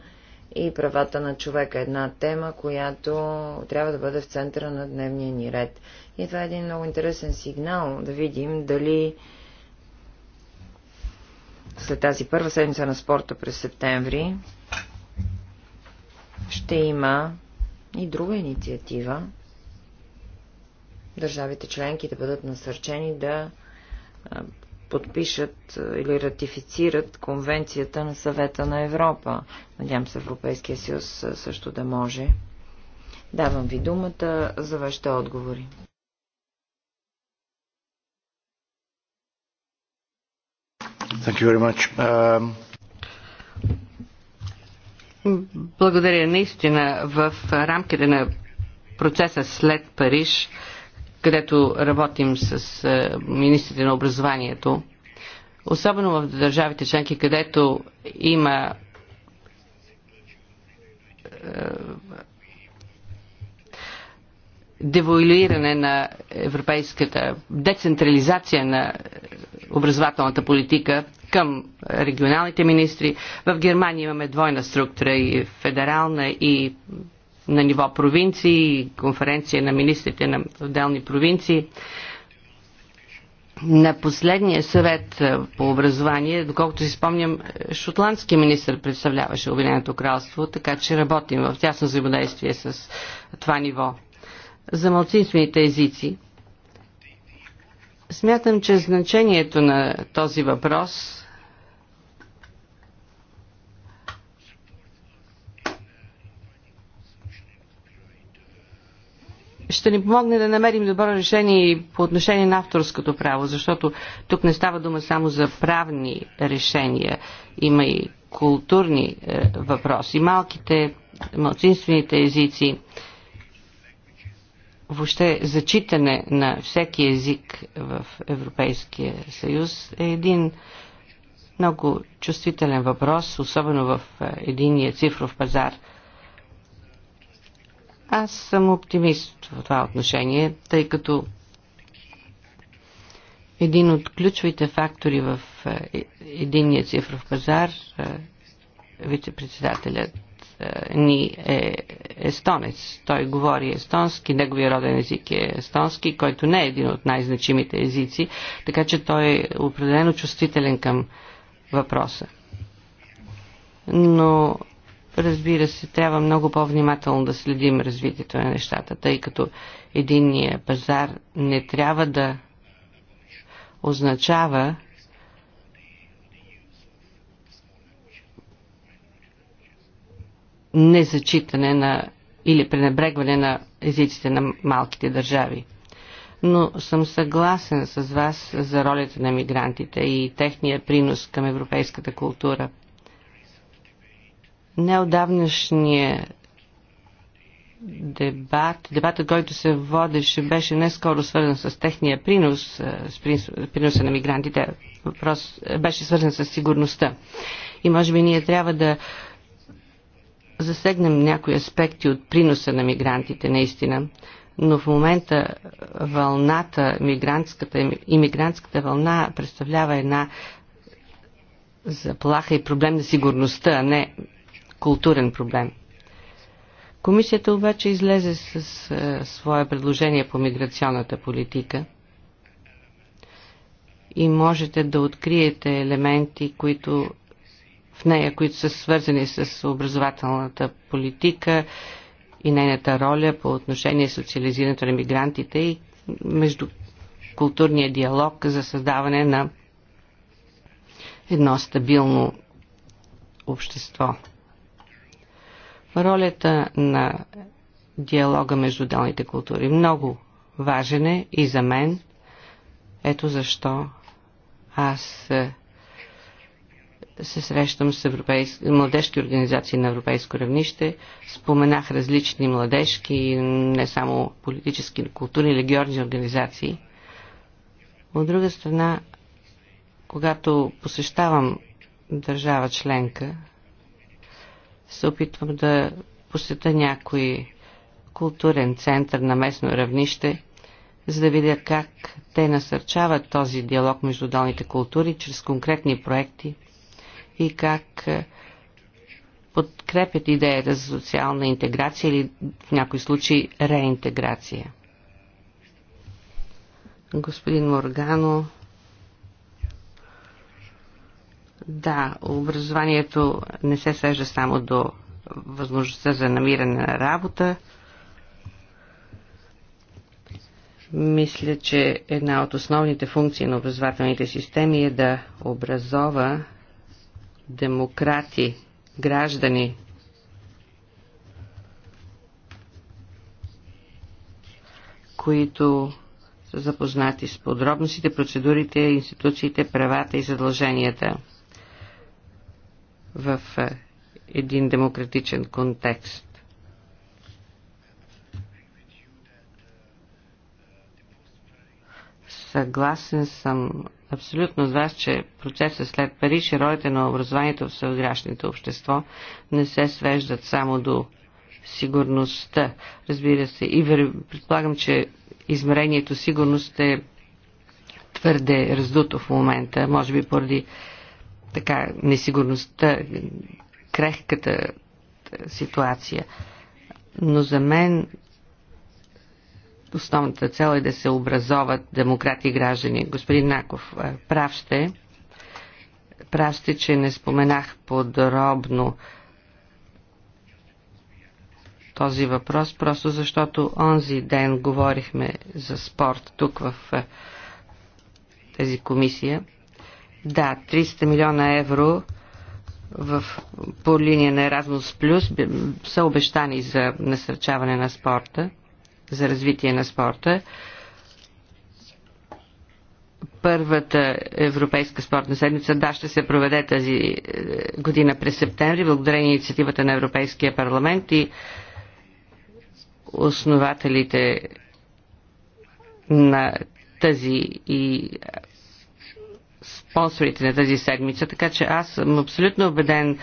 и правата на човека. Една тема, която трябва да бъде в центъра на дневния ни ред. И това е един много интересен сигнал да видим дали след тази първа седмица на спорта през септември ще има и друга инициатива. Държавите членки да бъдат насърчени да подпишат е, или ратифицират Конвенцията на съвета на Европа. Надявам се Европейския съюз е, също да може. Давам ви думата за вашите отговори. Thank you very much. Uh... Благодаря. Наистина, в рамките на процеса след Париж, uh, където работим с е, министрите на образованието, особено в държавите членки, където има е, девоилиране на европейската децентрализация на образователната политика към регионалните министри. В Германия имаме двойна структура и федерална и на ниво провинции, конференция на министрите на отделни провинции. На последния съвет по образование, доколкото си спомням, шотландски министр представляваше Обединеното кралство, така че работим в тясно взаимодействие с това ниво. За малцинствените езици, смятам, че значението на този въпрос ще ни помогне да намерим добро решение и по отношение на авторското право, защото тук не става дума само за правни решения, има и културни е, въпроси, малките, малцинствените езици, въобще зачитане на всеки език в Европейския съюз е един много чувствителен въпрос, особено в е, единия цифров пазар – аз съм оптимист в това отношение, тъй като един от ключовите фактори в е, е, единния цифров пазар, е, вице-председателят ни е естонец. Той говори естонски, неговия роден език е естонски, който не е един от най-значимите езици, така че той е определено чувствителен към въпроса. Но Разбира се, трябва много по-внимателно да следим развитието на нещата, тъй като единния пазар не трябва да означава незачитане на или пренебрегване на езиците на малките държави. Но съм съгласен с вас за ролята на мигрантите и техния принос към европейската култура – неодавнашния дебат, дебатът, който се водеше, беше не скоро свързан с техния принос, с приноса на мигрантите. Въпрос беше свързан с сигурността. И може би ние трябва да засегнем някои аспекти от приноса на мигрантите, наистина. Но в момента вълната, мигрантската, иммигрантската вълна представлява една заплаха и проблем на сигурността, а не културен проблем. Комисията обаче излезе с а, е, свое предложение по миграционната политика и можете да откриете елементи, които в нея, които са свързани с образователната политика и нейната роля по отношение социализирането на мигрантите и между културния диалог за създаване на едно стабилно общество. Ролята на диалога между отделните култури много важен е и за мен. Ето защо аз е, се срещам с младежки организации на европейско равнище. Споменах различни младежки, не само политически, културни, религиозни организации. От друга страна, когато посещавам държава членка, се опитвам да посета някой културен център на местно равнище, за да видя как те насърчават този диалог между долните култури чрез конкретни проекти и как е, подкрепят идеята за социална интеграция или в някои случаи реинтеграция. Господин Моргано да, образованието не се свежда само до възможността за намиране на работа. Мисля, че една от основните функции на образователните системи е да образова демократи, граждани. които са запознати с подробностите, процедурите, институциите, правата и задълженията – в е, един демократичен контекст. Съгласен съм абсолютно с вас, че процесът след Париж и ролите на образованието в съвграшните общество не се свеждат само до сигурността. Разбира се, и предполагам, че измерението сигурност е твърде раздуто в момента, може би поради така несигурността, крехката ситуация. Но за мен основната цел е да се образоват демократи и граждани. Господин Наков, прав ще, прав ще, че не споменах подробно този въпрос, просто защото онзи ден говорихме за спорт тук в тази комисия. Да, 300 милиона евро в, по линия на Erasmus Plus са обещани за насърчаване на спорта, за развитие на спорта. Първата Европейска спортна седмица, да, ще се проведе тази е, година през септември, благодарение инициативата на Европейския парламент и основателите на тази и спонсорите на тази седмица, така че аз съм абсолютно убеден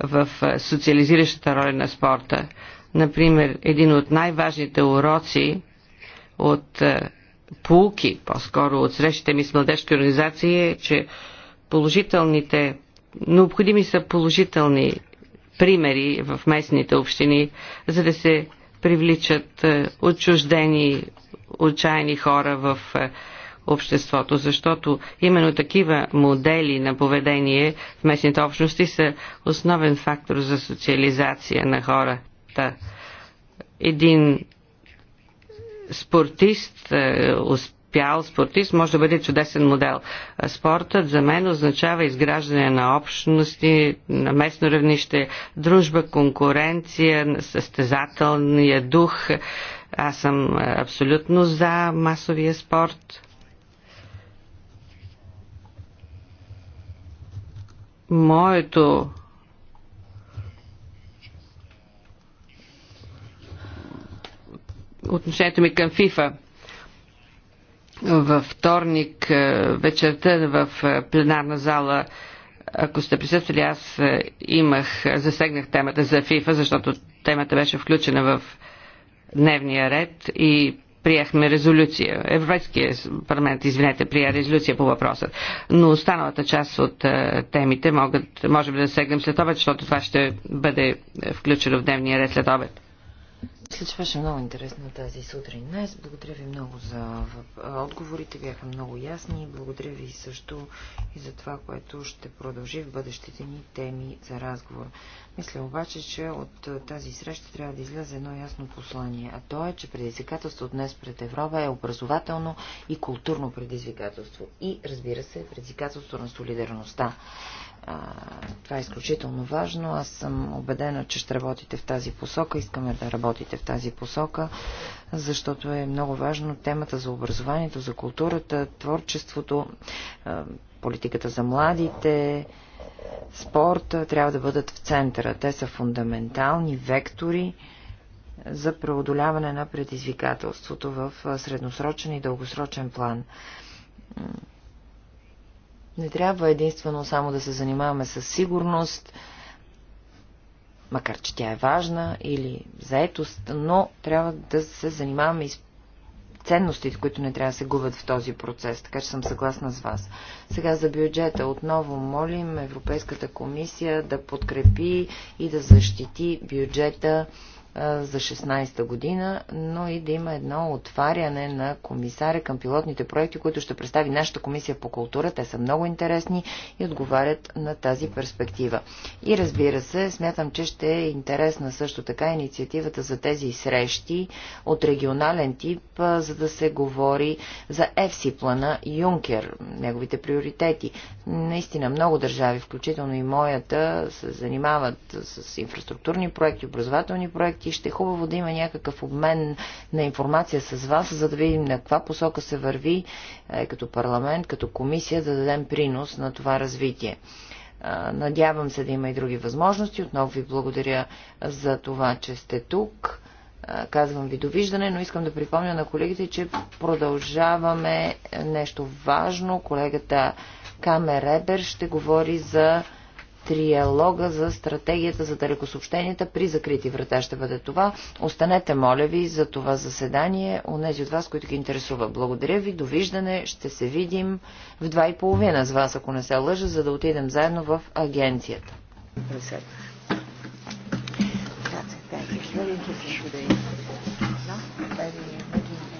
в социализиращата роля на спорта. Например, един от най-важните уроци от полуки, по-скоро от срещите ми с младежки организации е, че положителните, необходими са положителни примери в местните общини, за да се привличат отчуждени, отчаяни хора в обществото, защото именно такива модели на поведение в местните общности са основен фактор за социализация на хората. Един спортист, е, успял спортист, може да бъде чудесен модел. Спортът за мен означава изграждане на общности, на местно равнище, дружба, конкуренция, състезателния дух. Аз съм е, абсолютно за масовия спорт. моето отношението ми към ФИФА. Във вторник е, вечерта в е, пленарна зала, ако сте присъствали, аз е, имах, засегнах темата за ФИФА, защото темата беше включена в дневния ред и приехме резолюция. Европейския парламент, извинете, прие резолюция по въпроса. Но останалата част от е, темите могат, може би да сегнем след обед, защото това ще бъде е, включено в дневния ред след обед. Мисля, че беше много интересно тази сутрин днес. Благодаря ви много за отговорите, бяха много ясни. Благодаря ви също и за това, което ще продължи в бъдещите ни теми за разговор. Мисля обаче, че от тази среща трябва да излезе едно ясно послание, а то е, че предизвикателство днес пред Европа е образователно и културно предизвикателство. И, разбира се, предизвикателство на солидарността. А, това е изключително важно. Аз съм убедена, че ще работите в тази посока. Искаме да работите в тази посока, защото е много важно темата за образованието, за културата, творчеството, политиката за младите, спорта трябва да бъдат в центъра. Те са фундаментални вектори за преодоляване на предизвикателството в средносрочен и дългосрочен план. Не трябва единствено само да се занимаваме с сигурност, макар че тя е важна, или заетост, но трябва да се занимаваме и с ценностите, които не трябва да се губят в този процес, така че съм съгласна с вас. Сега за бюджета отново молим Европейската комисия да подкрепи и да защити бюджета за 16-та година, но и да има едно отваряне на комисаря към пилотните проекти, които ще представи нашата комисия по култура. Те са много интересни и отговарят на тази перспектива. И разбира се, смятам, че ще е интересна също така инициативата за тези срещи от регионален тип, за да се говори за ЕФСИ плана Юнкер, неговите приоритети. Наистина много държави, включително и моята, се занимават с инфраструктурни проекти, образователни проекти, летище. Е хубаво да има някакъв обмен на информация с вас, за да видим на каква посока се върви е, като парламент, като комисия, да дадем принос на това развитие. Надявам се да има и други възможности. Отново ви благодаря за това, че сте тук. Казвам ви довиждане, но искам да припомня на колегите, че продължаваме нещо важно. Колегата Камер Ребер ще говори за триалога за стратегията за далекосъобщенията при закрити врата ще бъде това. Останете, моля ви, за това заседание, онези от вас, които ги интересува. Благодаря ви, довиждане, ще се видим в два и половина с вас, ако не се лъжа, за да отидем заедно в агенцията.